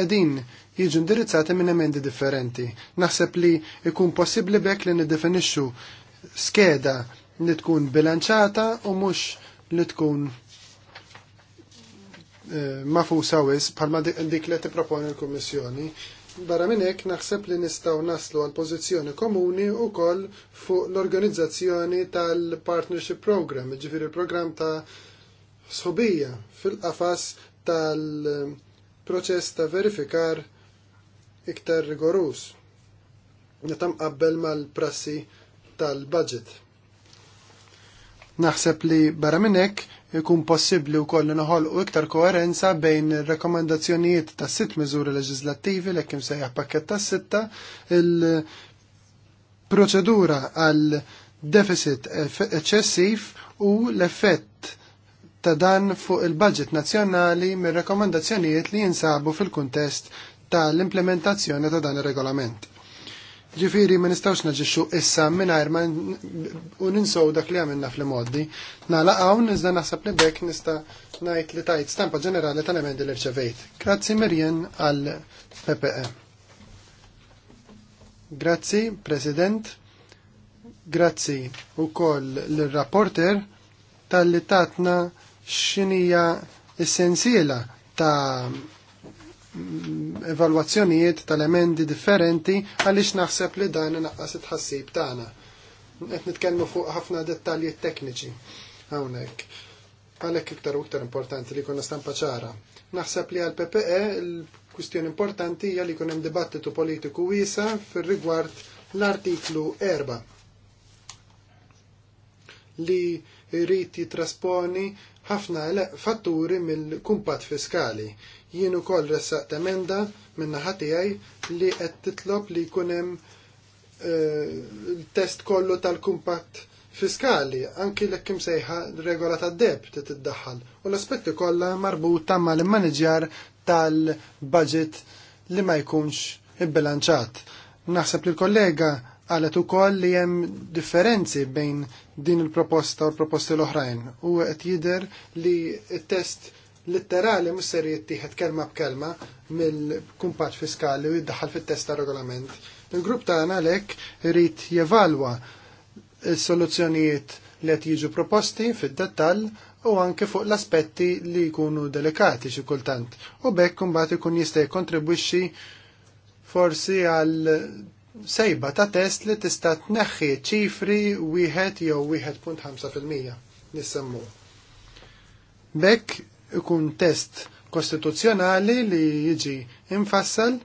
edin jiġu indirizzati minn emendi differenti. Naħseb li ikun possibbli bekk li niddefinixxu skeda li tkun bilanċata u mhux li tkun eh, mafusa wis palma dik li tipproponi l-Kummissjoni. Barra minn hekk naħseb li nistgħu naslu għal pożizzjoni komuni wkoll fuq l-organizzazzjoni tal-Partnership Program, ġifieri il-programm ta' sħobija fil-qafas tal-proċess ta' verifikar iktar rigorus meta mqabbel mal-prassi tal-budget. Naħseb li barra minnek ikun possibli u koll u iktar koerenza bejn rekomendazzjonijiet ta' sitt miżuri leġislattivi li kim sejja pakket ta' sitta, il-proċedura għal deficit eċessiv u l-effett ta' dan fuq il-budget nazzjonali mir rekomendazzjonijiet li jinsabu fil-kuntest tal-implementazzjoni ta' dan ir-regolament. Ġifiri, ma nistawx naġiċu issa minnajr ma uninsow dak li għamilna fl-moddi. Nala għaw, nizda naħseb li bekk nista najt li tajt stampa ġenerali tal-emendi li rċevejt. Grazzi Mirjen għal PPE. Grazzi, President. Grazzi u koll l-rapporter tal-li tatna xinija essenzjela ta' evalwazzjonijiet tal-emendi differenti għaliex naħseb li dan naqqas it-ħassib tagħna. Qed nitkellmu fuq ħafna dettalji tekniċi hawnhekk. Għalhekk iktar u iktar importanti li jkollna stampa ċara. Naħseb li għal PPE l-kwistjoni importanti hija li jkun hemm dibattitu politiku wiesa fir-rigward l-artiklu 4 li jrid jitrasponi ħafna fatturi mill-kumpat fiskali. Jien ukoll ressaqt emenda minna ħatijaj tiegħi li qed titlob li jkun hemm eh, il-test kollu tal-kumpat fiskali, anki l kim sejħa regola ta' deb tiddaħħal. U l-aspetti kollha marbuta ma' l-manager tal-budget li ma jkunx il-bilanċat. Naħseb li l-kollega għalet u koll li jem differenzi bejn din il-proposta u l proposta l-oħrajn. U għet jider li il-test litterali mis ser jittieħed kelma b'kelma mill-kumpat fiskali u jiddaħal fit-test ta' regolament. Il-grupp tagħna għalhekk irid jevalwa s-soluzzjonijiet li qed jiġu proposti fid-dettall u anke fuq l-aspetti li jkunu delikati xi kultant. U bekk kumbat ikun jista' jikkontribwixxi forsi għal sejba ta' test li tista' tneħħi ċifri wieħed jew wieħed fil-mija nissemmu. Bekk ikun test kostituzzjonali li jiġi infassal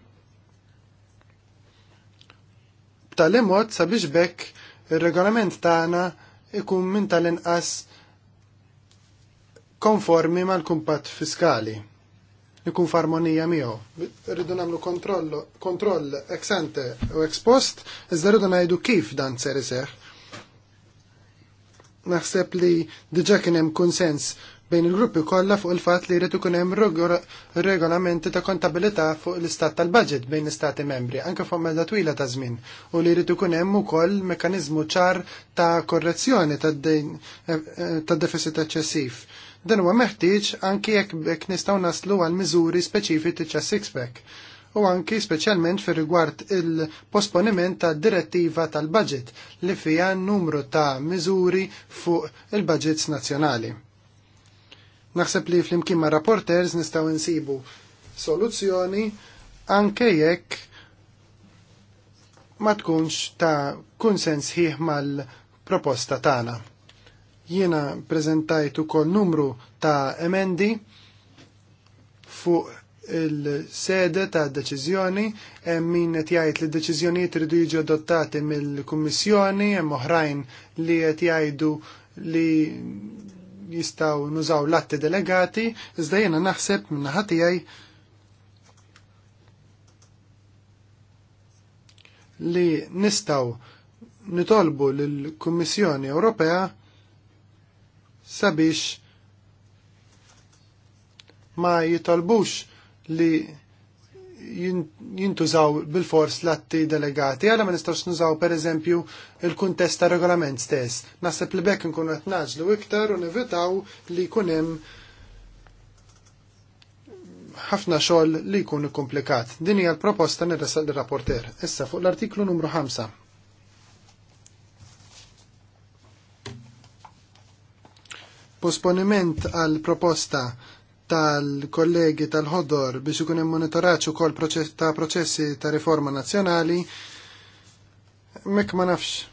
b'tali mod sabiex bekk ir-regolament tagħna ikun minn tal-inqas konformi mal-kumpat fiskali ikun f'armonija miegħu. Rridu nagħmlu kontroll ex ante u ex post, iżda rridu ngħidu kif dan ser iseħħ. Naħseb li diġà kien hemm konsens bejn il-gruppi kollha fuq il-fatt li jrid ikun hemm regolamenti ta' kontabilità fuq l-istat tal-budget bejn l-istati membri anke fuq medda twila ta' żmien u li jrid ikun hemm ukoll mekkaniżmu ċar ta' korrezzjoni tad deficit eċċessiv. Dan huwa meħtieġ anke jekk nistgħu naslu għal miżuri speċifiċi ta' six-pack u anki speċjalment fir rigward il-posponiment ta' direttiva tal-budget li fija numru ta' miżuri fuq il-budgets nazzjonali. Naħseb li flimkien ma' rapporters nistgħu insibu soluzzjoni anke jekk ma tkunx ta' kunsens ħieħ mal-proposta tagħna. Jiena preżentajt ukoll numru ta' emendi fuq il-sede ta' deċiżjoni, hemm min qed jgħid li d-deċiżjonijiet iridu jiġu adottati mill-Kummissjoni, hemm oħrajn li qed jgħidu li jistaw nużaw latti delegati, iżda jena naħseb minna ħatijaj li nistaw nitolbu l-Kummissjoni Ewropea sabiex ma jitolbux li jintużaw bil-fors l-atti delegati, għala ma nistax nużaw per eżempju il-kuntest ta' regolament stess. Naħseb li bekk nkunu qed naġlu iktar u nevitaw li jkun hemm ħafna xogħol li jkun komplikat. Din hija l-proposta nirresal lir-rapporter. Issa fuq l-artiklu numru 5. Posponiment għal proposta tal-kollegi tal-ħodor biex ikun hemm monitoraġġ ukoll ta' proċessi ta' riforma nazzjonali mek ma nafx.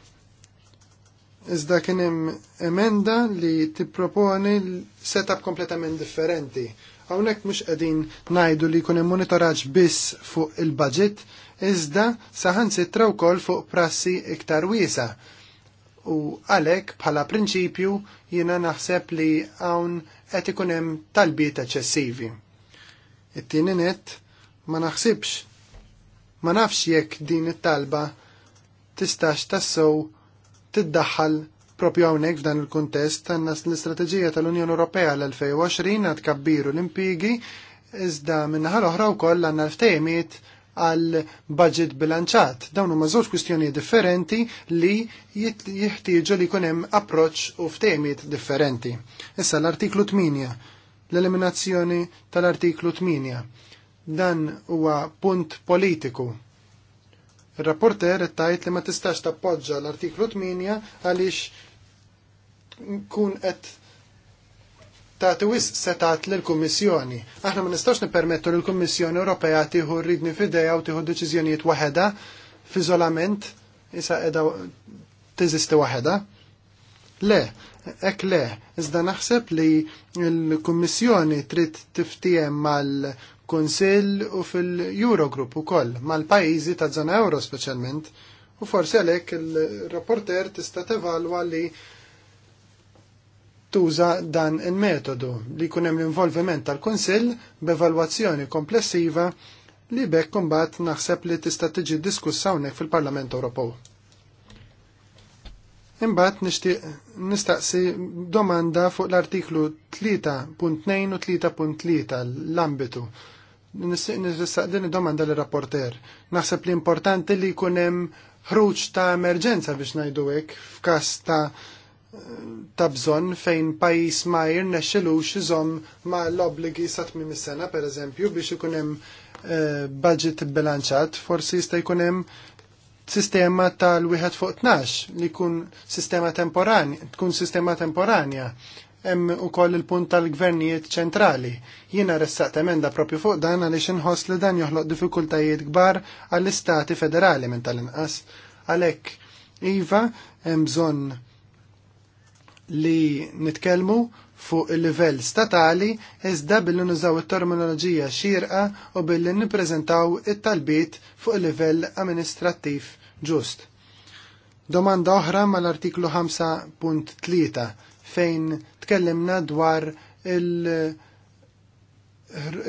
Iżda kien hemm emenda li tipproponi setup kompletament differenti. Hawnhekk mhux qegħdin ngħidu li jkun hemm monitoraġġ biss fuq il-budget, iżda saħansitra wkoll fuq prassi iktar wiesa' u għalhekk bħala prinċipju jiena naħseb li hawn qed ikun hemm talbiet eċċessivi. It-tieni ma naħsibx ma nafx jekk din it-talba tistax tassew tiddaħħal propju hawnhekk f'dan il-kuntest tan-nas l-istrateġija tal-Unjoni Ewropea l-2020 għad kabbiru l-impigi iżda minnaħal oħra wkoll għandna l-ftehimiet għal budget bilanċat. Dawn huma żewġ kwistjoni differenti li jeħtieġu li jkun hemm approċċ u ftehmiet differenti. Issa l-artiklu 8, l-eliminazzjoni tal-artiklu 8. Dan huwa punt politiku. Ir-rapporter tajt li ma tistax tappoġġa l-artiklu 8 għaliex kun qed ta' wis setat lill-Kummissjoni. Aħna ma nistax nippermettu lill kummissjoni Ewropea tieħu rridni f'idejha u tieħu deċiżjonijiet waħeda f'iżolament isa qiegħda teżisti waħedha. Le, ek le, iżda naħseb li l-Kummissjoni trid tiftiem mal-Kunsill u fil-Eurogroup ukoll, mal-pajjiżi ta' żona euro speċjalment, u forsi għalhekk il-rapporter tista' tevalwa li tuża dan il-metodu li jkun hemm l-involviment tal-Kunsill b'evalwazzjoni komplessiva li bekk kumbat naħseb li tista' tiġi diskussa hawnhekk fil-Parlament Ewropew. Imbagħad nixtieq nistaqsi domanda fuq l-artiklu 3.2 u 3.3 l-ambitu. Nistaq din domanda l-rapporter. Naħseb li importanti li jkun hemm ħruġ ta' emerġenza biex ngħidu hekk f'każ ta' ta' bżonn fejn pajis ma jirnexxilux iżomm ma l-obligi sa tmim is-sena pereżempju biex ikun hemm uh, budget bilanċat, forsi jista' jkun hemm sistema tal-wieħed fuq tnax li jkun sistema temporanja, tkun sistema temporanja. Hemm ukoll il-punt tal-gvernijiet ċentrali. Jiena ressaqt emenda propju fuq dan għaliex inħoss li dan joħloq diffikultajiet kbar għall-istati federali minn tal-inqas. Għalhekk iva hemm bżonn li nitkellmu fuq il-livell statali iżda billi nużaw it-terminoloġija xirqa u billi nippreżentaw it-talbiet fuq il-livell amministrattiv ġust. Domanda oħra mal-artiklu 5.3 fejn tkellimna dwar il-ħruġ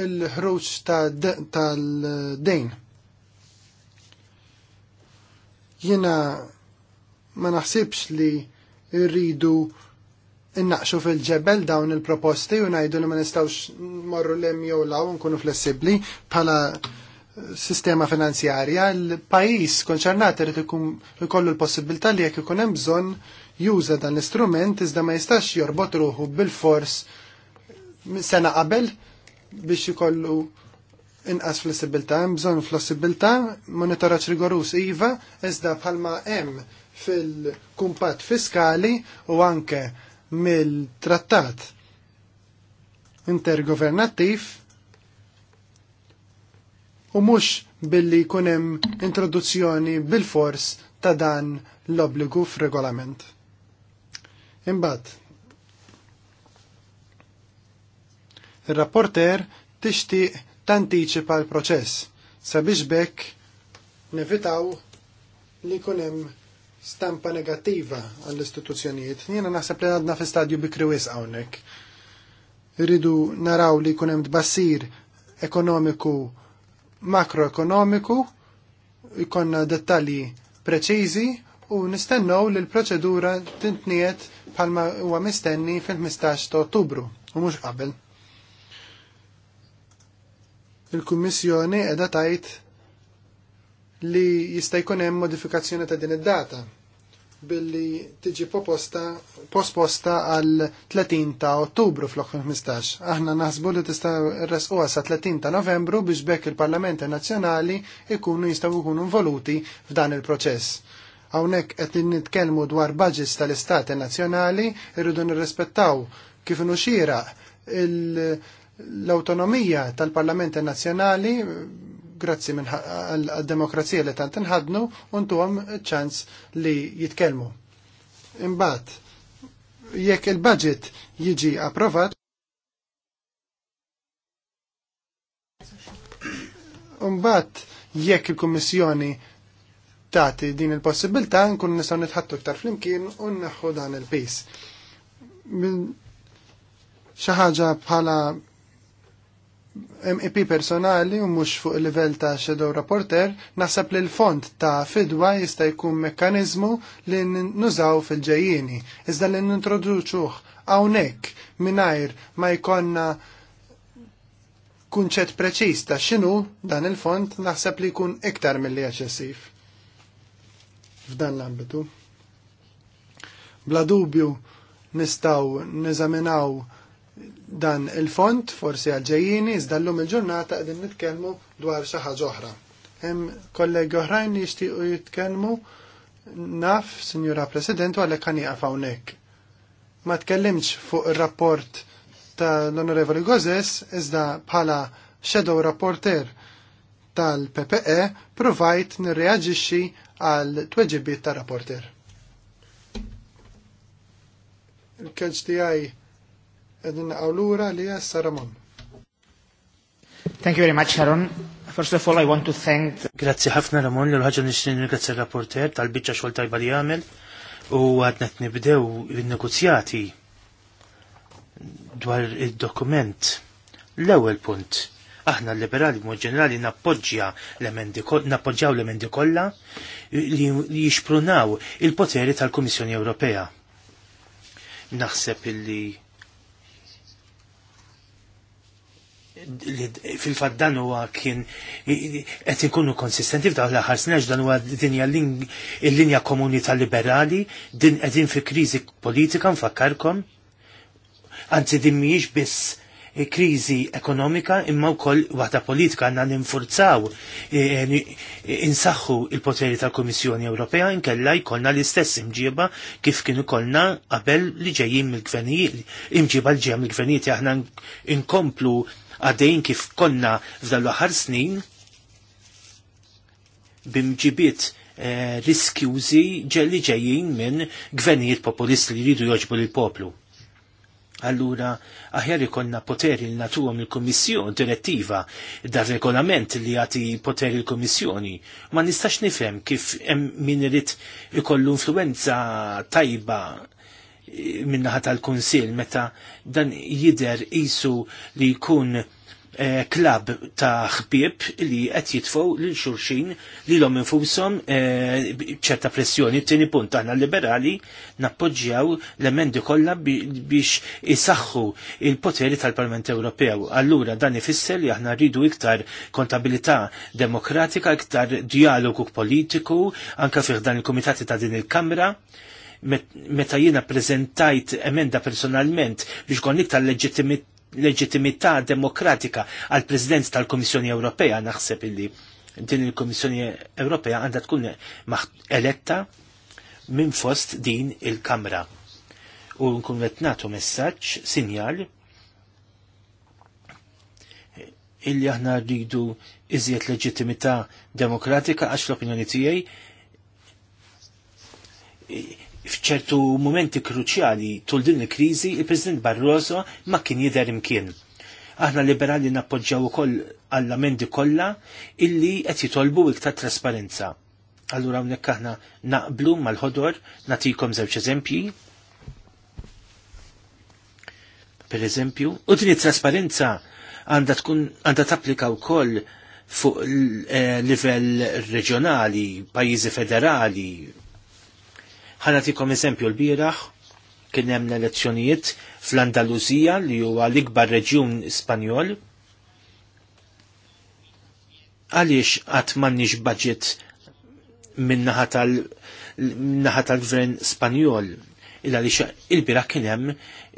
il ħruġ tal dejn Jina ma naħsibx li rridu innaqxu fil-ġebel dawn il-proposti u najdu li ma nistawx morru l jew law nkunu flessibli bħala sistema finanzjarja. L-pajis konċernat irid ikollu l-possibilità li jekk ikun hemm bżonn juża dan l-istrument iżda ma jistax jorbot ruħu bil-fors sena qabel biex ikollu inqas flessibilità, hemm bżonn flessibilità, monitoraġġ rigorus iva, iżda bħalma hemm fil-kumpat fiskali u anke mill-trattat intergovernattiv u mhux billi jkun hemm introduzzjoni bil-fors ta' dan l-obbligu f'regolament. Imbagħad. Ir-rapporter tixtieq tantiċipa l-proċess sabiex bekk nevitaw li jkun hemm stampa negattiva għall-istituzzjonijiet. Jiena naħseb li għadna fi stadju bikri wis hawnhekk. Iridu naraw li jkun hemm tbassir ekonomiku makroekonomiku, jkollna dettalji preċiżi u nistennew li l-proċedura tintniet bħalma huwa mistenni fil-15 ta' Ottubru u mhux qabel. Il-Kummissjoni qiegħda tgħid li jista' jkun hemm modifikazzjoni ta' din id-data billi tiġi proposta posposta għal 30 ta' Ottubru fl-15. Aħna naħsbu li tista' rresquha sa 30 ta' Novembru biex bekk il-Parlamenti Nazzjonali ikunu jistgħu jkunu involuti f'dan il-proċess. Hawnhekk qed nitkellmu dwar budgets tal-Istati Nazzjonali irridu nirrispettaw kif inhu l-autonomija tal-Parlamenti Nazzjonali grazzi minn għal-demokrazija li tant inħadnu u ntuhom ċans li jitkellmu. Imbagħad, jekk il-budget jiġi approvat, Umbat, jekk il-Kommissjoni tagħti din il-possibilità, nkun nistgħu nitħattu iktar flimkien u nneħħu dan il-pis. Xi ħaġa bħala MP personali u mux fuq il-level ta' shadow rapporter, naħseb li l-font ta' fidwa jista' jkun mekkanizmu li nużaw fil-ġejjini, iżda li nintroduċuh hawnhekk mingħajr ma jkonna kunċett preċiż ta' xinu dan il-font naħseb li jkun iktar mill-li eċessiv f'dan l-ambitu. Bla dubju nistaw niżaminaw dan il-font forsi għalġejjini iżda llum il-ġurnata qegħdin nitkellmu dwar xi ġohra. Hemm kollegi oħrajn li jixtiequ jitkellmu naf, Sinjura President, għalhekk kan jaqaf hawnhekk. Ma tkellimx fuq ir-rapport tal-Onorevoli Gozes iżda bħala shadow rapporter tal-PPE provajt nirreaġixxi għal tweġibiet tar-rapporter. Il-kelġ tiegħi Edin għawlura li jessa Ramon. Thank you very much, Sharon. First of all, I want to thank... Grazie ħafna Ramon, l-ħagġa nixtin ringrazzja rapporter tal-bicċa xol tajba li għamil u għadnet nibdew il-negozjati dwar il-dokument. L-ewel punt, aħna l liberali mod ġenerali nappoġġja l-emendi nappoġġjaw l-emendi kollha li jixprunaw il-poteri tal-Kummissjoni Ewropea. Naħseb illi fil-fat dan huwa kien qed ikunu konsistenti f'dawn l-aħħar snex dan huwa dinja l-linja komuni tal-liberali din qegħdin fi kriżi politika nfakkarkom anzi din mhijiex biss kriżi ekonomika imma wkoll waħda politika għandna ninfurzaw e, e, e, insaħħu il-poteri tal-Kummissjoni Ewropea inkella jkollna l-istess imġieba kif kienu kollna qabel li ġejjin mill-gvernijiet imġieba l ġejjin mill-gvernijiet aħna inkomplu għadejn kif konna f'dan l-aħħar snin bimġibiet eh, riskjużi ġelli ġejjin minn gvernijiet populisti li jridu joġbu lill-poplu. Allura, aħjar ikonna poteri li natuhom il komissjon direttiva dar regolament li jagħti poteri l komissjoni Ma nistax nifhem kif hemm min irid ikollu influenza tajba minnaħa tal-Kunsil meta dan jider isu li jkun eh, klab ta' ħbieb li qed jitfgħu lil xulxin li l om infushom eh, ċerta pressjoni. Tieni punt aħna liberali nappoġġjaw l-emendi kollha biex isaħħu il-poteri tal-Parlament Ewropew. Allura dan ifisser li aħna rridu iktar kontabilità demokratika, iktar dialogu politiku, anke fih dan il-kumitati ta' din il-Kamra meta jiena prezentajt emenda personalment biex kon iktar leġittimità demokratika għal President tal-Komissjoni Ewropea naħseb illi din il-Komissjoni Ewropea għandha tkun eletta minn fost din il-Kamra. U nkun qed nagħtu messaġġ, sinjal illi aħna rridu iżjed leġittimità demokratika għax l-opinjoni tiegħi fċertu momenti kruċjali tul din il-kriżi il-President Barroso ma kien jider imkien. Aħna liberali nappoġġaw ukoll għall-amendi kollha illi qed jitolbu iktar trasparenza. Allura hawnhekk aħna naqblu mal-ħodor natikom żewġ eżempji. Per eżempju, u din it-trasparenza għandha tkun għandha tapplika wkoll fuq eh, livell reġjonali, pajjiżi federali, tikom eżempju l biraħ kien hemm l-elezzjonijiet fl-Andaluzija li huwa l-ikbar reġjun Spanjol. Għaliex qatt m'għandniex budget minnaħa tal-gvern Spanjol illa li il-biraħ kien hemm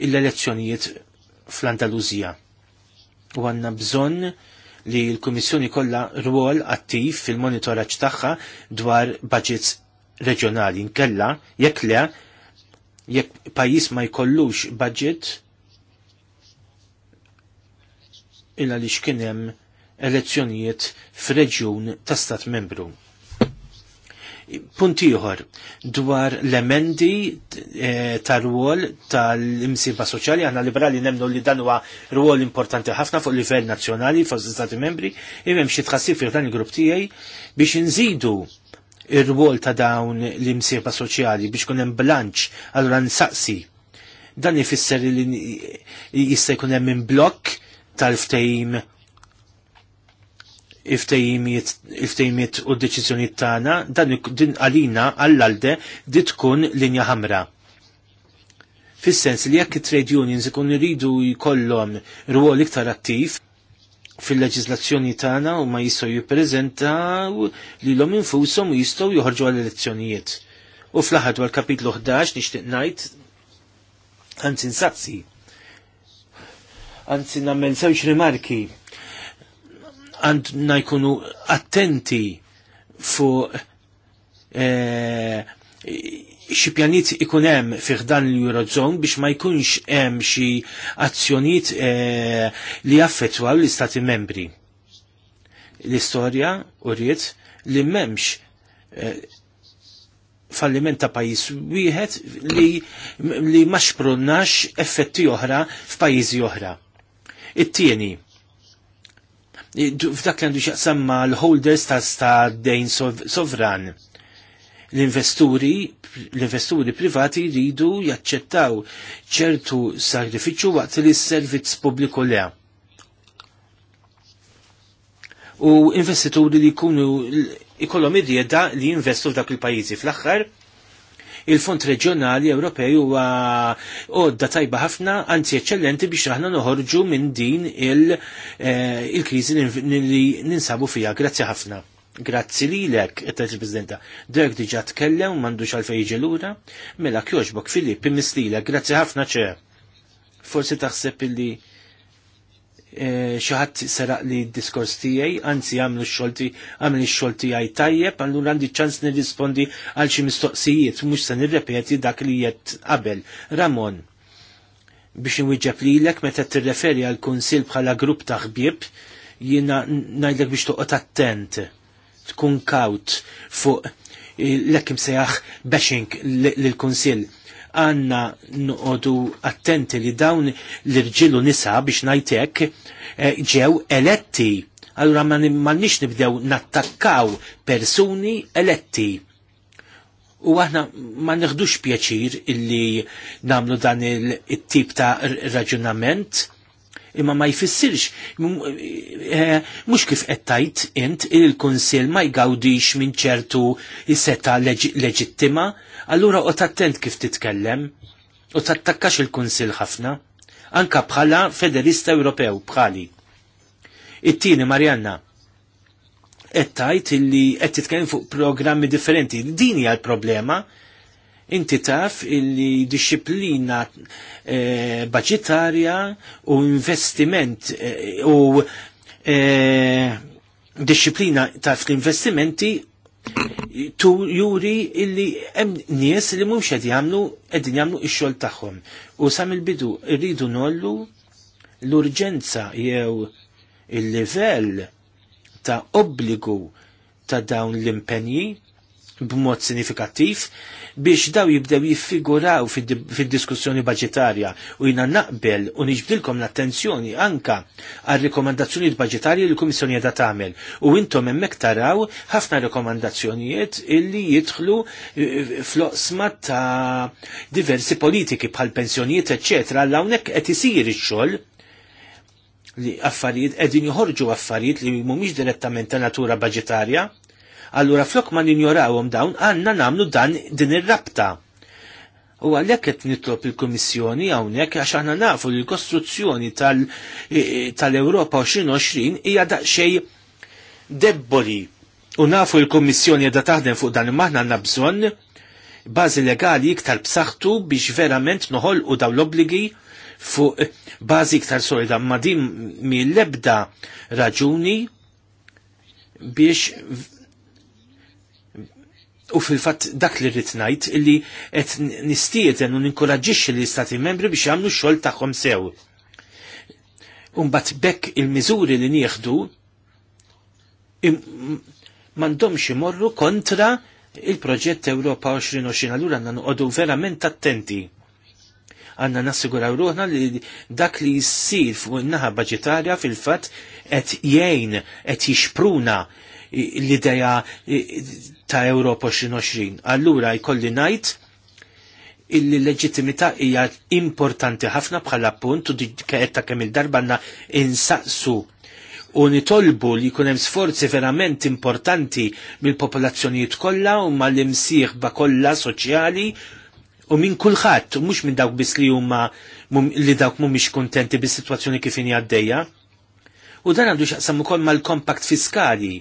l-elezzjonijiet fl-Andaluzija. U għandna bżonn li l-Kummissjoni kollha rwol attiv fil-monitoraġġ tagħha dwar budgets reġjonali nkella jekk le jekk pajjiż ma jkollux budget illa li kien hemm elezzjonijiet f'reġjun ta' stat membru. Punt ieħor dwar l-emendi e, ta' rwol tal-imsiba soċjali għandna liberali nemnu li dan huwa rwol importanti ħafna fuq livell nazzjonali fuq stati membri imem xi tħassib fih dan il-grupp tiegħi biex inżidu ir-rwol ta' dawn l-imsieba soċjali biex kun hemm bilanċ, allura nsaqsi. Dan ifisser li jista' jkun hemm minn blokk tal ftejim iftejmiet u d deċizjoni tagħna dan din għalina għall-alde di tkun linja ħamra. Fis-sens li jekk it trade unions ikun iridu jkollhom rwol iktar attiv, fil-leġizlazzjoni tagħna u ma jistgħu jippreżentaw lilhom infushom u jistgħu joħorġu għall-elezzjonijiet. U fl-aħħar dwar kapitlu 11 nixtieq ngħid anzi nsazzi. Anzi nagħmel żewġ rimarki għandna jkunu attenti fuq eh, xi pjanit ikun hemm fih dan l eurozon biex ma jkunx hemm xi azzjonijiet eh, li jaffettwaw l-Istati membri. L-istorja u rrit li m'hemmx eh, falliment ta' pajis wieħed li, li ma xprunnax effetti oħra f'pajjiżi oħra. It-tieni, f'dak li għandu xaqsam ma l-holders ta' sta' dejn sovran. Sov l-investuri, l-investuri privati jridu jaċċettaw ċertu sagrifiċu waqt li s-servizz pubbliku le. U investituri li jkunu ikollhom id-dieda li jinvestu f'dak il-pajjiżi fl-aħħar, il-Fond Reġjonali Ewropej huwa għodda tajba ħafna, anzi eċċellenti biex aħna noħorġu minn din eh, il-kriżi li ninsabu fija. Grazzi ħafna. Grazzi lilek, it-tajt il-Presidenta. Dirk diġa tkellem, mandux l-ura. mela kjoġbok imisli lek, grazzi ħafna ċe. Forsi taħseb illi eh, xaħat seraq li diskors tijaj, għanzi għamlu xolti, għamlu xolti għaj tajjeb, għallur għandi ċans nirrispondi għal xi mistoqsijiet, mux se nirrepeti dak li jett qabel. Ramon, biex nwiġġab li lek, meta t-referi għal kunsil bħala grupp ta' jina najdlek biex toqgħod attent tkun kaut fuq eh, l-ekim sejaħ bashing l-Konsil għanna nuqodu attenti li dawn l-irġilu nisa biex najtek eh, ġew eletti. Allura ma nix nibdew nattakkaw persuni eletti. U aħna ma neħdux pjaċir illi namlu dan il-tip ta' raġunament imma ma jfissirx eh, mhux kif qed tajt int il-Kunsill ma jgawdix minn ċertu seta leġittima, allura qod attent kif titkellem u tattakkax il-Kunsill ħafna, anka bħala Federista Ewropew bħali. It-tieni Marjanna, qed tajt illi qed titkellem fuq programmi differenti. Din hija l-problema Inti taf illi disciplina eh, budgetarja u investiment eh, u eh, disciplina taf l-investimenti tu juri illi hemm nies li mhux qed jagħmlu qegħdin jagħmlu x-xogħol tagħhom. U sam il-bidu rridu nollu l-urġenza jew il-livell ta' obbligu ta' dawn l-impenji b'mod sinifikattiv biex daw jibdew jiffiguraw fid-diskussjoni budgetarja u jina naqbel u niġbdilkom l-attenzjoni anka għal rekomandazzjonijiet budgetarja li l komissjoni għedha tagħmel. U intom hemmhekk taraw ħafna rekomandazzjonijiet illi jidħlu eh, floqsma ta' diversi politiki bħal pensjonijiet eċċetera għal hawnhekk qed isir ix-xogħol li affarijiet qegħdin joħorġu affarijiet li mhumiex direttament ta' natura budgetarja Allura flok ma ninjorawom dawn għanna nagħmlu dan din ir-rabta. U għalhekk qed nitlob il-Kummissjoni hawnhekk għax aħna nafu li l-kostruzzjoni e, e, tal-Ewropa 2020 hija daqsxejn debboli. U nafu l kummissjoni għedha taħdem fuq dan maħna għandna bżonn bażi legali iktar b'saħħtu biex verament noħol u daw l-obligi fuq bażi iktar solida ma din mill-ebda raġuni biex u fil-fatt dak li rrit ngħid illi qed nistieden u ninkoraġġixxi l-istati membri biex jagħmlu x-xogħol tagħhom sew. Umbat bekk il-miżuri li nieħdu m'għandhomx imorru kontra il-proġett Ewropa 2020 allura għandna noqogħdu verament attenti. Għanna nassiguraw ruħna li dak li jissir fuq in-naħa budġetarja fil-fatt qed jgħin, qed jixpruna l-ideja eh, ta' Europa 2020. Allura jkolli najt il leġittimità hija importanti ħafna bħala punt u ta' kemm il darbanna insaqsu u nitolbu li jkun hemm sforzi verament importanti mill-popolazzjonijiet kollha u mal-imsieħba kollha soċjali u minn kulħadd u mhux minn dawk biss li huma li dawk mhumiex kuntenti bis-sitwazzjoni kif inhi għaddejja. U dan għandu xaqsam ukoll mal-kompakt fiskali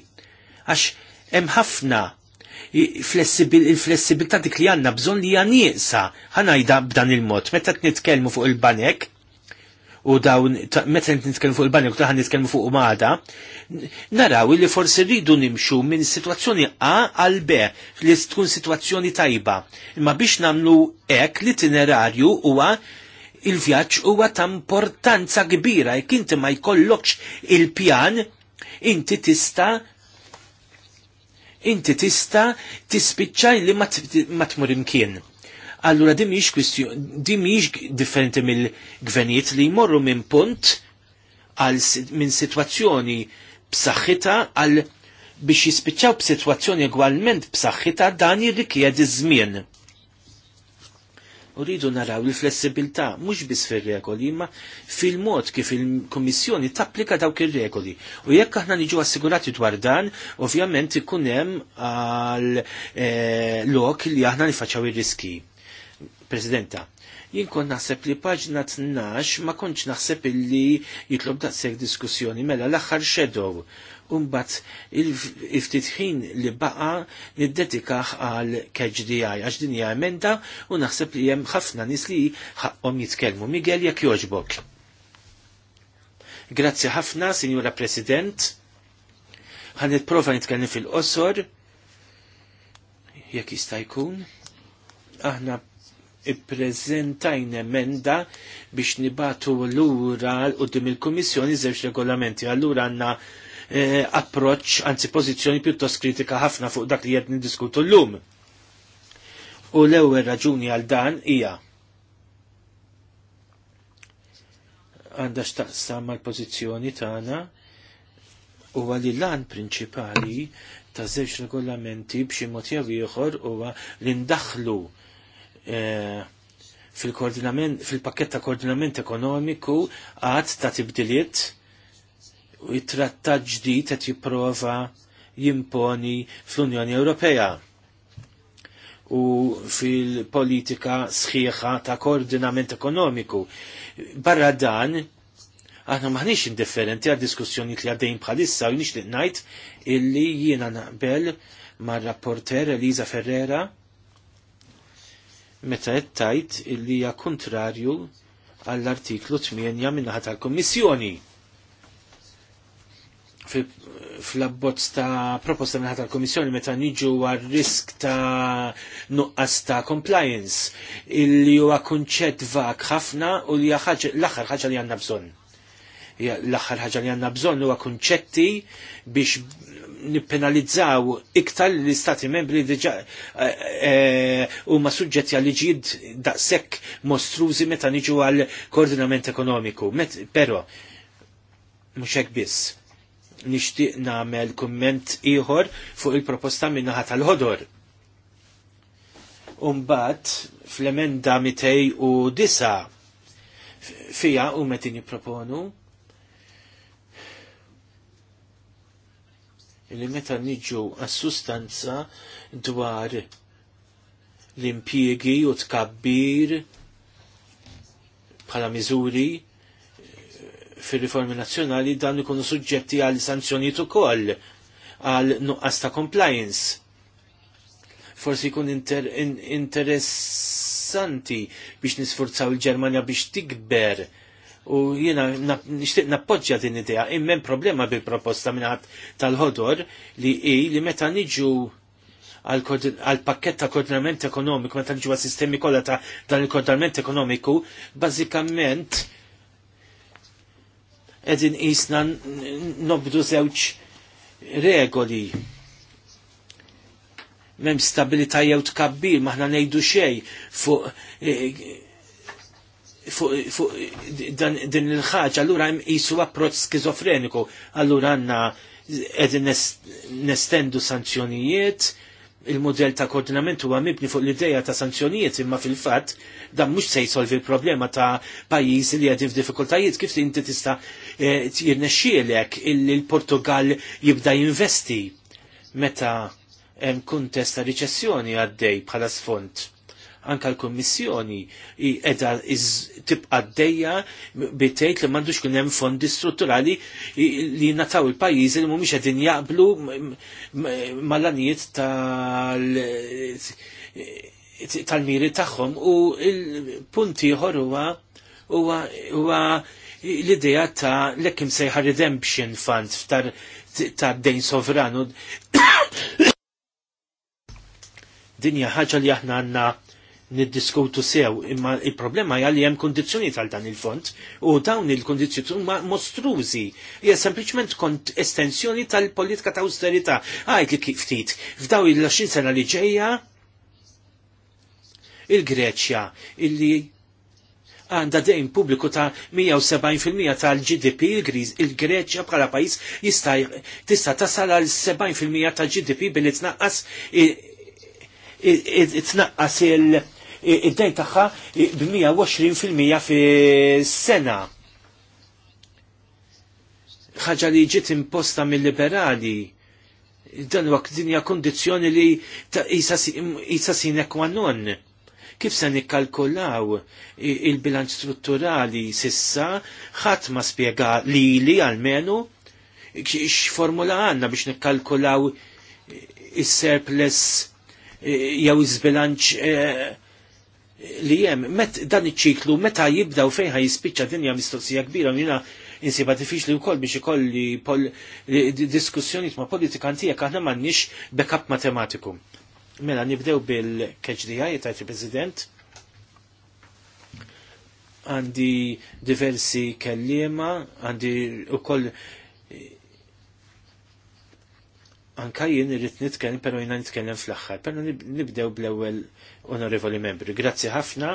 għax hemm ħafna il-flessibilità dik li għandna bżonn li hija nieqsa ħanajda b'dan il-mod meta nitkellmu fuq il-banek u dawn meta nitkellmu fuq il-banek u taħan nitkellmu fuq umada, naraw li forsi rridu nimxu minn situazzjoni A għal B li tkun situazzjoni tajba. Imma biex namlu ek li t-inerarju huwa il-vjaġġ huwa ta' importanza kbira jek inti ma jkollokx il-pjan inti tista' inti tista tispiċċaj li ma tmur imkien. Allura di miex kwistjoni, differenti mill gvenijiet li jmorru minn punt għal minn situazzjoni b'saħħitha għal biex jispiċċaw b'sitwazzjoni egwalment b'saħħitha dan jirrikjedi żmien. Uridu naraw il-flessibilità mhux biss fir-regoli, imma fil-mod kif il-Kummissjoni tapplika dawk ir-regoli. U jekk aħna niġu assigurati dwar dan, ovvjament ikun hemm għal eh, lok li aħna nifaċċaw ir-riski. Presidenta, jien kont naħseb li paġna 12 ma kontx naħseb illi jitlob daqshekk diskussjoni mela l-aħħar shadow Umbat il-ftitħin li baqa niddetikaħ għal KGDI għax din hija emenda u naħseb li hemm ħafna nis li ħaqhom jitkellmu. Miguel jekk jogħġbok. Grazzi ħafna, Sinjura President. Ħan nitprova nitkellem fil-qosor jekk jista' jkun. Aħna ippreżentajn emenda biex nibatu l-ura l-qoddim il-Kummissjoni żewġ regolamenti. Allura għandna Eh, approċċ anzi pożizzjoni pjuttost kritika ħafna fuq dak li qed niddiskutu llum. U l-ewwel raġuni għal dan hija għandha x'taqsam mal-pożizzjoni tagħna u għalli lan prinċipali ta' żewġ regolamenti b'xi mod jew ieħor huwa li ndaħlu eh, fil-pakket ta' koordinament ekonomiku għad ta' tibdiliet it-trattat ġdid qed jipprova jimponi fl-Unjoni Ewropea u fil-politika sħiħa ta' koordinament ekonomiku. Barra dan, aħna maħniex indifferenti għad diskussjoni li għaddejn bħalissa u nix li najt illi jiena naqbel ma' rapporter Eliza Ferrera meta jettajt illi hija kontrarju għall-artiklu 8 minnaħat tal-Kommissjoni fl-abbozz ta' proposta minnaħat tal-Komissjoni meta niġu għal risk ta' nuqqas ta' compliance illi huwa kunċett vak ħafna u li l-aħħar ħaġa li għandna bżonn. L-aħħar ħaġa li għandna bżonn huwa kunċetti biex nippenalizzaw iktar li istati membri diġa eh, eh, huma suġġetti għal liġijiet daqshekk mostrużi meta niġu għal koordinament ekonomiku. Però mhux hekk biss nixtieq nagħmel kumment ieħor fuq il-proposta min-naħa tal-ħodor. Umbat fl-emenda 209 fija u metin jipproponu li meta nġu għas-sustanza dwar l-impjiegi u tkabbir bħala miżuri fil-riformi nazzjonali dan ikunu suġġetti għal sanzjonijiet ukoll għal nuqqas ta' compliance. Forsi jkun inter, in, interessanti biex nisfurzaw il-Ġermanja biex tikber u jiena nixtieq nappoġġja din idea immen problema bil-proposta minħat tal-ħodor li hi li meta niġu għal pakket ta' koordinament ekonomiku, meta nġu sistemi kollha ta' dan il-koordinament ekonomiku, bażikament edin isna nobdu zewċ regoli. Mem stabilita jew tkabbir, maħna nejdu xej fuq e, e, fuq e, fu, din il-ħaġa, allura jem qisu approċċ skizofreniku, allura għandna qegħdin nestendu sanzjonijiet, il-modell ta' koordinament huwa mibni fuq l-ideja ta' sanzjonijiet imma fil-fatt dan mhux se jsolvi l-problema ta' pajjiż li qed f'diffikultajiet kif inti tista' eh, jirnexxielek il-Portugal jibda jinvesti meta hemm kuntest ta' riċessjoni għaddej bħala sfond anka l-Kommissjoni edha tibqa d-dejja bitejt li mandux kunem hemm fondi strutturali li nataw il-pajjiżi li mhumiex qegħdin jaqblu mal-anijiet tal-miri tagħhom u l-punti ieħor huwa l-idea ta' l-ekim sejħa redemption fund ta' d dejn sovranu. Dinja ħaġa li aħna għanna niddiskutu sew, imma il-problema hija li hemm tal dan il-font u dawn il-kondizzjoni huma mostrużi. Hija sempliċement kont estensjoni tal-politika ta' austerita, Għajt li kif ftit f'daw il-20 sena li ġejja il-Greċja illi għanda dejn pubbliku ta' 170% tal-GDP il-Greċja bħala pajis jista' tista' tasal għal 70% tal-GDP billi tnaqqas tnaqqas il- id-dejn taħħa b-120% fis-sena. Ħaġa li ġiet imposta mill-liberali dan waqt dinja kondizjoni li jisa sinek non. Kif se nikkalkulaw il-bilanċ strutturali sissa ħadd ma spjega li li għalmenu x'formula għandna biex nikkalkulaw is-surplus jew il bilanċ eh, li jem, met dan iċ-ċiklu, meta jibdaw fejn ħaj jispiċċa dinja mistoqsija kbira minna insiba diffiċli u koll biex ikolli pol diskussjoni ma' politikanti jek aħna m'għandniex backup matematiku. Mela nibdew bil-KHDI, tajt il-President. Għandi diversi kellima, għandi u koll Anka jien irrit nitkellem, pero jina nitkellem fl-axħar. Pero nibdew bl-ewel onorevoli membri. Grazzi ħafna.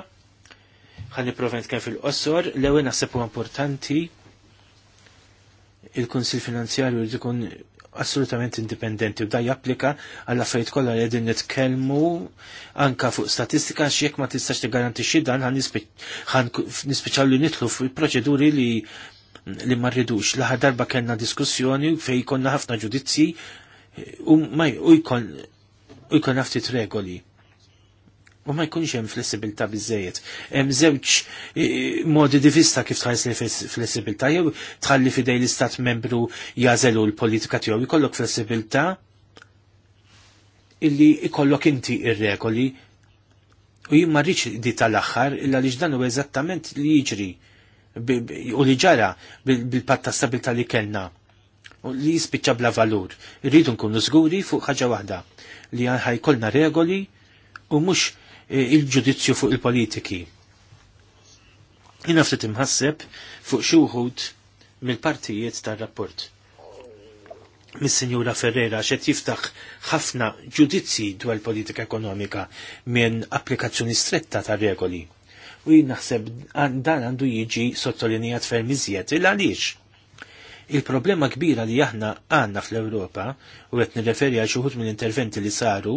Għan niprofa nitkellem fil-qossor. L-ewel nasepu importanti il-Konsil Finanzjarju li ikun assolutament indipendenti u da japplika għalla fejt kollha li qegħdin nitkellmu anka fuq statistika jekk ma tistax tigarantixxi dan għan nispiċċaw li nidħlu fuq proċeduri li li ma rridux. darba kellna diskussjoni fej konna ħafna ġudizzji u jkun u jkun ftit regoli. U ma jkunx hemm flessibilità biżejjed. Hemm żewġ eh, modi di vista kif tħares flessibilità jew tħalli fidej l-istat membru jażelu l-politika tiegħu jkollok flessibilità illi ikollok inti ir-regoli u jien ma rridx di tal-aħħar illa li dan huwa eżattament li jiġri u li ġara bil-patta stabilta li kellna li jispiċċa bla valur. Irridu nkunu żguri fuq ħaġa waħda li ħajkolna regoli u mhux e, il-ġudizzju fuq il-politiki. Jina ftit imħasseb fuq xi wħud mill-partijiet tar-rapport. Mis-Sinjura Ferrera xed jiftaħ ħafna ġudizzji dwar politika ekonomika minn applikazzjoni stretta tar regoli. U jien naħseb dan għandu jiġi sottolinjat ferm iżjed il għaliex Il-problema kbira li aħna għanna fl-Ewropa, u għet nirreferi għal xuħut minn interventi li saru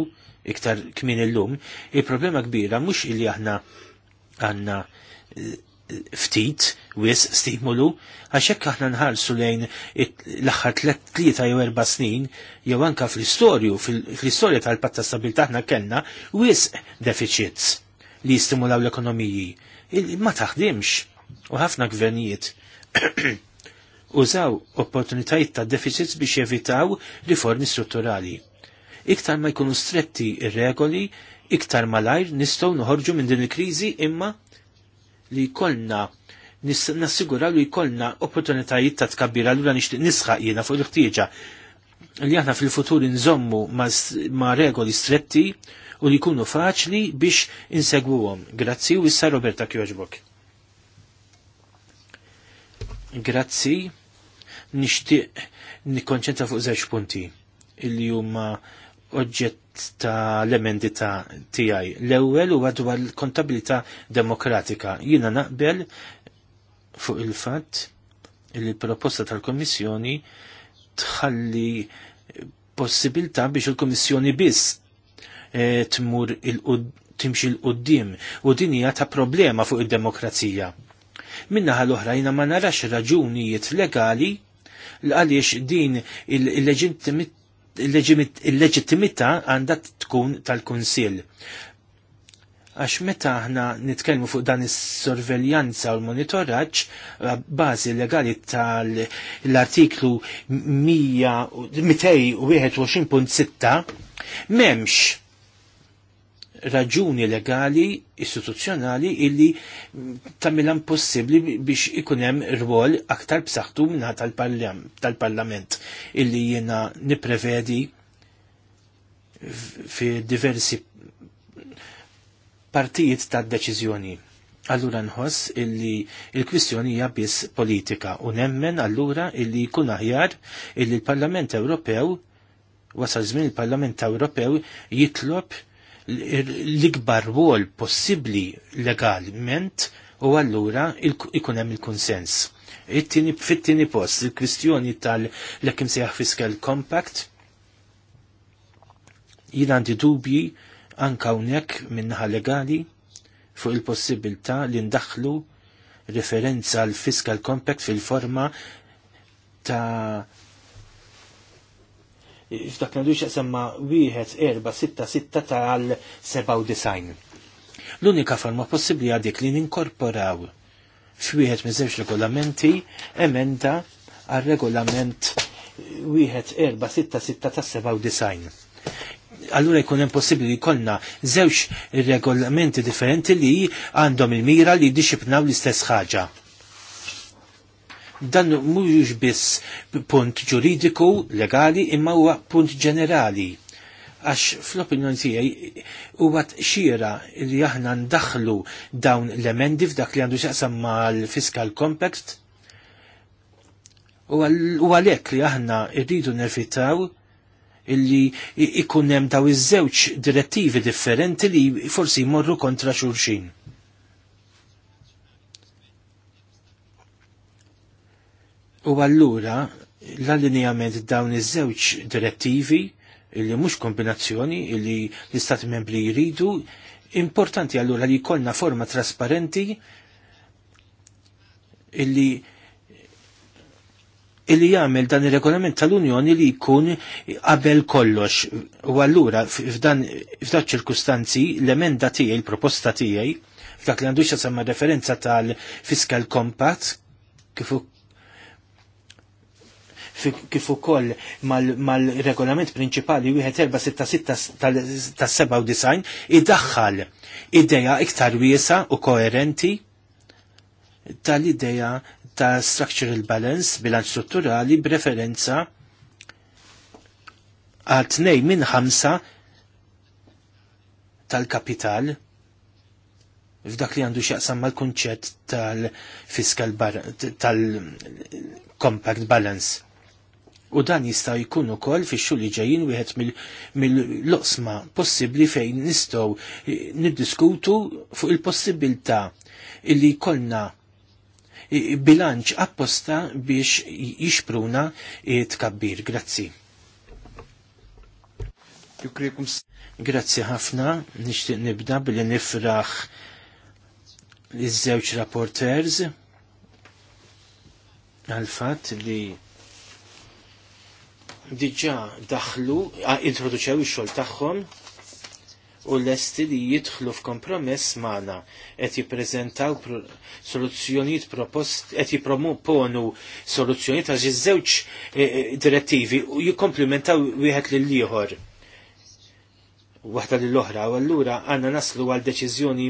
iktar kmin il-lum, il-problema kbira mux li aħna għanna eh, ftit, wis stimulu, għaxek aħna nħarsu lejn l-axħar tlieta jew erba' snin, jew anka fl-istorju, fl-istorja tal-patta stabilta aħna kellna, wis deficits li jistimulaw l-ekonomiji. Ma taħdimx, u ħafna gvernijiet użaw opportunitajiet ta' deficits biex jevitaw riformi strutturali. Iktar ma jkunu stretti ir-regoli, iktar malajr nistgħu noħorġu minn din il-kriżi imma li jkollna nassiguraw li jkollna opportunitajiet ta' tkabbir allura nixtieq nisħaq jiena fuq il-ħtieġa li aħna fil-futur nżommu ma' regoli stretti u li jkunu faċli biex insegwuhom. Grazzi u issa Roberta Kjoġbok. Grazzi nixtieq nikkonċentra fuq żewġ punti illi huma oġġett ta' l-emendi ta' tiegħi. L-ewwel huwa dwar l-kontabilità demokratika. Jiena naqbel fuq il-fatt li l-proposta tal-Kommissjoni tħalli possibilità biex il-Kommissjoni biss e, tmur il timxi l-qoddim u dinija ta' problema fuq id-demokrazija. Minnaħa l-oħrajna oħra ma narax raġunijiet legali għaliex din il-leġittimità għandha tkun tal-Kunsill. Għax meta aħna nitkellmu fuq dan is-sorveljanza u l-monitoraġġ bażi legali tal-artiklu 221.6 memx raġuni legali istituzzjonali illi tamilan possibli biex ikunem rwol aktar b'saħtu minna tal-parlament illi jena niprevedi fi diversi partijiet ta' deċiżjoni. Allura nħoss illi il-kwistjoni hija biss politika u nemmen allura illi jkun aħjar illi l-Parlament Ewropew wasal żmien il-Parlament Ewropew jitlob l-ikbar wol possibli legalment u allura ikun hemm il-konsens. it fit-tieni post il-kwistjoni tal-lekkim sejjaħ fiscal compact jina għandi dubji anka hawnhekk minnaħa legali fuq il-possibilità li ndaħlu referenza għal fiscal compact fil-forma ta' f'dak li semma wieħed erba' sitta sitta tal seba' L-unika forma possibbli għadik li ninkorporaw f'wieħed minn żewġ regolamenti emenda għal regolament wieħed erba' sitta sitta ta' seba' Allura jkun impossibbli li jkollna żewġ regolamenti differenti li għandhom il-mira li dixxipnaw l-istess ħaġa dan mhux biss punt ġuridiku legali imma huwa punt ġenerali għax fl-opinjoni tiegħi huwa xiera li aħna ndaħlu dawn l-emendi f'dak li għandu x'aqsam mal-fiscal compact u għalhekk li aħna rridu nervitaw illi ikun hemm daw iż-żewġ direttivi differenti li forsi jmorru kontra xulxin. U allura l-allinjament dawn iż-żewġ direttivi illi mhux kombinazzjoni illi l-Istati membri jridu, importanti allura li jkollna forma trasparenti illi illi jagħmel dan ir-regolament tal-Unjoni li jkun qabel kollox. U allura f'dan ċirkustanzi l-emenda tiegħi, l-proposta tiegħi, f'dak li għandu xasamma referenza tal-Fiscal Compact, kif kif ukoll mal-regolament prinċipali 1466 tas-97 idaħħal ideja iktar wiesa u koerenti tal-ideja ta' structural balance, bilanċ strutturali, b'referenza għal tnej minn ħamsa tal-kapital f'dak li għandu xaqsam mal kunċett tal-fiscal tal-compact balance. U dan jista' jkun ukoll fix xulli ġejjin wieħed mill-loqsma mil possibbli fejn nistgħu eh, niddiskutu fuq il-possibilità illi jkollna eh, bilanċ apposta biex jixpruna tkabbir. Grazzi. Grazzi ħafna, nixtieq nibda billi nifraħ iż-żewġ rapporters għal fatt li diġa daħlu, introduċew ix-xogħol tagħhom u l-esti li jidħlu f'kompromess magħna qed jippreżentaw soluzzjonijiet propost qed jipproponu soluzzjonijiet għax iż-żewġ e, e, direttivi u jikomplimentaw wieħed lil ieħor waħda lill-oħra u allura għandna naslu għal deċiżjoni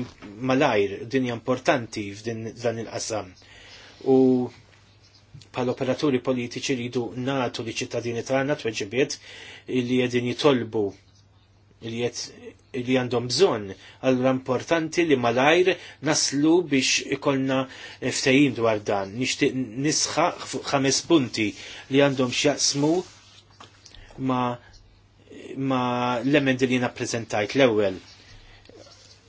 malajr dinja importanti f'din dan il-qasam. U pal operaturi politiċi li rridu natu li ċittadini tagħna tweġibiet li qegħdin jitolbu li li għandhom bżonn, għal importanti li malajr naslu biex ikollna ftejim dwar dan. Nixtieq nisħa ħames punti li għandhom x'jaqsmu ma ma l-emendi li nappreżentajt l-ewwel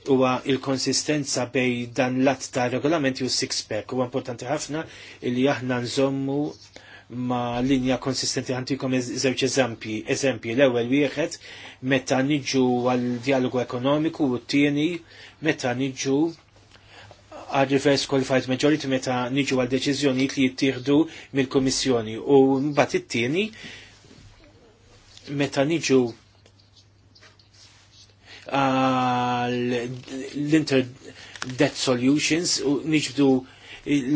huwa il-konsistenza bej dan l-att ta' regolamenti u six-pack. Huwa importanti ħafna illi aħna nżommu ma linja konsistenti għantikom żewġ eżempji. Eżempji l-ewwel wieħed meta niġu għal dialogu ekonomiku u t-tieni meta niġu għal reverse qualified majority meta niġu għal deċiżjonijiet li jittieħdu mill-Kummissjoni u mbagħad it-tieni meta niġu l-inter debt solutions u niġbdu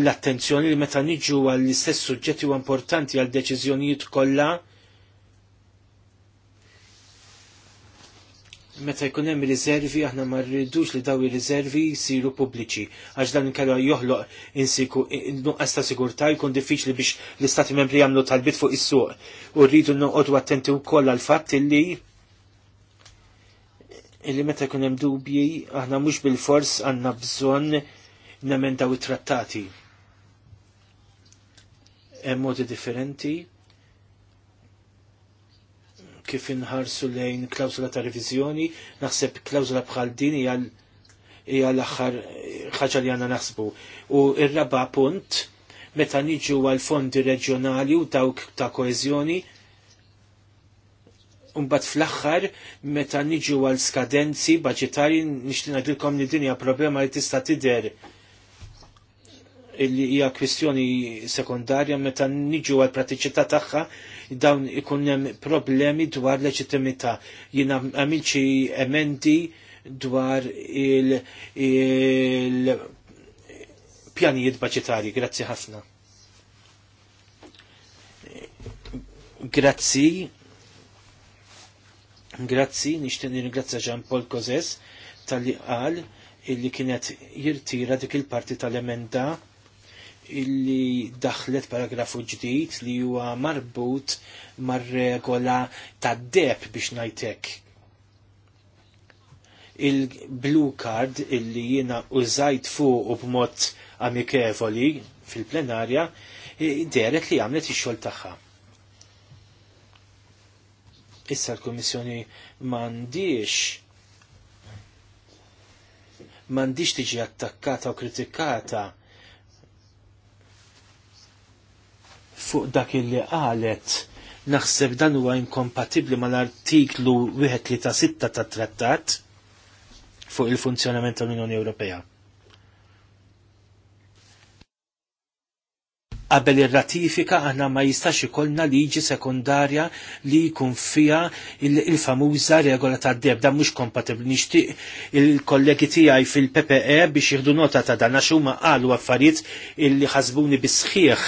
l-attenzjoni li meta niġu għall-istess suġġetti u importanti għal deċiżjonijiet kollha meta jkun hemm riservi aħna ma rridux li daw ir-riservi jsiru pubbliċi għax dan inkella joħloq nuqqas ta' sigurtà jkun diffiċli biex l-istati membri jagħmlu talbit fuq is-suq u rridu noqogħdu attenti wkoll għal fatt illi illi meta kun hemm dubji aħna mhux bil-fors għandna bżonn namendaw it-trattati. Hemm modi differenti kif inħarsu lejn klawsula ta' reviżjoni, naħseb klawsula bħal din hija l-aħħar ħaġa li għandna naħsbu. U r-raba' punt meta niġu għal fondi reġjonali u dawk ta' koeżjoni, Umbat fl-axħar, meta niġu għal skadenzi budgetari, nishtin għadilkom li dinja problema li tista tider li hija kwistjoni sekundarja meta niġu għal pratiċità tagħha dawn ikun hemm problemi dwar leġittimità. Jiena għamil xi emendi dwar il, il pjanijiet budgetari. Grazzi ħafna. Grazzi Grazzi, nixtieq nirringrazzja Jean Paul Kozes tal-li qal illi kienet jirtira dik il-parti tal-emenda illi daħlet paragrafu ġdid li huwa marbut mar-regola tad-deb biex najtek. Il-blue card illi jiena użajt fuq u b'mod amikevoli fil-plenarja deret li għamlet ix-xogħol tagħha. Issa l-Komissjoni mandiex mandiex tiġi attakkata u kritikata fuq dak illi qalet naħseb dan huwa inkompatibbli mal-artiklu 136 tat-trattat fuq il-funzjonament tal-Unjoni Ewropea. qabel ir-ratifika aħna ma jistax ikollna liġi sekundarja li jkun fija il-famuża regola ta' debda mhux kompatibbli. Nixtieq il-kollegi tiegħi fil-PPE biex jieħdu nota ta' dan għax huma qalu affarijiet illi ħasbuni bisħieħ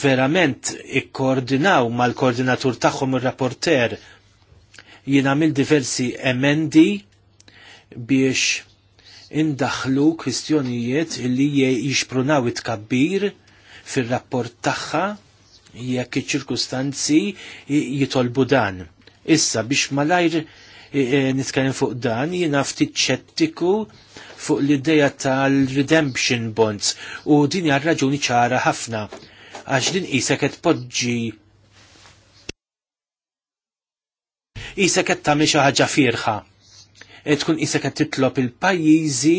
verament ikkoordinaw mal-koordinatur tagħhom ir-rapporter jien għamil diversi emendi biex indaħlu kwistjonijiet li jixprunaw it-kabbir fil-rapport tagħha jekk iċ-ċirkustanzi jitolbu dan. Issa biex malajr nitkellem fuq dan jina ftit ċettiku fuq l-idea tal-redemption bonds u din hija raġuni ċara ħafna għax din isa qed poġġi isa qed tagħmel xi ħaġa fierħa. E tkun isa qed titlob il-pajjiżi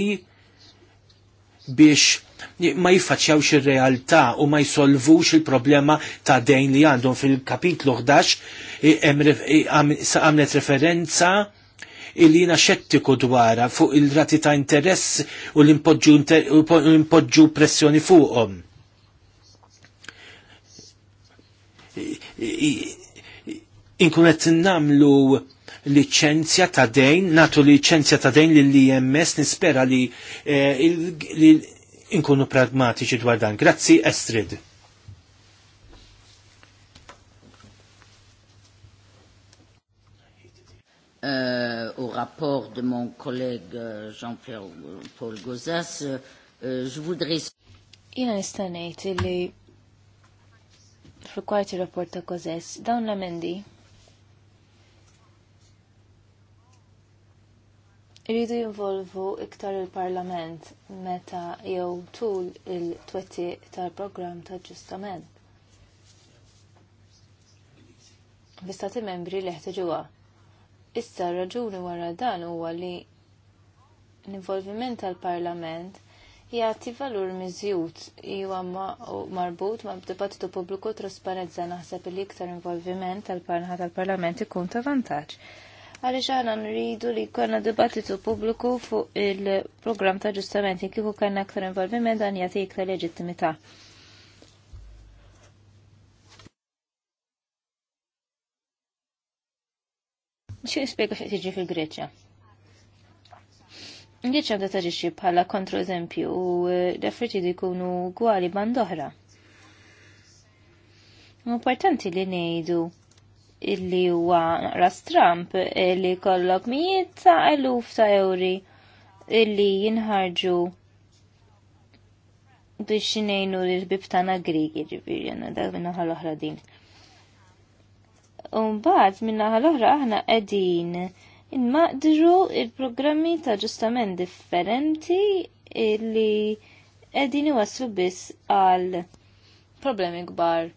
biex ma jiffaċċjawx ir-realtà u ma jsolvux il-problema ta' dejn li għandhom fil-kapitlu 11 għamlet referenza il-lina xettiku dwara fuq il-rati ta' interess u l-impoġġu pressjoni fuqhom. Inkunet namlu licenzja ta' dejn, natu licenzja ta' dejn l-IMS nispera li, eh, li inkunu pragmatiċi dwar dan. Grazzi, Estrid. Euh, au rapport de mon collègue euh, Jean-Paul pierre Gozas, euh, je voudrais... Il a Jina nistanejt li fil-kwarti rapport ta' Gozes, dawn l-amendi Iridu jinvolvu iktar il-Parlament meta jew tul il-twetti tal-programm ta' ġustament. Bistati membri li ħtiġuha. Issa raġuni wara dan huwa li l-involviment tal-Parlament jagħti valur miżjud ma marbut ma' dibattitu pubbliku trasparenza naħseb li iktar involviment tal-Parlament ikun ta' vantaġġ għaliex aħna nridu li jkollna dibattitu pubbliku fuq il-programm ta' ġustamenti kieku kellna aktar involviment dan jagħti iktar leġittimità. Xie nispiega xie tiġi fil-Greċja? Greċja għanda taġiċi bħala kontro eżempju u l-affarieti li jkunu gwali bandohra. Importanti li nejdu illi huwa naqras Trump illi kollok mijiet ta' eluf ta' euri illi jinħarġu biex nejnu l-bib ta' Grigi jiġifieri, ġibir jenna dak minnaħal ħal-oħra din. Umbaħt minna oħra aħna għedin nmaqdru il-programmi ta' ġustament differenti illi għedin waslu biss għal problemi gbar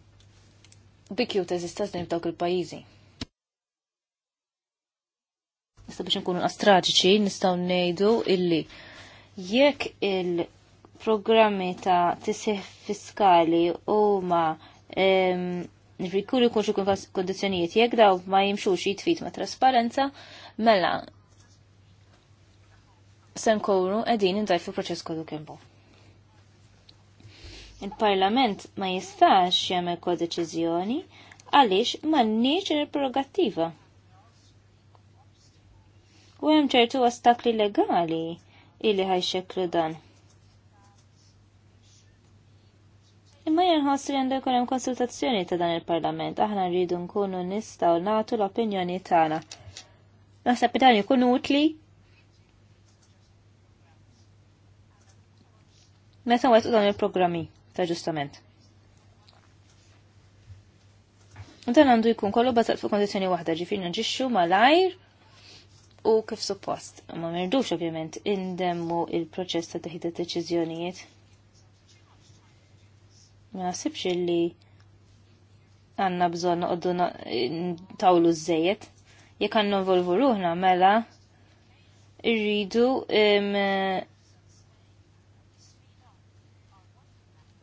bikju teżista f'dawk il-pajjiżi. Issa biex nkunu astraġiċi nistgħu ngħidu illi jekk il-programmi ta' tisih fiskali huma nifrikur jkun kun kondizjonijiet jekk daw ma jimxux jitfit ma' trasparenza, mela se nkunu qegħdin indajfu proċess kollu kemmu. Il-Parlament ma jistax jagħmel kodeċiżjoni għaliex m'għandniex il-prerogattiva. U hemm ċertu ostakli legali illi ħajxeklu dan. Imma jenħoss li għandu jkun hemm konsultazzjoni ta' dan il-Parlament, aħna rridu nkunu nistgħu nagħtu l-opinjoni tagħna. Naħseb dan ikun utli. Meta wet dan il-programmi ta' ġustament. Dan għandu jkun kollu bazzat fuq kondizjoni waħda ġifir nġixxu malajr u kif suppost. Ma mirdux ovvjament indemmu il-proċess ta' teħid deċiżjonijiet. Ma nasibx li għanna bżon noqdu tawlu żejjed Jek għanna volvu ruħna mela irridu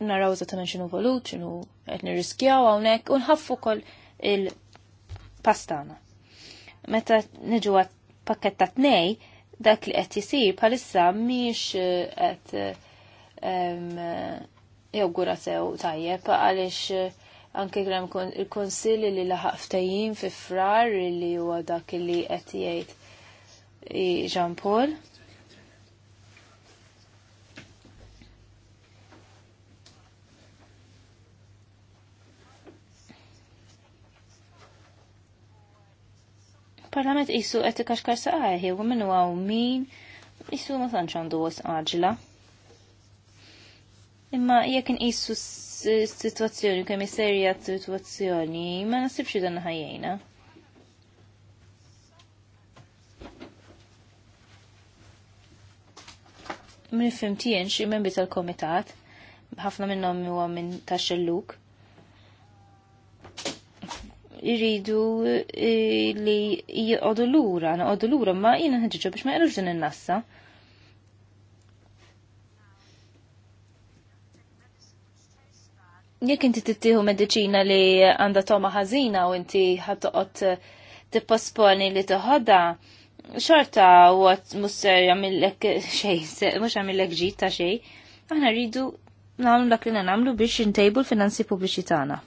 naraw eżattament xinu volut, x'inhu qed nirriskjaw hawnhekk u kol il-pastana. Meta niġu għat pakketta t-nej, dak li qed jisir bħalissa mhix eh, qed eh, jawgura sew tajjeb għaliex eh, anke kemm il konsili li laħaq fi frar li huwa dak li qed jgħid Jean Paul parlament jisu qed ikaxkar saqajħi u minnu għaw min jisu ma tantx għandu wis għaġla. Imma jekk inqisu s-sitwazzjoni kemm serja s-sitwazzjoni ma nasibx dan ħajjejna. Min fimtien xi membri tal-komitat, ħafna minnhom huwa minn tax xelluk jridu eh, li jgħodu lura, l lura, ma jina nħedġiġu biex ma jgħidux din il-nassa. Jek inti tittieħu medicina li għanda toma ħażina u inti t eh, tipposponi li toħodha, xorta u għat musser jgħamillek xej, mux jgħamillek ġit ta' xej, aħna rridu namlu dak li namlu biex intejbu l-finanzi pubbliċi tagħna.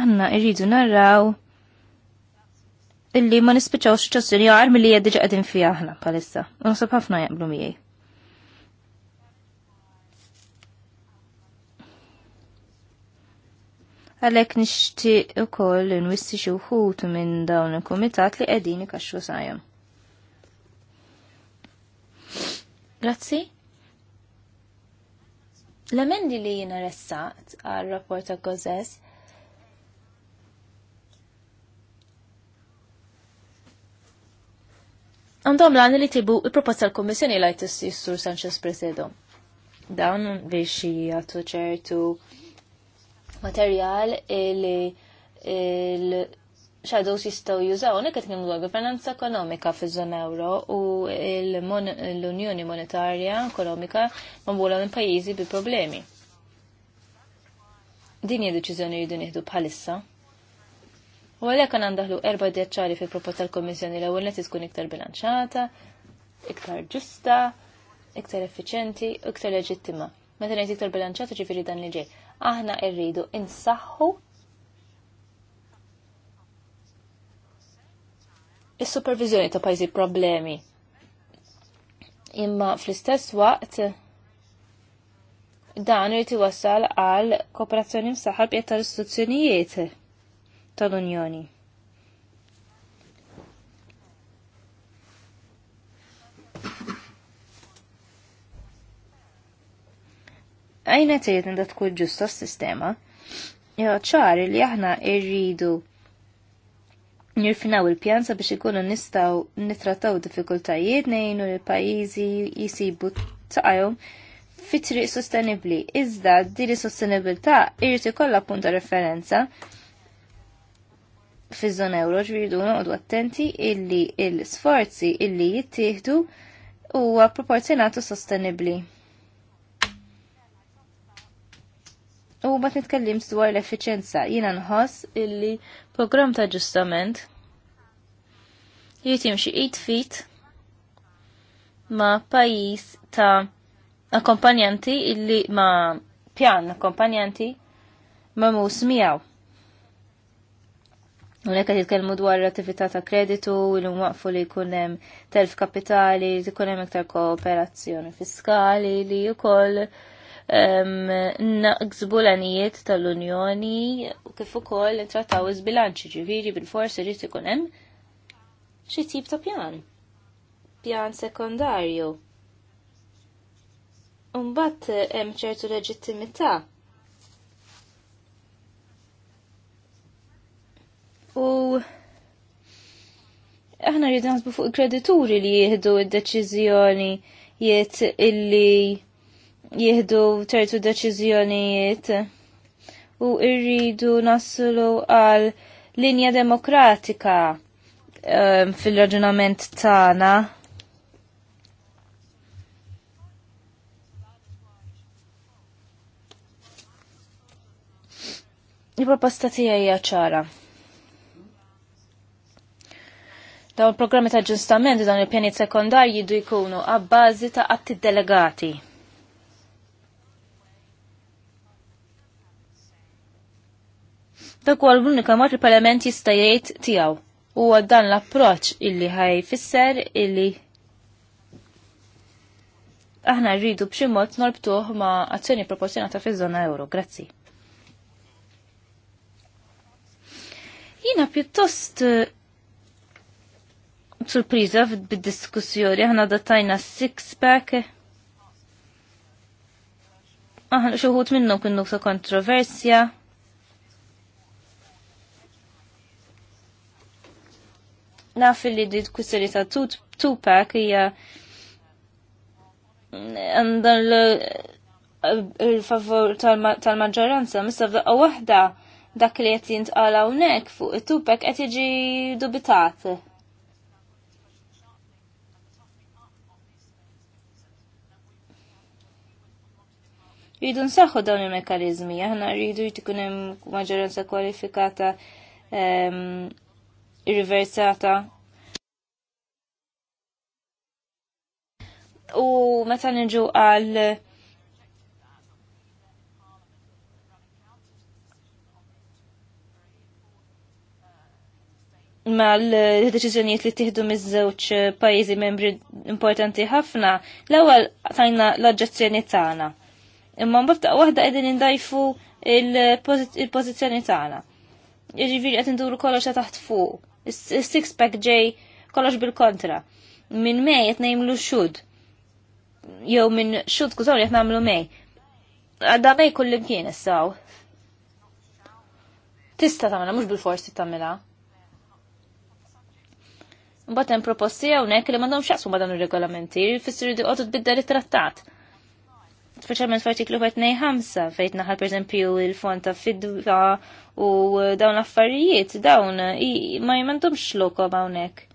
aħna irridu narraw illi ma nispiċaw xċazzjoni għar mill-li jaddiġa għedin fija aħna palissa. Unsab ħafna jaqblu miej. Għalek nishti u koll n-wissi xuħutu minn dawn il-komitat li għedin ikaxxu sajam. Grazzi. L-emendi li jina ressaqt għal rapport ta' għandhom l-għan li tibu il-proposta l-Kommissjoni lajt s-sur Sanchez Presedo. Dawn biex jgħatu ċertu materjal li il-shadows jistaw jużaw, unek għet nimlu għal-governanza ekonomika fi zona euro u l-Unjoni Monetarja Ekonomika mambula minn pajizi bi problemi. Din hija deċiżjoni jridu nieħdu bħalissa. U għalhekk kan għandahlu erba' deċċari fil-proposta tal komissjoni l-ewwel qed tkun iktar bilanċata, iktar ġusta, iktar effiċenti, iktar leġittima. Meta ngħid iktar bilanċata ġifieri dan li ġej. Aħna rridu insaħħu is-supervizjoni ta' pajjiżi problemi. Imma fl-istess waqt dan irid iwassal għal kooperazzjoni msaħħa bqiet tal-istituzzjonijiet tal-Unjoni. Għajna tejt nda tkun ġusta s-sistema, ċari li aħna irridu nirfinaw il-pjan sabiex ikunu nistaw nitrataw diffikultajiet nejnu li pajizi jisibu taqajom fit-triq sostenibli. Iżda diri sostenibilta irrit ikolla punta referenza fiż-żona euro ġridu noqogħdu attenti illi l-sforzi illi jittieħdu huwa proporzjonatu sostenibbli. U ma nitkellim dwar l efficienza jiena nħoss illi program ta' ġustament jrid xie 8 feet ma' pajjiż ta' akkompanjanti illi ma' pjan akkompanjanti ma' mus miegħu Unek għed jitkelmu dwar l attività ta' kreditu, il-waqfu li kunem telf kapitali, li kunem iktar kooperazzjoni fiskali, li koll naqsbu l-anijiet tal-Unjoni u kif ukoll intrattaw iż-bilanċi ġiviri bil-forsi li ikun hemm xi tip ta' pjan. Pjan sekondarju. Imbagħad hemm ċertu leġittimità u aħna rridu naħsbu fuq kredituri li jieħdu id deċiżjoni jiet illi jieħdu tertu deċiżjonijiet u irridu naslu għal linja demokratika um, fil-raġunament tagħna. Il-proposta tiegħi ċara. Daw il-programmi ta' ġustament dan il-pjaniet sekondarji jiddu jkunu għabbażi ta' atti delegati. Dak huwa l-unika mod il-Parlament jista' jgħid tiegħu. Huwa dan l-approċċ illi fisser illi aħna rridu b'xi mod norbtuh ma' azzjoni proporzjonata fiż-żona euro. Grazzi. Jina pjuttost eh, surpriża bid-diskussjoni ħana datajna six pack. Aħna xuħut minnhom kienu ta' kontroversja. Naf li kusseri ta' two pack hija għandan il-favor tal-maġġoranza missa f'daqqa waħda dak li qed jintqala hawnhekk fuq it-tupek qed jiġi dubitat. Rridu nsaħħu dawn il-mekanizmi, aħna rridu jtikun hemm maġġoranza kwalifikata ehm, irriversata u meta niġu għal mal-deċiżjonijiet li tieħdu miż-żewġ pajjiżi membri importanti ħafna, l-ewwel tajna l-oġġezzjoni tagħna. Imma mbabta waħda qegħdin indajfu il-pożizzjoni tagħna. Jiġifieri qed induru kollox taħt fuq. Is-six pack ġej kollox bil-kontra. Minn mej qed ngħimlu xud. Jew minn xud kużaw qed nagħmlu mej. Għadda mej kullimkien issaw. Tista tagħmilha mhux bil-forsi tagħmilha. Mbagħad hemm proposti hawnhekk li m'għandhomx jaqsmu madan dan ir-regolamenti, jfissru li qogħdu tbiddel it-trattat speċjalment f'artiklu ħamsa fejn naħal pereżempju il-fond ta' fidwa u eh, dawn l-affarijiet dawn ma jmandhomx lokom hawnhekk.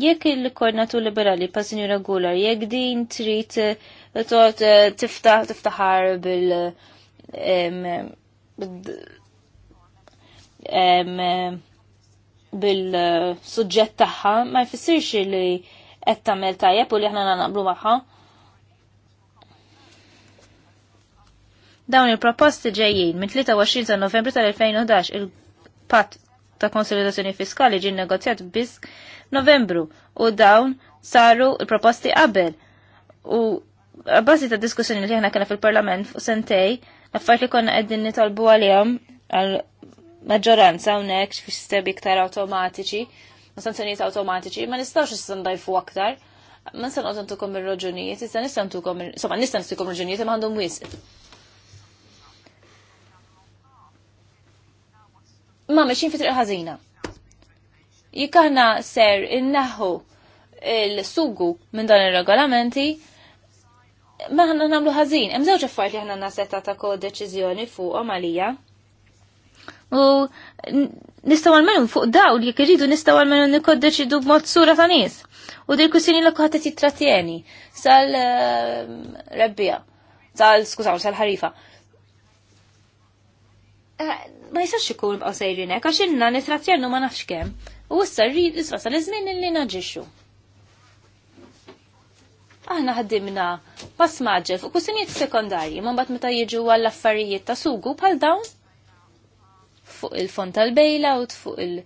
Jekk il-Koordinatur Liberali pa' Sinjura Gular, jekk din trid eh, tot eh, tiftaħ tiftaħar bil bil-suġġett tagħha ma jfissirx li qed tagħmel tajjeb u li aħna naqblu magħha. Dawn il-proposti ġejjin minn 23 ta' novembru tal-2011 il pat ta' konsolidazzjoni fiskali ġin negozjat biss novembru u dawn saru il-proposti qabel u għabbażi ta' diskussjoni li ħna kena fil-parlament fuq sentej, affarijiet li konna qegħdin nitalbu għalihom għal maġġoranza hawnhekk fi sistemi iktar awtomatiċi, sanzjonijiet awtomatiċi, ma nistgħux issa ndajfu aktar. Ma nista' nqogħdu ntukom ir-raġunijiet, issa nista' ntukom, insomma nista' ntukom raġunijiet ma għandhom wisq. ma meċin fitriq ħazina. Jikana ser innaħu il-sugu minn dan il-regolamenti, ma ħanna namlu ħazin. Imżewġ affarijiet li ħanna nasetta ta' kod deċizjoni fuq għamalija. U nistaw għalmenu fuq daw li jiridu nistaw għalmenu nikod deċidu b'mod sura ta' nis. U dir kussini l ħatet jitratjeni sal-rebbija, eh, sal-skużaw, sal-ħarifa. Eh, ma jisax ikun b'għaw sejrinek, għax inna nitrazzjarnu ma nafx kem. U issa rrid isfasa l-izmin li naġiċu. Aħna ħaddimna pass maġġel fuq kusinijiet sekondarji, ma mbagħad meta jiġu għall-affarijiet ta' sugu bħal dawn fuq il-fond tal-bailout, fuq il-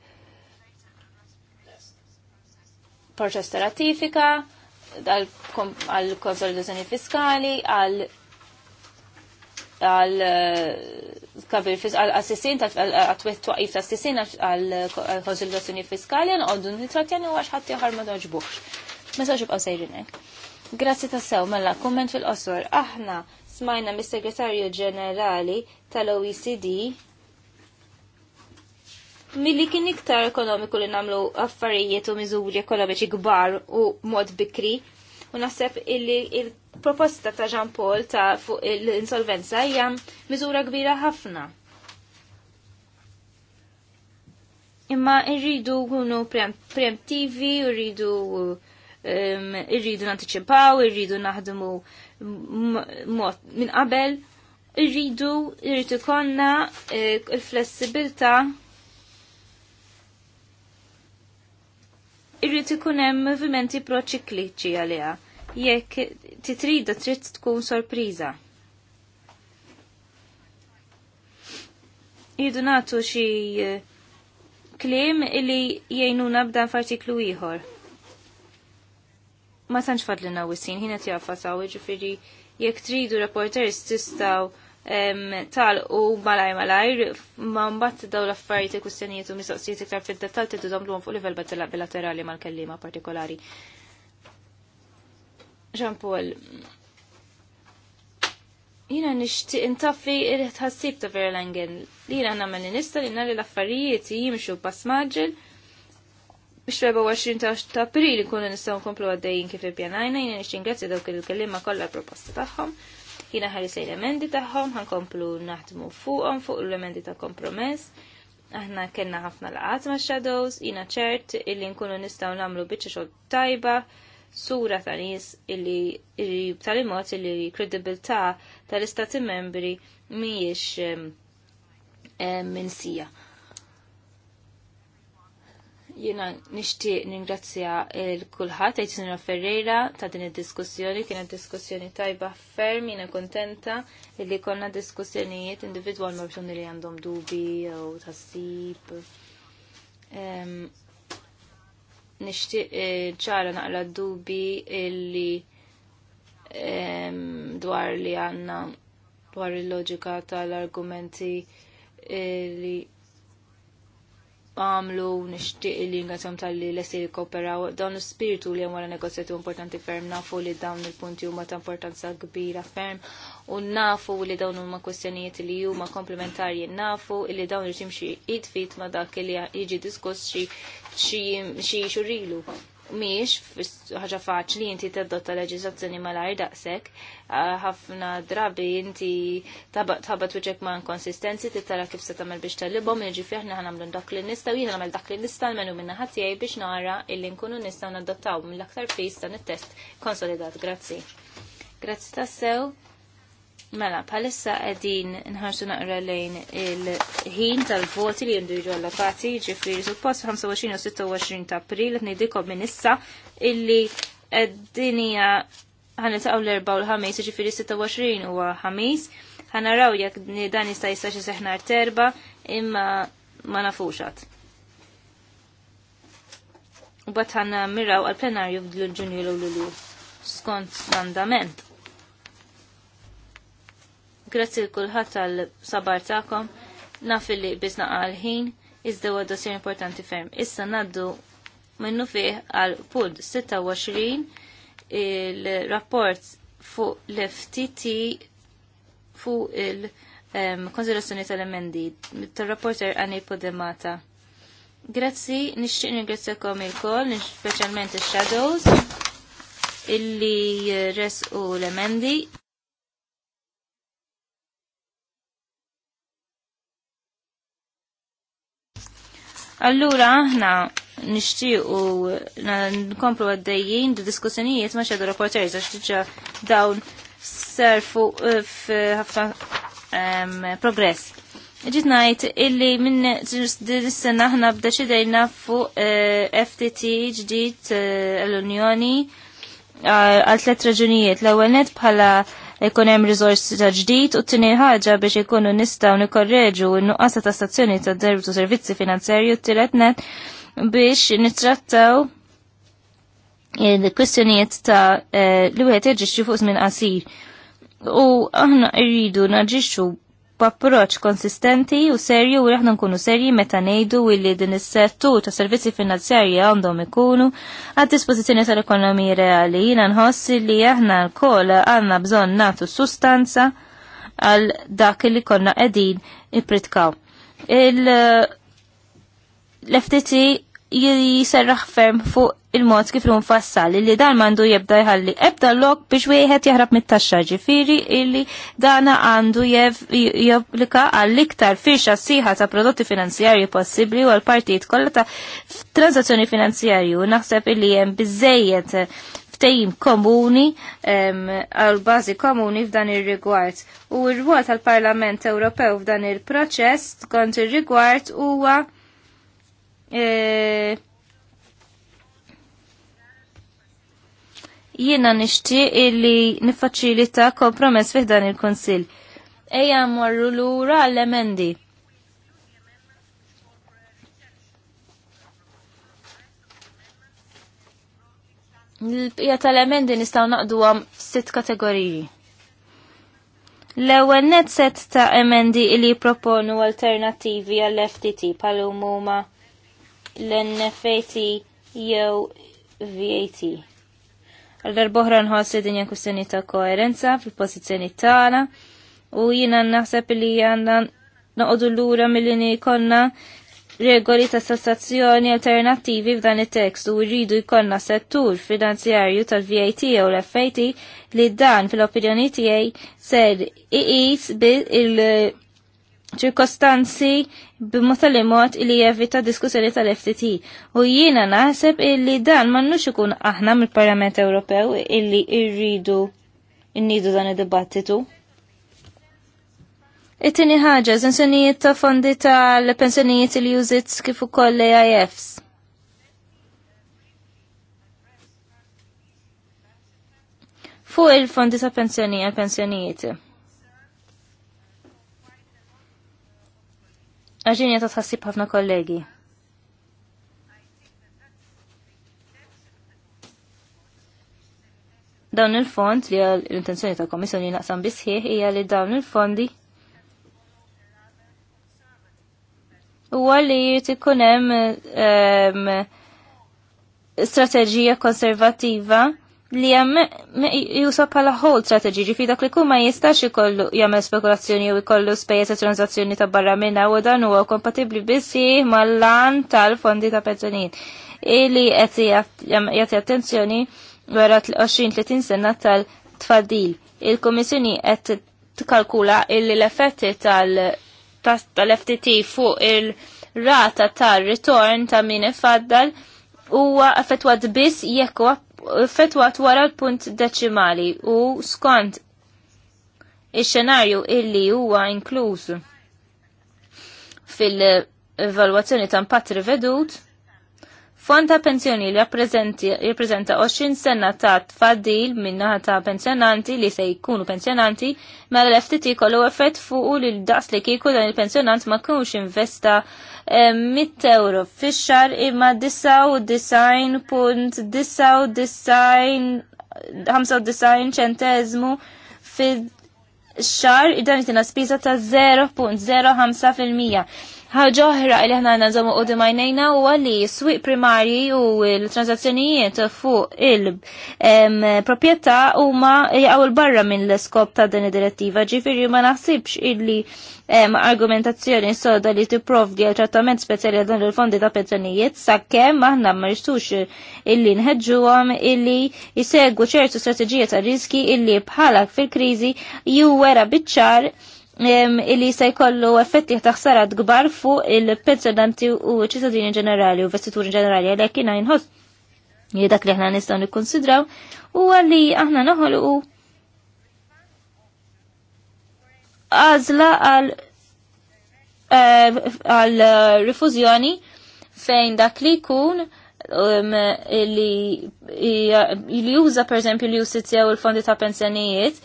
proċess ta' ratifika, għal-konsolidazzjoni fiskali, għal għal kabir eh, għal assessin għatwet twaqif ta' assessin għal konsultazzjoni fiskali għan għoddu nitrakjani għax ħatti għar ma doġbuħx. Mesa xibqaw sejrinek. Grazzi ta' sew, mela, komment fil-qosor. Aħna smajna mis-segretarju ġenerali tal-OECD milli kien iktar ekonomiku li namlu affarijiet u miżuri ekonomiċi kbar u mod bikri u naħseb illi il proposta ta' Jean Paul ta' fuq l-insolvenza hija miżura kbira ħafna. Imma irridu kunu preemptivi, irridu um, irridu nanticipaw, irridu naħdmu minn qabel, irridu irridu konna eh, il-flessibilta irrid ikun hemm movimenti proċikliċi għaliha jekk titrida trid tkun sorpriża. Jidu natu xi eh, kliem illi jgħinuna b'dan f'artiklu ieħor. Ma tantx fadlina wissin, ħina fasaw ġifiri jekk tridu reporters tistaw tal u malaj malaj ma mbatt daw l-affarijiet u e kustenijiet u mistoqsijiet iktar fid-dettal tiddu domluhom fuq livell bilaterali mal-kellima partikolari. Jean Paul, jina nishti intaffi il-ħassib ta' Vera Langen. Li jina namel nista li nalli l-affarijiet jimxu pas maġġel biex 24 ta' april ikunu nistaw nkomplu għaddejjin kif ippjanajna, jina nishti ingrazzi dawk il-kellima kollha l-proposta tagħhom, jina sej l-emendi tagħhom, ħankomplu naħdmu fuqhom fuq l-emendi ta' kompromess. Aħna kellna ħafna l ma' shadows, jina ċert illi nkunu nistgħu nagħmlu biċċa xogħol tajba sura ta' nies illi tal-imot illi kredibilità tal-istati membri mhijiex minsija. Jiena nixtieq ningrazzja l-kulħadd għajt Sinra Ferreira ta' din id-diskussjoni, kienet diskussjoni tajba ferm, jiena kontenta illi konna diskussjonijiet individwal ma' li għandhom dubi u tassib nixtieq eh, ċara naqra dubi illi dwar li għanna dwar il-loġika tal-argumenti li għamlu nishtiq li ngatom tal-li l-essir kooperaw dawn l-spiritu li għamwara negozjati importanti ferm nafu li dawn il-punti huma ta' importanza kbira ferm u nafu li dawn huma kwestjonijiet li huma komplementarji nafu li dawn li ximxi id-fit ma dak li jiġi diskuss xi xurilu miex ħaġa faċli inti tadotta leġiżlazzjoni malajr daqshekk. Ah, ħafna drabi inti tabat wiċek ma' inkonsistenzi tittara kif se tagħmel biex tellibhom, jiġifieri aħna ħanamlu dak li nistgħu jien nagħmel dak li nista' l-menu minna ħadd biex nara illi nkunu nistgħu nadottaw mill-aktar fis dan it-test konsolidat. Grazzi. Grazzi tassew. Mela, palissa għedin nħarsu naqra lejn il-ħin tal-voti li jendu jiġu allokati, ġifiri suppost 25 u 26 ta' april, li nidikom minn issa illi għeddinija għan il-taqaw l-4 u l-ħamis, ġifiri 26 u ħamis, għan naraw jek dan jista' jista' xi seħnar terba imma ma nafuxat. U bat għan miraw għal-plenarju l ġunju l-ululu skont l-andament. Grazzi l-kulħat għal-sabar ta'kom, naf li bizna għal-ħin, izda għad dosir importanti ferm. Issa naddu minnu fiħ għal-pud 26 il-rapport fuq l-FTT fuq il-konsiderazzjoni tal-emendi, tal-rapporter għani Podemata. Grazzi, nixtieq ningrazzjakom il-koll, speċjalment il-Shadows, illi res u l-emendi. Allura aħna nixtiequ nkomplu għaddejjin di diskussjonijiet ma' xedu reporteri, għax diġà dawn serfu eh, f'ħafna progress. Ġit najt illi minn dis-sena aħna bda xidejna fuq eh, FTT ġdid eh, l-Unjoni għal tlet raġunijiet. L-ewwel net bħala jkun hemm riżorsi ta' ġdid u t-tieni ħaġa biex ikunu nistgħu nikorreġu n-nuqqasa ta' stazzjoni ta' derb u servizzi finanzjarju t-tielet net biex nittrattaw il-kwistjonijiet eh, ta' eh, li wieħed jaġixxi fuq żmien qasir. U aħna rridu naġixxu b'approċċ konsistenti u serju u aħna nkunu serji meta ngħidu li din is settu ta' servizzi finanzjarji għandhom ikunu għad dispożizzjoni tal-ekonomija reali. Jiena nħossi li aħna l-kol għandna bżonn nagħtu sustanza għal dak li konna qegħdin ippritkaw. Il-FTT jiserraħ ferm fuq il-mod kif l fassal li dan mandu jibda jħalli ebda l-lok biex wieħed jaħrab mit-taxxa ġifiri illi dana għandu japplika għall-iktar firxa siħa ta' prodotti finanzjarji possibbli u għal-partijiet kollha ta' transazzjoni finanzjarji u naħseb illi hemm biżejjed ftejim komuni għal bażi komuni f'dan ir-rigward. U r-rwol tal-Parlament Ewropew f'dan il-proċess kont ir-rigward huwa Eh, jiena nixti illi nifaċilita kompromess fih dan il-Konsil. Eja morru lura għall-emendi. il bqija tal-emendi nistaw naqdu għam sitt kategoriji. L-ewwel net set ta' emendi illi proponu alternativi għall-FTT pal-umuma l-NFAT jew VAT. Għal-darboħra nħossi din hija kwistjoni ta' koerenza fil-pożizzjoni tagħna u jina naħseb li għandna noqogħdu lura milli konna regoli ta' sassazzjoni alternattivi f'dan it-tekst u rridu jkollna settur finanzjarju tal-VAT jew l-FAT li dan fil-opinjoni tiegħi ser iqis bil ċirkostanzi b'mod tal-imot li jevita diskussjoni tal-FTT. U jiena naħseb illi dan mannux ikun aħna mill-Parlament Ewropew illi irridu innidu dan id-dibattitu. It-tieni ħaġa, żensenijiet ta' fondi tal-pensjonijiet li jużit kif ukoll AIFs. Fuq il-fondi ta' pensjonijiet, pensjonijiet. Għaxin ta' tħassib ħafna kollegi. Dawn il-fond li għal l-intenzjoni ta' komissjoni naqsam bisħieħ hija li dawn il-fondi huwa li jrid ikun hemm ehm, strateġija li jem jusab pala whole strategy ġifi dak li kun ma jistax jikollu jagħmel spekulazzjoni u jkollu spejjeż ta' transazzjoni ta' barra minna u dan huwa kompatibbli bissi mal-lan tal-fondi ta' pensjonijiet. Ili qed jagħti attenzjoni wara 20-30 senna tal-tfadil. Il-Komissjoni qed tkalkula illi l-effetti tal-FTT fuq il-rata tal-return ta' min ifaddal huwa affettwat biss jekk fetwat wara l-punt deċimali u skont ix-xenarju illi huwa inkluż fil-evalwazzjoni ta' impatt rivedut, fond ta' pensjoni li rappresenta 20 sena ta' tfaddil minnaħa ta' pensjonanti li se jkunu pensjonanti, mela l-FTT kollu effett fuq li l-daqs li kieku dan il-pensjonant ma' kunx investa 100 euro fix-xar imma 99.95 ċentezmu fil-xar id-dan jitina spiża ta' 0.05%. Ħaġa oħra li ħna nżommu u dimajnejna u għalli s-swiq primarji u l-transazzjonijiet fuq il-propieta u ma jgħaw barra minn l-skop ta' din id-direttiva ġifiri ma naħsibx illi argumentazzjoni soda li tipprovdi għal trattament speċjali għal dan il-fondi ta' pensjonijiet sakemm aħna ma rixtux illi nħeġġuhom illi jisegwu ċertu strateġija ta' riski illi bħalak fil-kriżi ju biċ-ċar illi se jkollu effetti taħsarat ħsarat kbar fuq il-pensjonanti u ċittadini ġenerali u vestituri ġenerali għalhekk jiena jinħoss li dak li aħna nistgħu nikkonsidraw huwa li aħna noħolqu għażla għal eh, għal rifużjoni fejn dak li jkun li juża per li jussizzjaw il fondi ta' pensjonijiet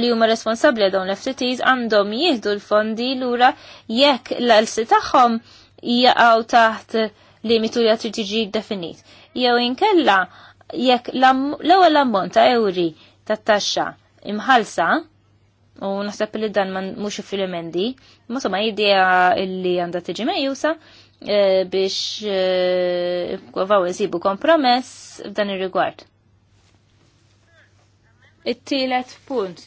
li huma responsabbli dawn l-FTTs għandhom jieħdu l-fondi lura jekk l alsi tagħhom jaqgħu taħt limitu li għatri tiġi definit. Jew inkella jekk l-ewwel ammont ta' euri tat-taxxa imħalsa u naħseb li dan mhux filimendi, emendi ma somma idea li għandha tiġi mejjusa, eh, biex kovaw eh, nsibu kompromess f'dan ir-rigward. It-tielet punt.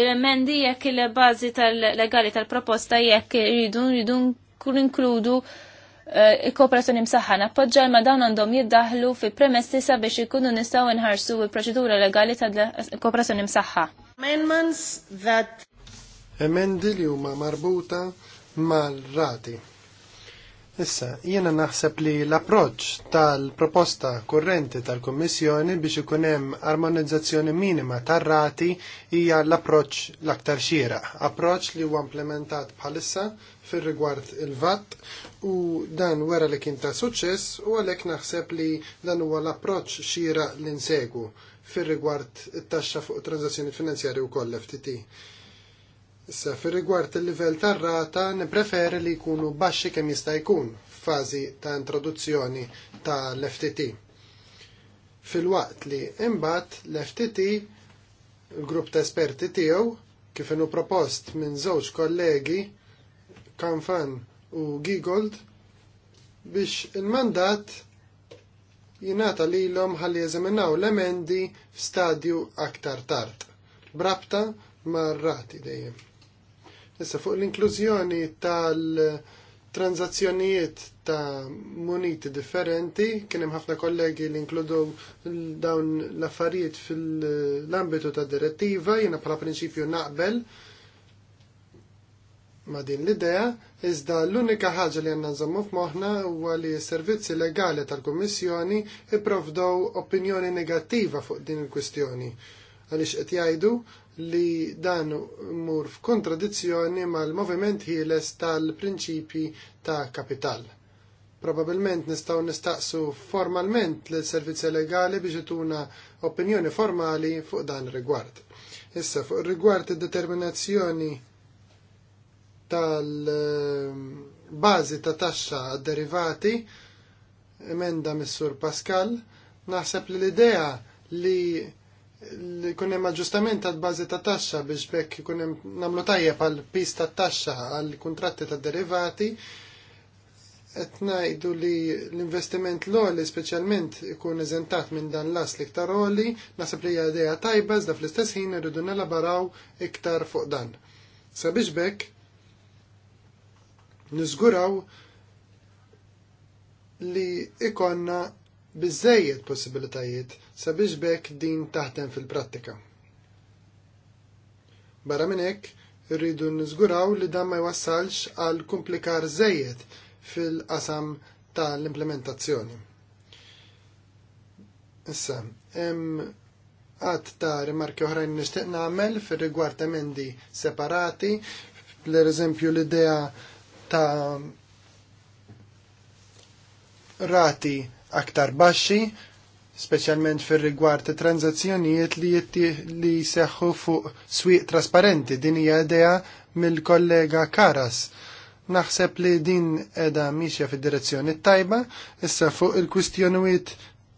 Il-mendi jekk il-bazi tal-legali tal-proposta jekk rridu rridu nkun inkludu eh, il-kooperazzjoni msaħħa nappoġġa ma dawn għandhom jiddaħlu fi premessi sabiex ikunu nistgħu nħarsu il-proċedura legali tal-kooperazzjoni msaħħa. Amendments that Emendi li huma marbuta mal-rati Issa, jiena naħseb li l-approċ tal-proposta kurrenti tal-Kommissjoni biex ikun hemm armonizzazzjoni minima tar-rati hija l-approċ l-aktar xira. Approċ li huwa implementat bħalissa fir-rigward il-VAT u dan wera li kien ta' suċċess u għalhekk naħseb li dan huwa l-approċ xira li nsegu fir-rigward it-taxxa fuq transazzjoni finanzjarji wkoll FTT. Issa fi rigward il-livell tar-rata nippreferi li jkunu baxxi kemm jista' jkun f'fażi ta' introduzzjoni tal-FTT. Fil-waqt li imbagħad l-FTT il-grupp ta' esperti tiegħu kif inhu propost minn żewġ kollegi Kanfan u Gigold biex il-mandat jingħata lilhom ħalli jeżaminaw l-emendi f'stadju aktar tard. Brabta mar-rati dejjem. Issa fuq l-inklużjoni tal-tranzazzjonijiet ta' muniti differenti, kien hemm ħafna kollegi li inkludu dawn l-affarijiet fil-ambitu ta' direttiva, jiena bħala prinċipju naqbel ma' din l-idea, iżda l-unika ħaġa li għandna nżammu f'moħħna huwa li s-servizzi legali tal-Kummissjoni ipprovdow opinjoni negattiva fuq din il-kwistjoni għaliex qed jgħidu li dan mur f'kontradizzjoni mal-moviment ħieles tal-prinċipi ta' kapital. Probabilment nistgħu nistaqsu formalment l servizzi legali biex ituna opinjoni formali fuq dan rigward. Issa fuq rigward id-determinazzjoni tal-bażi ta' taxxa derivati emenda mis-Sur Pascal, naħseb li l-idea li li kunem aġġustament tal bażi ta' taxxa biex bekk kunem namlu tajjeb għal pis ta' taxxa għal kontratti ta' derivati qed ngħidu li l-investiment l-oli speċjalment ikun eżentat minn dan las l-iktar oli, naħseb li hija idea tajba zda fl-istess ħin nella baraw iktar fuq dan. Sabiex bekk niżguraw li ikonna bizzejiet possibilitajiet sabiex bekk din taħdem fil-prattika. Barra minn hekk irridu nżguraw li dan ma jwassalx għal komplikar żejjed fil-qasam tal-implementazzjoni. Issa, hemm għad ta' rimarki oħrajn nixtieq nagħmel fir-rigward emendi separati, per eżempju l-idea ta' rati aktar baxxi speċjalment fir-rigward tranzazzjonijiet li li jseħħu fuq swieq trasparenti din hija idea mill-kollega Karas. Naħseb li din edha miexja fid-direzzjoni tajba, issa fuq il-kwistjonijiet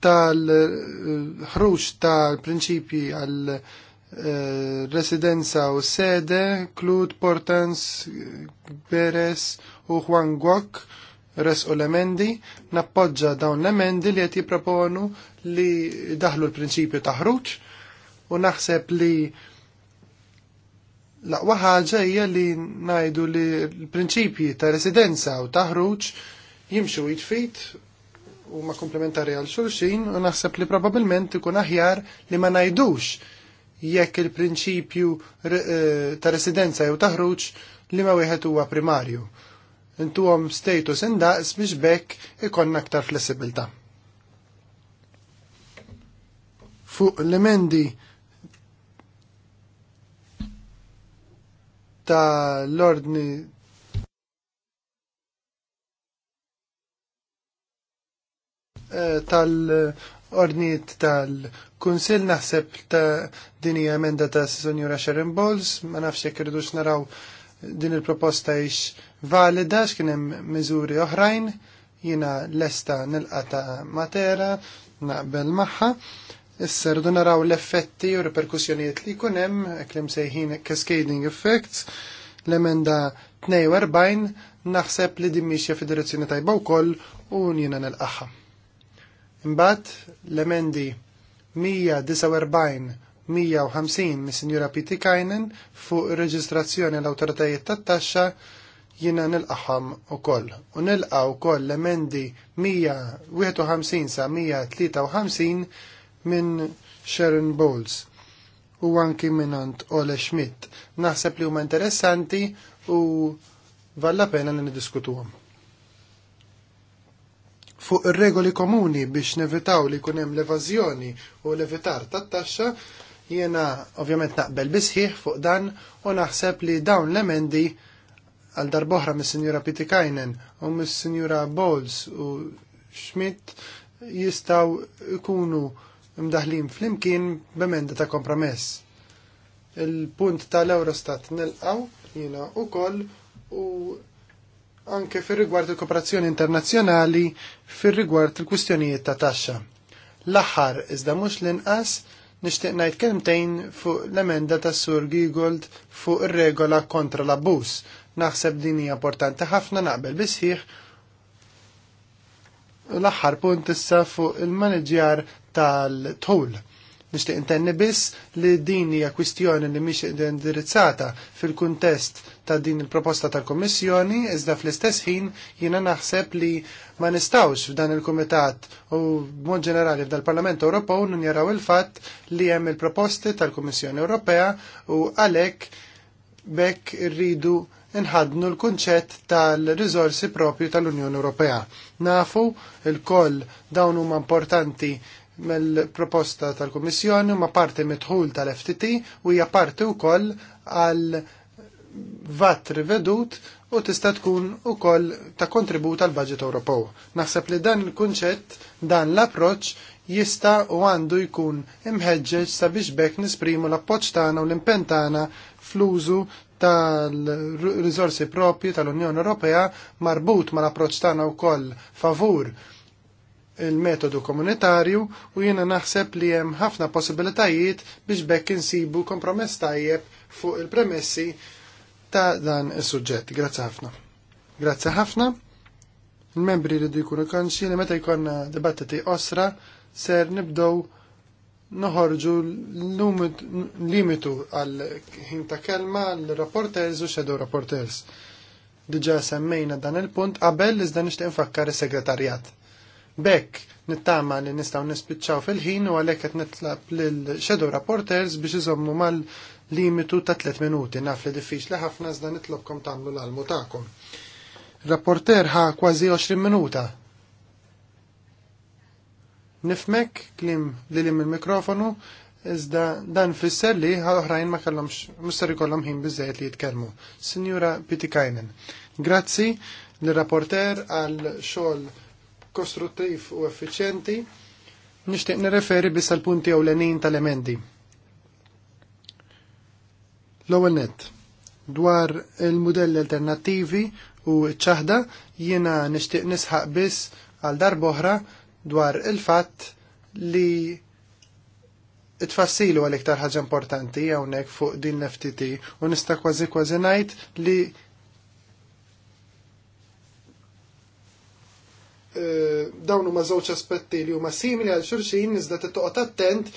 tal-ħruġ tal-prinċipji għal eh, residenza u sede, Claude Portans, Beres u Juan Guok res u l-emendi, nappoġġa dawn l-emendi li qed jipproponu li daħlu l-prinċipju ta' ħruġ u naħseb li laqwa ħaġa hija li ngħidu li l-prinċipji ta' residenza u ta' ħruġ jimxu jitfit u ma komplementari għal xulxin u naħseb li probabilment ikun aħjar li ma ngħidux jekk il-prinċipju eh, ta' residenza jew ta' ħruġ li ma wieħed huwa primarju intuhom status indaqs biex bekk ikonna aktar flessibilta. Fuq l-emendi ta' l-ordni eh, tal-ordniet tal-Kunsil naħseb ta' din hija emenda ta' Sonjura Sharon Bowles, ma nafx jekk naraw din il-proposta ix valida x'kien hemm miżuri oħrajn jiena lesta nilqa ta' matera naqbel magħha. Issa du naraw l-effetti u reperkussjonijiet li jkun hemm eklim sejħin cascading effects l-emenda 42 naħseb li dimmixja fid direzzjoni tajba wkoll u jiena nilqaħħa. Imbagħad l-emendi 149 150 mis-Sinjura Piti Kajnen fuq reġistrazzjoni l-autoritajiet tat-taxxa jina nilqaħam u koll. U nilqa u koll l-emendi 151 sa 153 minn Sharon Bowles u anki minnant Ole Schmidt. Naħseb li huma interessanti u valla pena li nidiskutuhom. Fuq ir-regoli komuni biex nevitaw li kunem l-evażjoni u l-evitar tat-taxxa, jiena ovvjament naqbel bisħiħ fuq dan u naħseb li dawn l-emendi għal darboħra mis sinjura Pitikajnen u mis sinjura Bowles u Schmidt jistaw ikunu mdaħlim flimkien b'emenda ta' kompromess. Il-punt tal-Eurostat nilqaw jina u koll u anke fir rigward il-kooperazzjoni internazzjonali fir rigward il-kwistjonijiet ta' taxxa. L-aħħar iżda mhux l-inqas nixtieq ngħid kelmtejn fuq l-emenda tas Sur Giegold fuq ir-regola kontra l-abbuż Naħseb din hija importanti ħafna naqbel bisħiħ. L-aħħar punt issa fuq il-manager tal tul Nixtieq intenni biss li din hija kwistjoni li mhix indirizzata fil-kuntest ta' din il-proposta tal-Kommissjoni, iżda fl-istess ħin jiena naħseb li ma nistawx f'dan il-Kumitat u b'mod ġenerali f'dal-Parlament Ewropew njaraw il-fatt li hemm il-proposti tal-Kummissjoni Ewropea u għalhekk bekk irridu inħadnu l-kunċett tal rizorsi propju tal-Unjoni Ewropea. Nafu il-koll dawn huma importanti mill-proposta tal-Kummissjoni ma parti mitħul tal-FTT u hija parti wkoll għal vat rivedut u tista' tkun ukoll ta' kontribut għal budget Ewropew. Naħseb li dan il-kunċett, dan l-approċċ jista' u għandu jkun imħeġġeġ sabiex bekk nisprimu l-appoġġ tagħna u l impentana tagħna fl-użu tal rizorsi propji tal-Unjoni Ewropea marbut ma l-approċċ tagħna wkoll favur il-metodu komunitarju u jiena naħseb li hemm ħafna possibilitajiet biex bekk insibu kompromess tajjeb fuq il-premessi ta' dan is-suġġett. Grazzi ħafna. Grazzi ħafna. Il-membri li jkunu konxi li meta jkollna dibattiti osra ser nibdow noħorġu limitu għal ħin ta' kelma għal rapporters u shadow rapporters. Diġa semmejna dan il-punt qabel iżda nixtieq nfakkar is-segretarjat. Bekk nittama li nistgħu nispiċċaw fil-ħin u għalhekk qed nitlab lil shadow rapporters biex iżommu mal-limitu ta' 3 minuti. Naf li diffiċli ħafna iżda nitlobkom tagħmlu l-almu tagħkom. Rapporter ħa kważi 20 minuta Nifmek klim li lim il-mikrofonu, iżda dan fisser li oħrajn ma kellhomx mister ikollhom ħin biżejjed li jitkellmu. Sinjura Pitikajnen, grazzi l-rapporter għal xogħol kostruttiv u effiċjenti. Nixtieq nirreferi biss għal punti ewlenin tal-emendi. L-ewwel nett dwar il-modelli alternattivi u ċaħda jiena nixtieq nisħaq biss għal darboħra oħra dwar il-fatt li it-fassilu għal iktar ħaġa importanti hawnhekk fuq din l-FTT u nista' kważi kważi ngħid li e, dawn huma żewġ aspetti li huma simili għal xulxin iżda tittoqgħod attent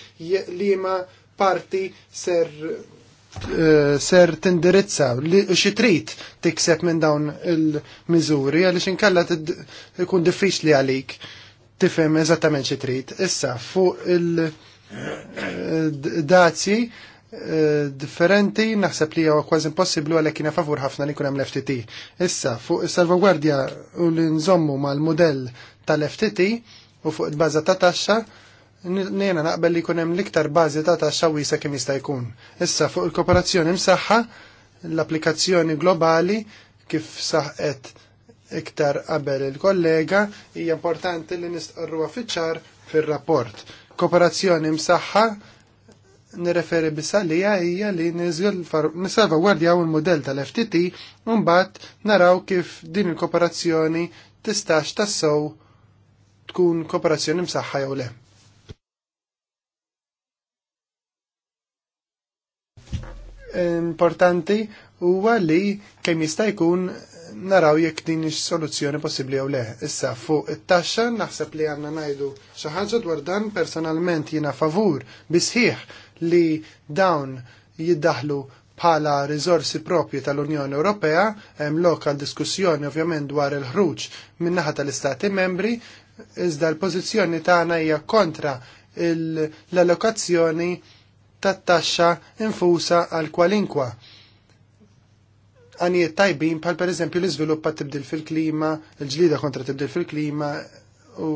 li ma parti ser e, ser tindirizza li xi trid tikseb minn dawn il-miżuri għaliex inkella ikun diffiċli għalik tifhem eżattament xi trid. Issa fuq il eh, dazi eh, differenti naħseb li huwa kważi impossibbli għalhekk kien favur ħafna li jkun hemm l-FTT. Issa fuq is-salvagwardja u li nżommu mal-mudell tal-FTT u fuq il-baża ta' taxxa Nena naqbel li kunem liktar bazi ta' taxxa wisa kemm jista' jkun. Issa fuq il-kooperazzjoni msaħħa l-applikazzjoni globali kif saħqet iktar qabel il-kollega hija importanti li nistqarruha fiċar fir-rapport. Kooperazzjoni msaħħa nirreferi bissa li hija li nisalva gwardja u l-modell tal-FTT mbagħad naraw kif din il-kooperazzjoni tistax tassew tkun kooperazzjoni msaħħa jew le. Importanti huwa li kemm jista' jkun naraw jekk din soluzzjoni possibbli jew le. Issa fuq it-taxxa naħseb li għandna ngħidu xi ħaġa dwar dan personalment jiena favur bisħieħ li dawn jiddaħlu bħala riżorsi propri tal-Unjoni Ewropea, hemm lokal diskussjoni ovvjament dwar il-ħruġ min-naħa tal-Istati membri, iżda l-pożizzjoni tagħna hija kontra l-allokazzjoni tat-taxxa infusa għal kwalinkwa għanijiet tajbin bħal per eżempju l-izviluppa tibdil fil-klima, l-ġlida kontra tibdil fil-klima u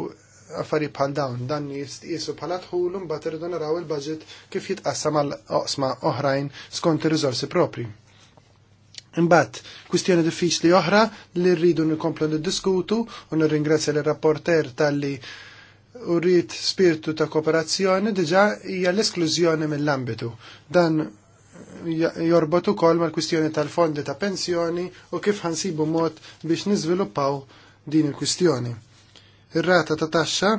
affarijiet bħal dawn. Dan jisu bħala tħul mbagħad irridu naraw il-budget kif jitqassam għal oqsma oħrajn skont ir rizorsi propri. Imbagħad, kwistjoni diffiċli oħra li rridu nikomplu niddiskutu u nirringrazzja l-rapporter tal-li u spirtu spiritu ta' kooperazzjoni diġa hija l-esklużjoni mill-ambitu. Dan jorbot ukoll mal-kwistjoni tal-fondi ta' pensjoni u kif ħansibu mod biex niżviluppaw din il-kwistjoni. Ir-rata ta' taxxa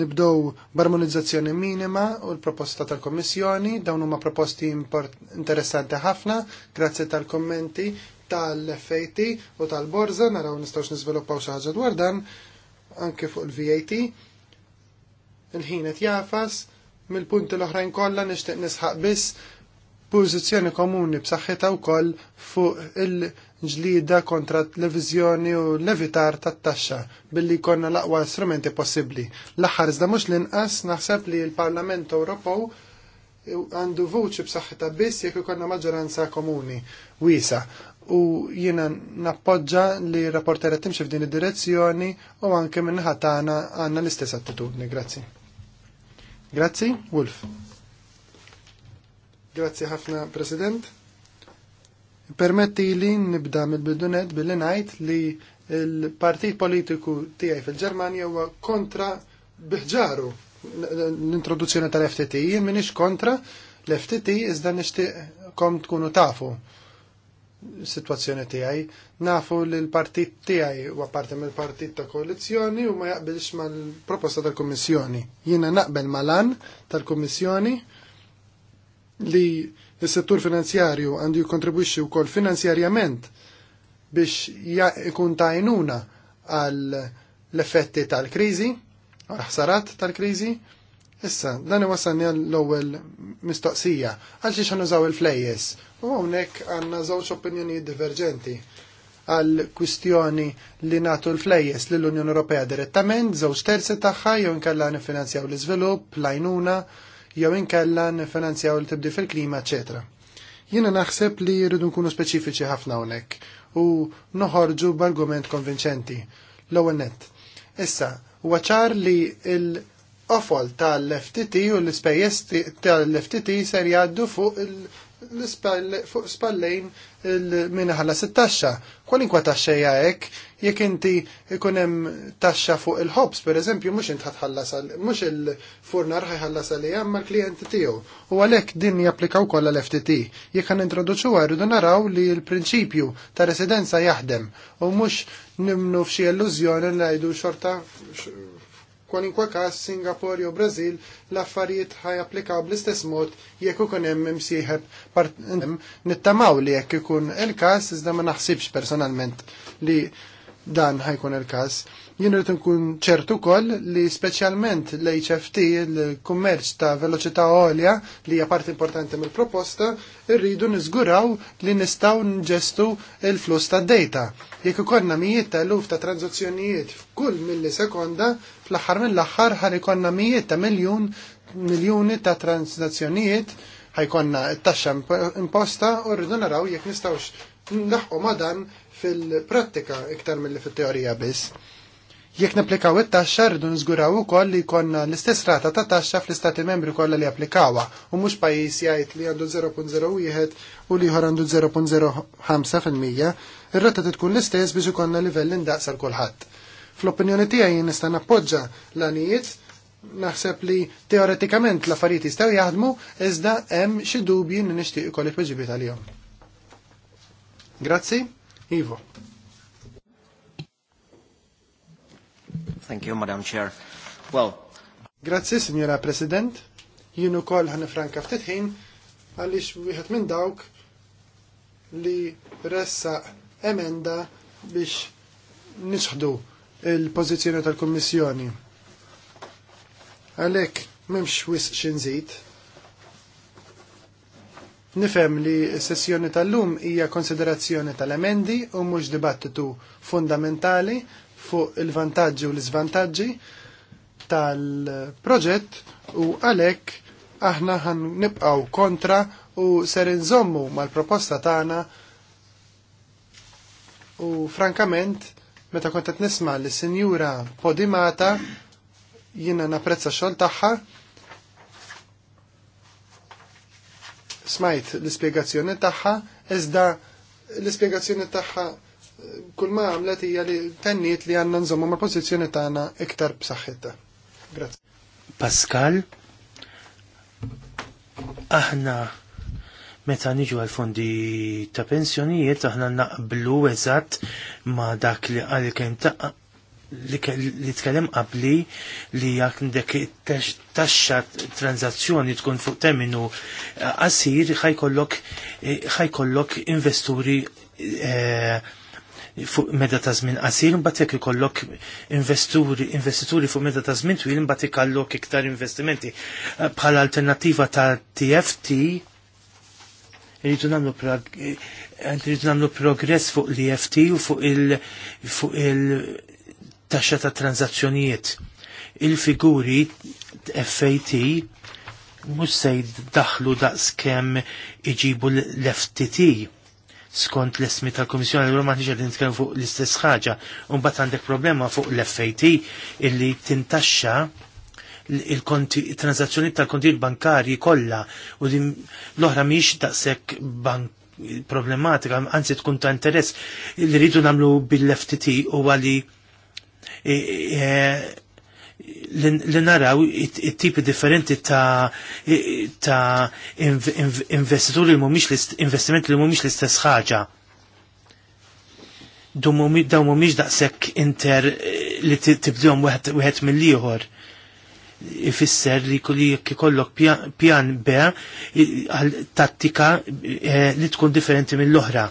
nibdow barmonizzazzjoni minima u l-proposta tal-Kommissjoni, dawn huma proposti interessanti ħafna, grazzi tal-kommenti tal-FAT u tal-Borza, naraw nistgħux niżviluppaw xi ħaġa dwar dan, anke fuq il-VAT. Il-ħin qed jafas, mill-punti l-oħrajn kollha nixtieq nisħaq biss pożizzjoni komuni b'saħħitha wkoll fuq il-ġlida kontra t-televiżjoni u l-levitar tat-taxxa billi jkollna l-aqwa strumenti possibbli. L-aħħar iżda mhux l-inqas naħseb li l-Parlament Ewropew għandu vuċi b'saħħitha biss jekk ikollna maġġoranza komuni wiesa. U jiena nappoġġa li qed timxi f'din id-direzzjoni u anke minn ħatana għandna l-istess attitudni. Grazzi. Grazzi, Wolf. Grazzi ħafna, President. Permetti li nibda mill-bidunet billi ngħid li l-partit politiku tiegħi fil-Ġermanja huwa kontra biħġaru l-introduzzjoni tal-FTT. Jien minix kontra l-FTT iżda nixtieqkom tkunu tafu situazzjoni tiegħi. Nafu li l-partit tiegħi huwa parti mill-partit ta' koalizzjoni u ma jaqbilx mal-proposta tal-Kummissjoni. Jiena naqbel malan tal-Kummissjoni li s-settur finanzjarju għandu u wkoll finanzjarjament biex jikun tajnuna għal l-effetti tal-kriżi, għal ħsarat tal-kriżi. Issa, dan iwassani għall-ewwel mistoqsija, għal xiex nużaw il-flejjes. U hawnhekk għandna żewġ opinjoni diverġenti għal kwistjoni li natu l-flejjes lill unjoni Ewropea direttament, żewġ terzi tagħha jew inkella finanzjaw l-iżvilupp, l jew inkella nifinanzjaw il-tibdi fil-klima, eċetera. Jiena naħseb li rridu nkunu speċifiċi ħafna hawnhekk u noħorġu b'argument konvinċenti. L-ewwel nett. Issa, huwa ċar li l ofol tal-FTT u l-ispejjeż tal-FTT ser jgħaddu fuq il- fuq spallejn minna ħalla sit-taxxa. Kwalinkwa taxxa jgħek, jekk inti ikun hemm taxxa fuq il-ħobs, pereżempju, mhux int ħatħallas mhux il-furnar ħajħallas għalija għamma l-klijenti tiegħu. U għalhekk din japplika wkoll l-FTT. Jekk introduċu introduċuha rridu naraw li l-prinċipju ta' residenza jaħdem u mhux nimnu f'xi illużjoni l-għajdu xorta Kwalinkwa każ Singapore jew Brażil l-affarijiet ħajapplikaw bl-istess mod jekk ikun hemm imsieħeb nittamaw li jekk ikun il-każ iżda ma naħsibx personalment li dan ħajkun il-każ. Jien rrid nkun ċertu koll li speċjalment l-HFT, l-kummerċ ta' veloċità għolja, li hija parti importanti mill-proposta, rridu niżguraw li nistgħu nġestu l-flus ta' data. Jekk ikollna mijiet ta' eluf ta' tranzazzjonijiet f'kull millisekonda, fl-aħħar mill-aħħar ħar ikonna mijiet ta' miljun miljuni ta' tranzazzjonijiet ħajkonna t-taxxa imposta u rridu naraw jekk nistgħux naħqu ma' dan fil-prattika iktar mill-fit-teorija biss Jekk napplikaw it-taxxa rridu nżguraw ukoll li jkollna l-istess rata ta' taxxa fl-istati membri kollha li applikawha u mhux pajjiż jgħid li għandu 0.01 u li ieħor għandu 0.05%, ir-rata tkun l-istess biex ikollna livell indaqsar kulħadd. Fl-opinjoni tiegħi jien nista' nappoġġa l-għanijiet naħseb li teoretikament l-affarijiet jistgħu jaħdmu iżda hemm xi dubji li nixtieq ikoll il tweġibi tal Grazzi, Ivo. Thank you, Madam Chair. Well, Grazzi, Signora President. Jien ukoll ħanna franka ftit ħin għaliex wieħed minn dawk li ressa emenda biex nisħdu il-pożizzjoni tal-Kummissjoni. Għalhekk m'hemmx wisq xi nżid. Nifhem li s-sessjoni tal-lum hija konsiderazzjoni tal-emendi u mhux dibattitu fundamentali fuq il-vantaġġi u l-iżvantaġġi tal-proġett u għalhekk aħna ħan nibqgħu kontra u ser inżommu mal-proposta tagħna u frankament meta kont qed nisma' li sinjura Podimata jiena napprezza xogħol tagħha smajt l-ispjegazzjoni tagħha iżda l-ispjegazzjoni tagħha kull ma għamlet hija li tenniet li għandna nżommu ma' pożizzjoni tagħna iktar b'saħħitha. Grazie. Pascal, aħna meta niġu għal fondi ta' pensjonijiet aħna naqblu eżatt ma' dak li għal kemm ta' li tkellem qabli li jak dek taxxa tranzazzjoni tkun fuq terminu eh, qasir ħajkollok eh, ħajkollok investuri eh, fuq meda ta' żmien qasir imbagħad jekk ikollok investuri investituri fuq meda ta' żmien twil imbagħad ikollok iktar investimenti. Eh, bħala alternattiva ta' TFT eh, irridu nagħmlu progress fuq l-EFT u fuq il fuq il-taxxa ta' tranzazzjonijiet. Il-figuri FAT mhux se jdaħlu daqskemm iġibu l-FTT skont l-ismi tal-Komissjoni l ma tiġi nitkellem fuq l-istess ħaġa, u mbagħad għandek problema fuq l-FAT illi tintaxxa il-transazzjoni tal-kontijiet bankarji kollha u din l-oħra mhix daqshekk bank problematika, anzi tkun ta' interess li rridu nagħmlu bil-FTT u għali e- e- li naraw it-tipi differenti ta', ta investituri li mumiex investiment li mumiex l-istess ħaġa. Daw mumiex daqshekk inter li tibdilhom wieħed mill-ieħor ifisser li kulli kikollok pjan B tattika eh, li tkun differenti mill-oħra.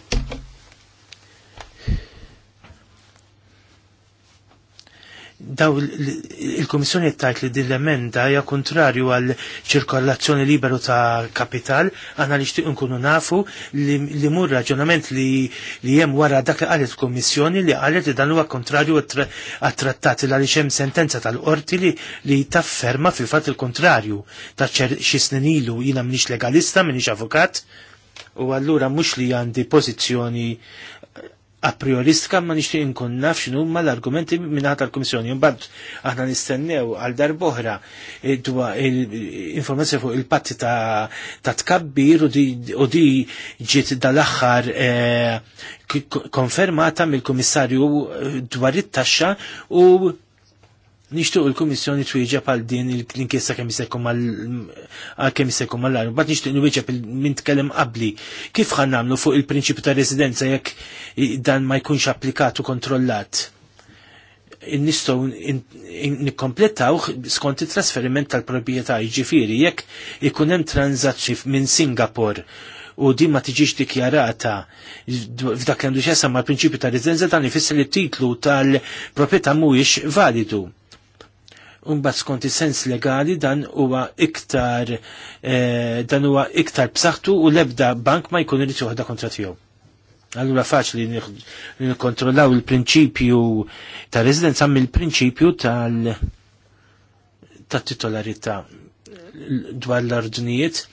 daw il-Komissjoni jittajt li din l-emenda hija kontrarju għal ċirkolazzjoni liberu ta' kapital, għanna li xtiq nkunu nafu li mur raġunament li jem wara dak li għalet komissjoni li għalet li dan huwa kontrarju għat-trattati li xem sentenza tal-qorti li li tafferma fil-fat il-kontrarju ta' ċer snin ilu jina mniex legalista, mniex avukat, u għallura mux li għandi pozizjoni a prioristika ma nixtieq inkun naf x'inhu huma l-argumenti mingħata tal-Kummissjoni. Imbagħad aħna nistennew għal darb'oħra eh, dwa informazzjoni fuq il-patti ta', ta tkabbir u di ġiet dal-aħħar eh, konfermata mill-Kummissarju eh, dwar it-taxxa u nixtuq il-Kummissjoni twieġeb għal din l-inkjesta kemm jsekum għal kemm jsekum għal arm. Bad nixtuq nwieġeb minn tkellem qabli. Kif ħan nagħmlu fuq il-prinċipju ta' residenza jekk dan ma jkunx applikat u kontrollat? Nistgħu nikkomplettaw skont it-trasferiment tal-proprjetà jiġifieri jekk ikun hemm tranzazzjoni minn Singapore u din ma tiġiġ dikjarata f'dak li għandu ma' prinċipju ta' rezidenza dan ifisser li t titlu tal-proprjetà mhuwiex validu bat skont sens legali dan huwa iktar eh, dan huwa iktar b'saħħtu u lebda bank ma jkun irid joħda kontra tiegħu. Allura faċli li nikkontrollaw il-prinċipju ta' residenza mill-prinċipju tal ta' titolarità dwar l-ordnijiet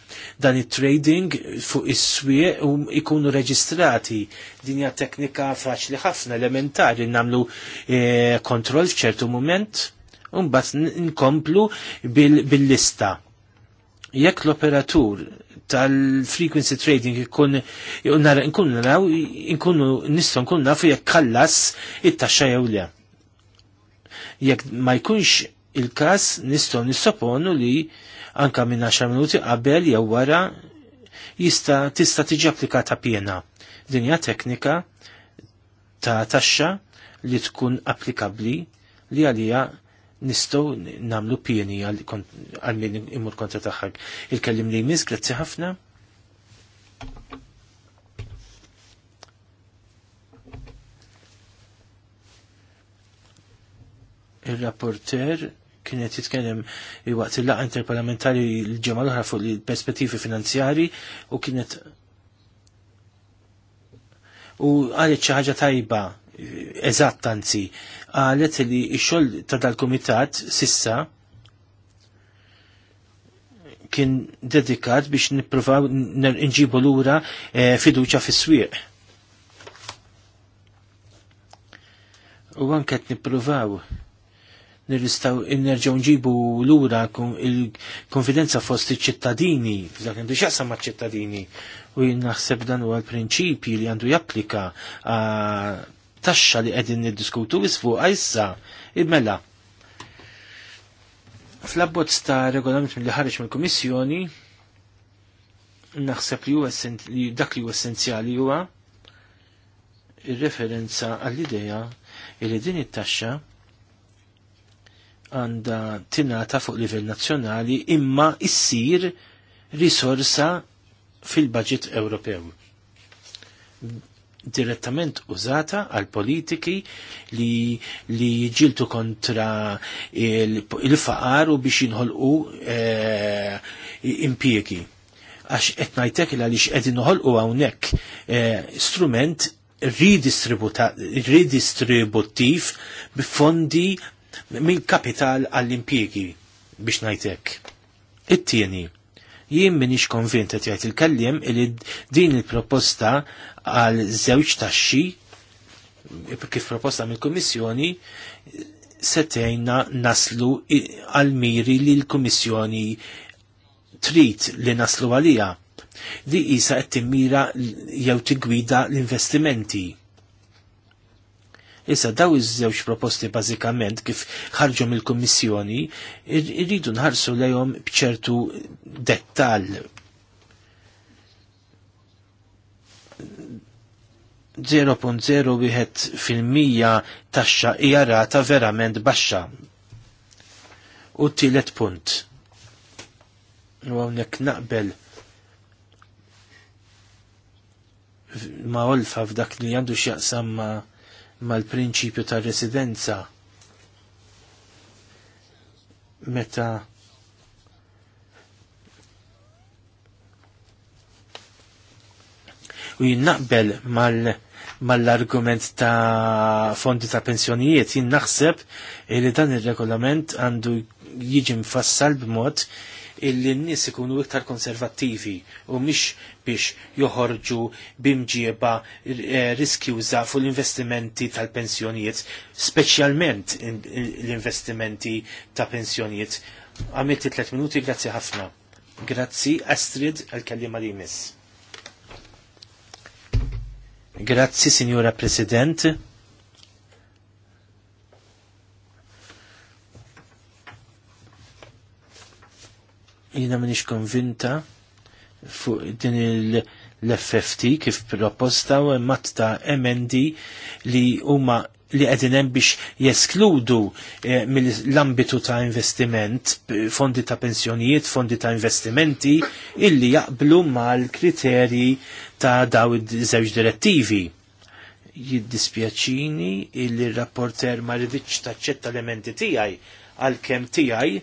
dan it-trading fuq is-swieq u um ikunu reġistrati dinja teknika faċli ħafna elementari namlu eh, kontroll f'ċertu moment bas nkomplu bil-lista. Bil Jekk l-operatur tal-frequency trading ikun nkun naraw, nkunu nistgħu nkun nafu jekk kallas it-taxxa jew le. Jekk ma jkunx il-każ nistgħu nissoponu li anka minn 10 minuti qabel jew wara jista' tista' tiġi applikata Din Dinja teknika ta' taxxa li tkun applikabli li għalija nistow namlu pieni għal min imur kontra taħħak. Il-kellim li jmiss, grazzi ħafna. Il-rapporter kienet jitkellem waqt il-laqa interparlamentari l-ġemma l-oħra fuq il-perspettivi finanzjari u kienet u għalet xi ħaġa tajba eżatt anzi għalet li xol ta' dal-komitat sissa kien dedikat biex niprofaw nġibu l-ura e, fiduċa fis swieq U għanket niprofaw nirristaw nerġaw nġibu l-ura il-konfidenza fost iċ-ċittadini, f'dak għandu xaqsa ma' ċittadini, u naħseb dan u għal-prinċipji li għandu japplika taxxa li qegħdin niddiskutu isfuqa issa imela. Fl-abbozz ta' regolament li ħareġ mill-Kummissjoni naħseb li dak li huwa essenzjali huwa ir-referenza għall-idea li din it-taxxa għanda tinata fuq livell nazzjonali imma issir risorsa fil-budget Ewropew direttament użata għal politiki li, li jġiltu kontra il-faqar il u biex jinħolqu e, eh, impieki. Għax etnajtek il għalix edin uħolqu għawnek e, eh, strument ridistributiv bifondi mill-kapital għall-impieki biex najtek. It-tieni Jien minix konvint qed jgħid il-kellim li din il-proposta għal żewġ taxxi kif proposta mill-Kummissjoni setejna naslu għal miri li l-Kummissjoni trid li naslu għalija. Di isa qed timmira jew tigwida l-investimenti Issa daw iż-żewġ proposti bażikament kif ħarġu mill-Kummissjoni irridu nħarsu lejhom bċertu dettall. wieħed fil-mija taxxa hija rata verament baxxa. U t-tielet punt. U hawnhekk naqbel ma' olfa f'dak li għandu x'jaqsam ma' mal-prinċipju ta' residenza meta u jinnaqbel mal-argument mal ta' fondi ta' pensjonijiet jinnaħseb naħseb li dan il-regolament għandu jiġi mfassal b'mod illi n-nies ikunu iktar konservattivi u mhix biex joħorġu bimġieba eh, riskjuża fuq l-investimenti tal-pensjonijiet, speċjalment l-investimenti ta' pensjonijiet. Għamilt 3 minuti, grazzi ħafna. Grazzi Astrid għal-kellima li jmiss. Grazzi, Signora President jina minix konvinta fuq din l-FFT kif proposta u emmat ta' MND li huma li hemm biex jeskludu eh, mill-ambitu ta' investiment, eh, fondi ta' pensjonijiet, fondi ta' investimenti, illi jaqblu mal-kriteri ta' daw iż-żewġ direttivi jiddispjaċini r rapporter ma rridx taċċetta l-elementi tiegħi għal kem tiegħi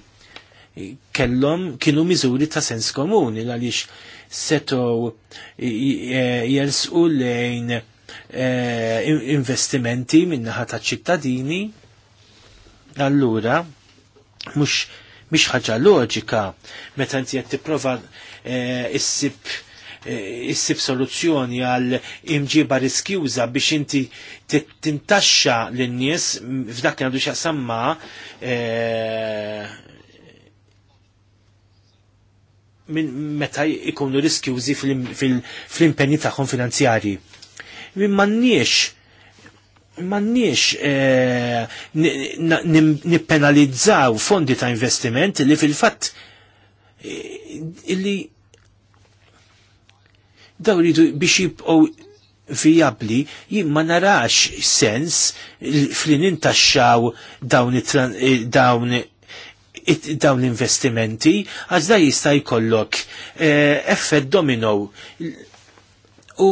kellhom kienu miżuri ta' sens komuni għaliex setgħu e, jersqu lejn e, investimenti min-naħa ta' ċittadini. Allura, mhux mhix ħaġa loġika meta inti qed tipprova e, issib soluzzjoni għal imġiba riskjuża biex inti tintaxxa lin-nies f'dak li għandu xaqsamma minn meta ikunu riskjużi fl-impenni tagħhom finanzjarji. M'għandniex manniex, eh, nippenalizzaw fondi ta' investiment li fil fat eh, li daw li biex jibqgħu vijabli jien ma narax sens fl nintaxxaw dawn, eh, dawn dawn l-investimenti għax da jista' jkollok eh, effett domino u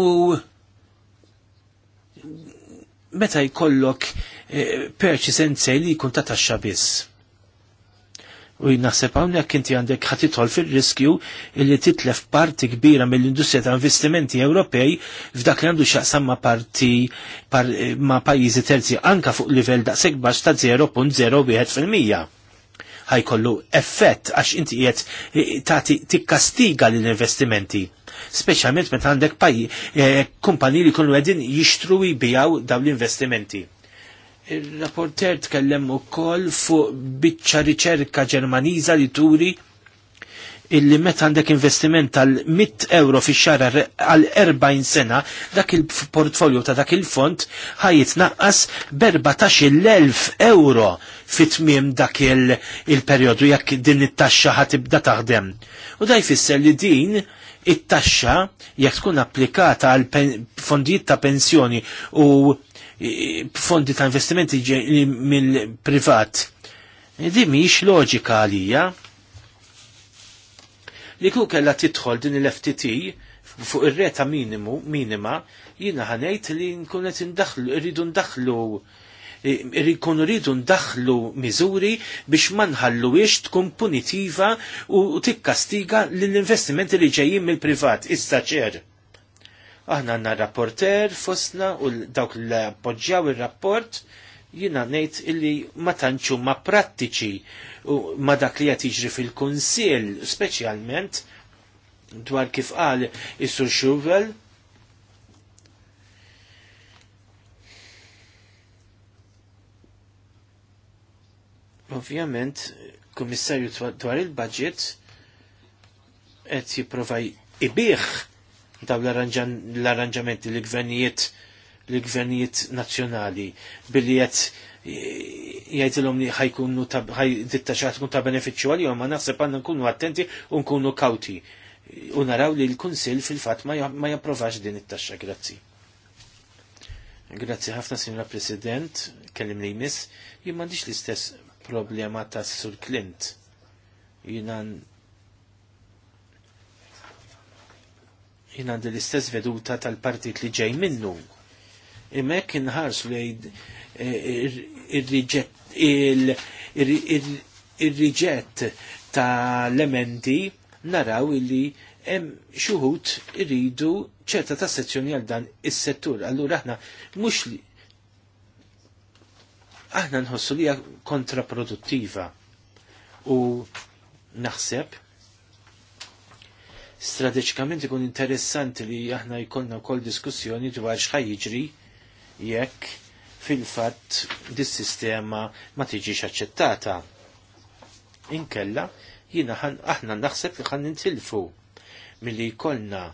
meta jkollok eh, purchase and sale li jkun ta' taxxa biss. U jnaħseb hawnhekk inti għandek ħadd idħol fir-riskju li titlef parti kbira mill-industrija ta' investimenti Ewropej f'dak li għandu x'aqsam ma' parti par, ma' pajjiżi terzi anka fuq livell daqshekk baxx ta' 0.01 fil-mija ħajkollu effett għax inti qiegħed eh, tagħti tikkastiga l-investimenti. Speċjalment meta għandek paj eh, kumpani li kunu qegħdin jixtru jibijaw dawn l-investimenti. Il-rapporter tkellem ukoll fuq biċċa riċerka Ġermaniża li turi illi meta għandek investiment tal-100 euro fi xara għal 40 sena, dak il-portfolio ta' dak il-font ħajt naqqas b-14.000 euro fi tmiem dak il-periodu jekk din it-taxxa ħatibda taħdem. U da jfisser li din it-taxxa jekk tkun applikata għal fondijiet ta' pensjoni u fondi ta' investimenti mill-privat. Di miex loġika għalija li kun kella titħol din il-FTT fuq ir-reta minimu, minima, jina ħanejt li nkunet indaxlu, irridu ndaħlu irrikun rridu ndaħlu miżuri biex ma nħalluwiex tkun punitiva u tikkastiga l-investimenti li ġejjin mill-privat, issa ċer. Aħna għanna rapporter fosna u dawk l-appoġġjaw il-rapport, ir il rapport jina nejt illi ma tanċu ma prattiċi u ma dak li jiġri fil-konsil, specialment dwar kif qal is-sur Schuvel. Ovvjament, kummissarju dwar il-budget qed jipprova ibih daw l-arranġamenti l-gvernijiet l gvernijiet nazzjonali billi qed eh, jgħidilhom li ditta dittaxxa kun ta' benefiċċju għalihom ma naħseb għandna nkunu attenti u nkunu kawti u naraw li l-Kunsill fil-fatt ma japprovax din it-taxxa. Grazzi. Grazzi ħafna Sinra President, kellim li jmiss, jien m'għandix l-istess problema ta' Sur Clint. Jina jien għandi l-istess veduta tal-partit li ġej minnu Imek inħars lejn eh, ir-riġett ta' l-emendi naraw illi hemm xuħut iridu ċerta ta' sezzjoni għal dan is-settur. Allura aħna mhux li aħna nħossu li kontraproduttiva u naħseb strateġikament ikun interessanti li aħna jkollna wkoll diskussjoni dwar x'ħaj jiġri jekk fil-fatt dis-sistema ma tiġix aċċettata. Inkella jina aħna naħseb li ħan nintilfu milli jkollna e,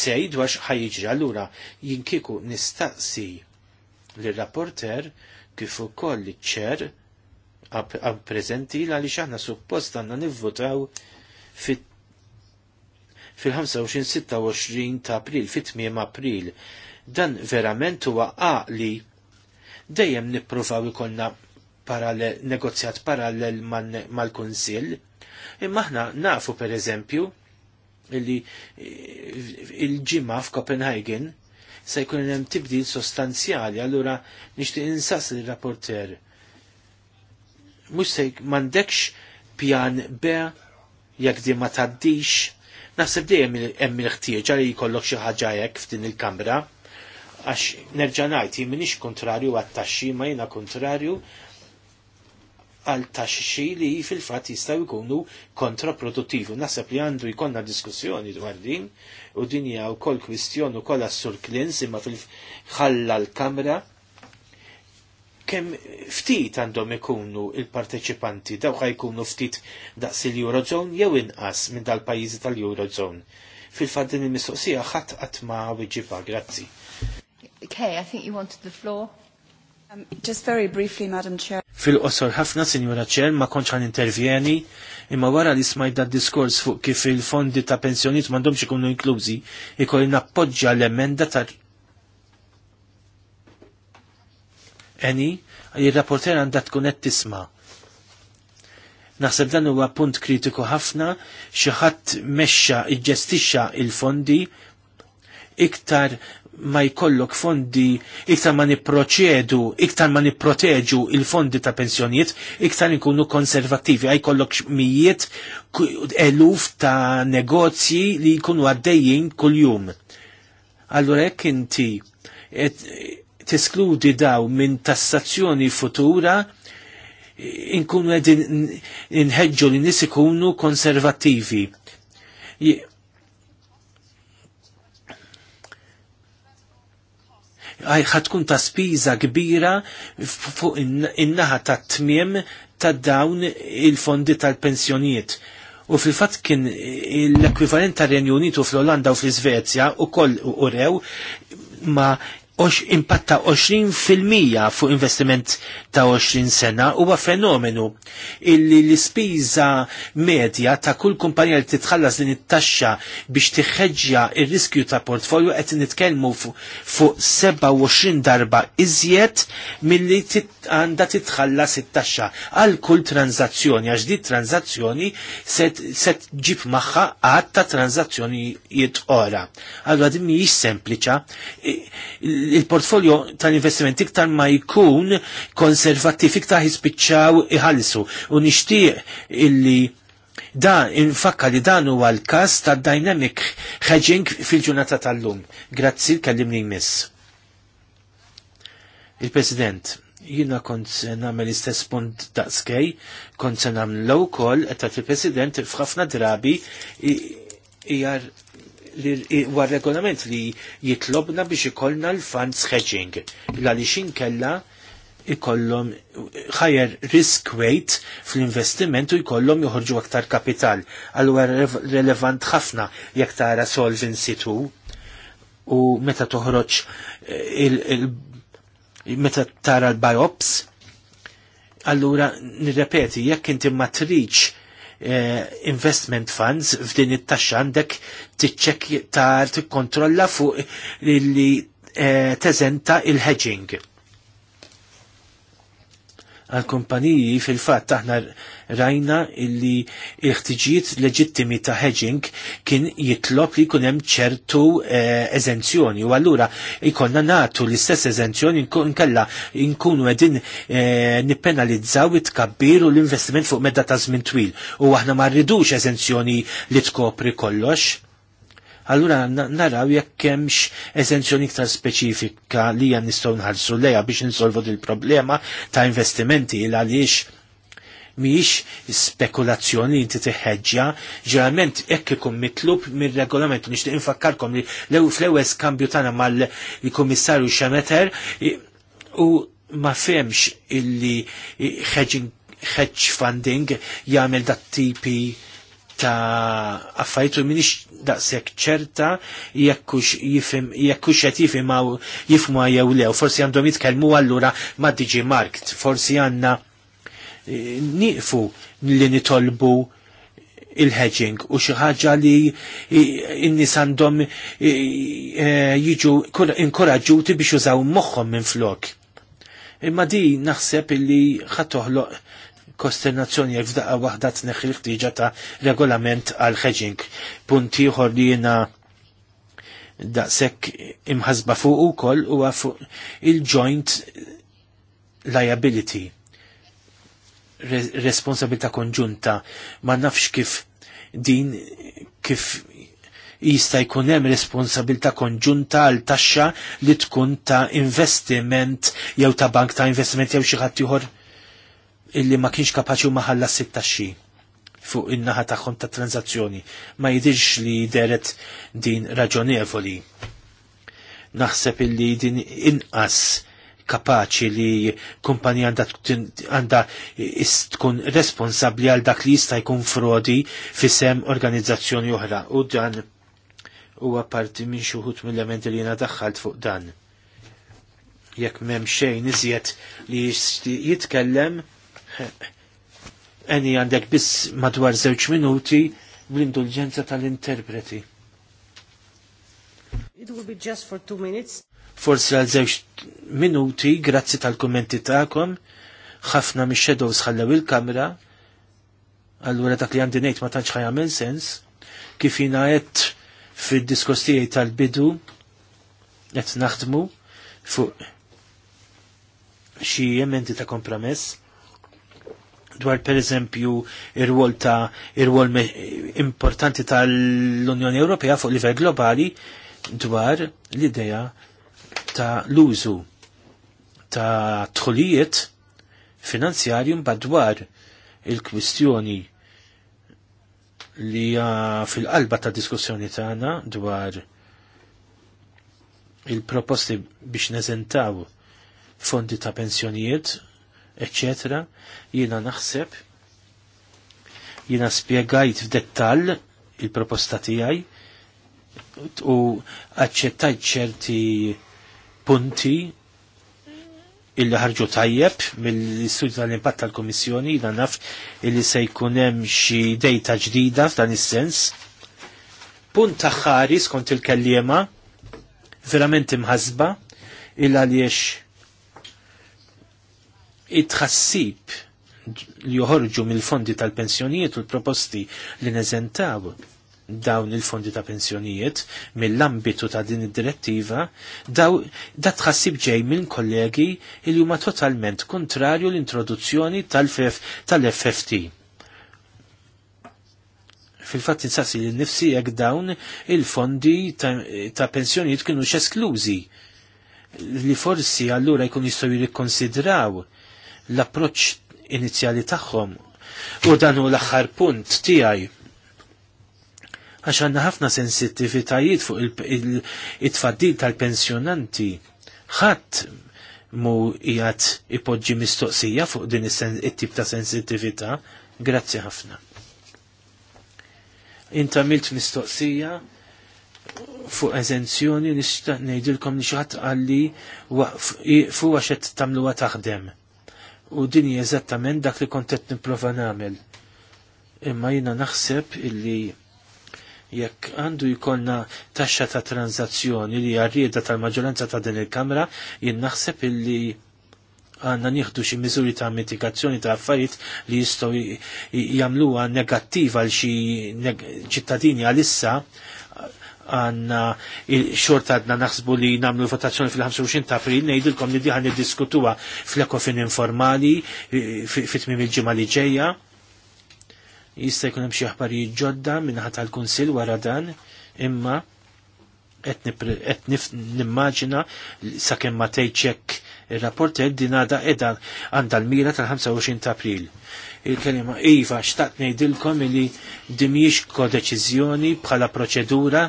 sejd għax ħajġi allura jinkiku nistaqsi li rapporter kif ukoll iċ-ċer għab prezenti li xaħna suppost għanna nivvotaw fil-25-26 ta' april, fit-8 april, Dan verament huwa għaqli dejjem nippruvaw ikollna parallel, negozjat parallel mal-Kunsill, imma aħna nafu per eżempju li il-ġimma f'Copenhagen se jkun hemm tibdil sostanzjali, allura nixtieq insas il-rapporter. Mhux se m'għandekx pjan B jekk din ma taddix, naħseb dejjem hemm il-ħtieġ li jkollok xi ħaġa hekk f'din il-kamra Għax nerġanajt, jiminix kontrarju għat-taxxi, ma jina kontrarju għal taxxi li fil-fat jistaw jkunu kontraproduttivi. Nasab li għandu jikonna diskussjoni dwar din u din hija wkoll kwistjoni wkoll għas-sur Klins imma fil-ħalla l-kamra kemm ftit għandhom ikunu il-parteċipanti dawk jkunu ftit daqs il-Eurozone jew inqas minn dal-pajjiżi tal-Eurozone. Fil-fat din il-mistoqsija ħadd qatt ma wieġibha, grazzi. Kay, I think you wanted the floor. Um, just very briefly, Madam Chair. Fil-qosor ħafna, Sinjora Chair, ma konċa għan intervjeni, imma wara li smajt da diskors fuq kif il-fondi ta' pensjoniet mandom ikunu inklużi, ikolli nappoġġa l-emenda ta' Eni, il-rapporter għanda tkun qed tisma. Naħseb dan huwa punt kritiku ħafna xi ħadd mexxa iġġestixxa il-fondi iktar ma jkollok fondi iktar ma niproċedu, iktar ma niproteġu il-fondi ta' pensjoniet, iktar nkunu konservativi, għaj kollok mijiet eluf ta' negozji li jkunu għaddejjin kull-jum. Allora jekk inti teskludi daw minn tassazzjoni futura, inkunu għedin nħedġu li nis ikunu konservativi ħatkun ta' spiża kbira fuq in-naħa ta' tmiem ta' dawn il-fondi tal-pensjonijiet. U fil-fat kien l-ekwivalent ta' Renju Unitu fl-Olanda u fl-Svezja u koll u rew ma impatt ta' 20% fuq investiment ta' 20 sena huwa fenomenu illi l-ispiża medja ta' kull kumpanija li titħallas din it-taxxa biex tiħħeġġja ir-riskju ta' portfolju qed nitkellmu fuq 27 darba iżjed milli għandha titħallas it-taxxa għal kull tranzazzjoni għax di tranzazzjoni se ġib magħha għadd ta' tranzazzjonijiet ora. Allura din mhijiex sempliċa il-portfolio tal-investiment iktar ma jkun konservattiv iktar jispiċċaw iħallsu u nixtieq illi da infakka li dan huwa l-każ ta' dynamic hedging fil-ġurnata tal-lum. Grazzi kellimni jmiss. Il-President, jina kont namel istess punt daqskej, kont nagħmlu wkoll ta' il-President f'ħafna drabi jgħar għal regolament li jitlobna biex ikollna l-funds hedging. Għaliex inkella ikollhom ħajer risk weight fl-investiment u jkollhom joħorġu aktar kapital. Allura relevant ħafna jekk tara solvency tu u meta toħroġ eh, il, meta tara l-biops allura nirrepeti jekk inti ma Eh, investment funds f'din it-taxxa għandek tiċċek tar tikkontrolla fuq li eh, teżenta il-hedging għal kumpaniji fil-fatt taħna rajna illi il-ħtiġijiet leġittimi ta' hedging kien jitlob li kunem ċertu eh, eżenzjoni u allura ikonna natu l-istess eżenzjoni nkella nkunu edin eh, nipenalizzaw it-kabbiru l-investiment fuq medda ta' żmien twil u aħna ma rridux eżenzjoni li tkopri kollox Allura naraw jekk hemmx eżenzjoni iktar speċifika li hija nistgħu nħarsu lejha biex insolvu il problema ta' investimenti il għaliex miex spekulazzjoni inti tiħħeġġa, ġerament hekk ikun mitlub mir-regolament. Nixtieq infakkarkom li fl-ewwel skambju tagħna mal-Kummissarju Xemeter u ma femx illi hedging hedge funding jagħmel dat tipi ta' affajtu minix sekk ċerta jekkux jifim, jekkux qed jifimaw jifmu jew lew, forsi għandhom jitkellmu allura ma' Digi Markt, forsi għandna e, niqfu li nitolbu il-hedging u xi ħaġa li n għandhom e, e, jiġu inkoraġġuti biex użaw moħħhom minn flok. Imma di naħseb li ħatoħloq kosternazzjoni jek f'daqqa waħda tneħħil ftiġa ta' regolament għal hedging. Punti ieħor li jiena daqshekk imħasba fuq ukoll huwa fuq il-joint liability responsabilità konġunta ma nafx kif din kif jista jkun hemm responsabilità konġunta għal taxxa li tkun ta' investiment jew ta' bank ta' investiment jew xi ħadd ieħor illi ma kienx kapaċi u maħalla sittaxi fuq in-naħa tagħhom ta' tranzazzjoni. Ma jidirx li deret din raġonevoli. Naħseb illi din inqas kapaċi li kumpanija għanda tkun responsabli għal dak li jista' jkun frodi fi sem organizzazzjoni oħra. U dan huwa parti minn xi wħud mill-elementi li jiena daħħalt fuq dan jekk m'hemm xejn iżjed li jitkellem Eni għandek biss madwar żewġ minuti bl-indulġenza tal-interpreti. It will be just for two minutes. Forsi għal żewġ minuti, grazzi tal-kommenti ta'kom, ħafna mix-shadows ħallew il-kamra, allura dak li għandi ngħid ma tantx ħajamel sens, kif jina qed fid-diskors tal-bidu qed naħdmu fuq xi emendi ta' kompromess dwar per eżempju ir-rwol ta' ir-rwol importanti tal-Unjoni Ewropea fuq livell globali dwar l-idea ta' l-użu ta' tħulijiet finanzjarju mbagħad dwar il-kwistjoni li fil-qalba ta' diskussjoni tagħna dwar il-proposti biex neżentaw fondi ta' pensjonijiet eccetera, jiena naħseb jiena spiegajt f'dettall il-proposta tiegħi u aċċettajt ċerti punti illi ħarġu tajjeb mill-istudju tal-impatt tal-Komissjoni, jina naf illi se jkun hemm xi dejta ġdida f'dan is-sens. Punt aħħari skont il-kellima, verament imħasba, illa għaliex it-tħassib li joħorġu mill-fondi tal-pensjonijiet u l-proposti li neżentaw dawn il-fondi ta' pensjonijiet mill-ambitu ta' din id-direttiva, daw da tħassib ġej minn kollegi il huma totalment kontrarju l-introduzzjoni tal-FFT. Fil-fatt insassi li nifsi jekk dawn il-fondi ta' pensjonijiet kienu esklużi li forsi allura jkun jistgħu jirrikkonsidraw l-approċ inizjali tagħhom. U dan hu l-aħħar punt tiegħi għax għandna ħafna sensittivitajiet fuq il-tfaddil tal-pensjonanti. ħadd mu jgħat ipoġġi mistoqsija fuq din it-tip ta' sensittività. Grazzi ħafna. Inta milt mistoqsija fuq eżenzjoni nixtaq ngħidilkom li xi ħadd qalli fuq għaxet qed tagħmluha taħdem u din eżattament dak li kont qed nipprova nagħmel. Imma jiena naħseb illi jekk għandu jkollna taxxa ta' tranzazzjoni li għarrieda tal-maġġoranza ta' din il-Kamra, jien naħseb illi għanna nieħdu xi miżuri ta' mitigazzjoni ta' affarijiet li jistgħu jagħmluha negattiva għal xi ċittadini għalissa għanna xort għadna naħsbu li namlu votazzjoni fil-25 ta' april, nejdilkom li diħan diskutuwa fl-ekofin informali eh, fit-mim il-ġimma li ġeja. Jista' jkun hemm xi aħbarijiet ġodda minnaħa tal-Kunsill wara dan, imma qed nimmaġina sakemm ma tgħid ir-rapport din għadha qiegħda għandha l-mira tal-25 ta' april il-kelima Iva xtaqt ngħidilkom li dimiex kodeċiżjoni bħala proċedura,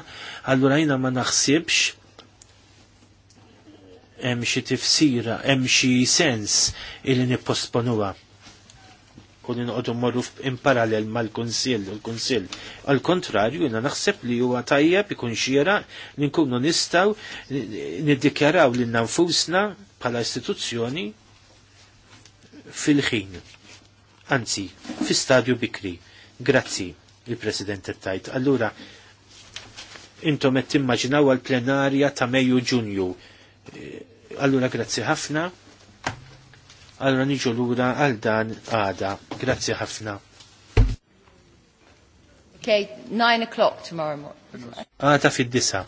għallura jina ma naħsibx hemm xi tifsira, hemm xi sens il-li u li noqogħdu mmorru in parallel mal-Kunsill il l-Kunsill. Al kontrarju jiena naħseb li huwa tajjeb ikun xiera li nkunu nistgħu niddikjaraw lil nafusna bħala istituzzjoni fil-ħin anzi, fi stadju bikri. Grazzi, il-President tajt. Allura, intom qed timmaġinaw għal plenarja ta' Mejju Ġunju. Eh, allura, grazzi ħafna. Allora niġu lura għal dan għada. Grazzi ħafna. Ok, 9 o'clock tomorrow morning. Għada fid-disa.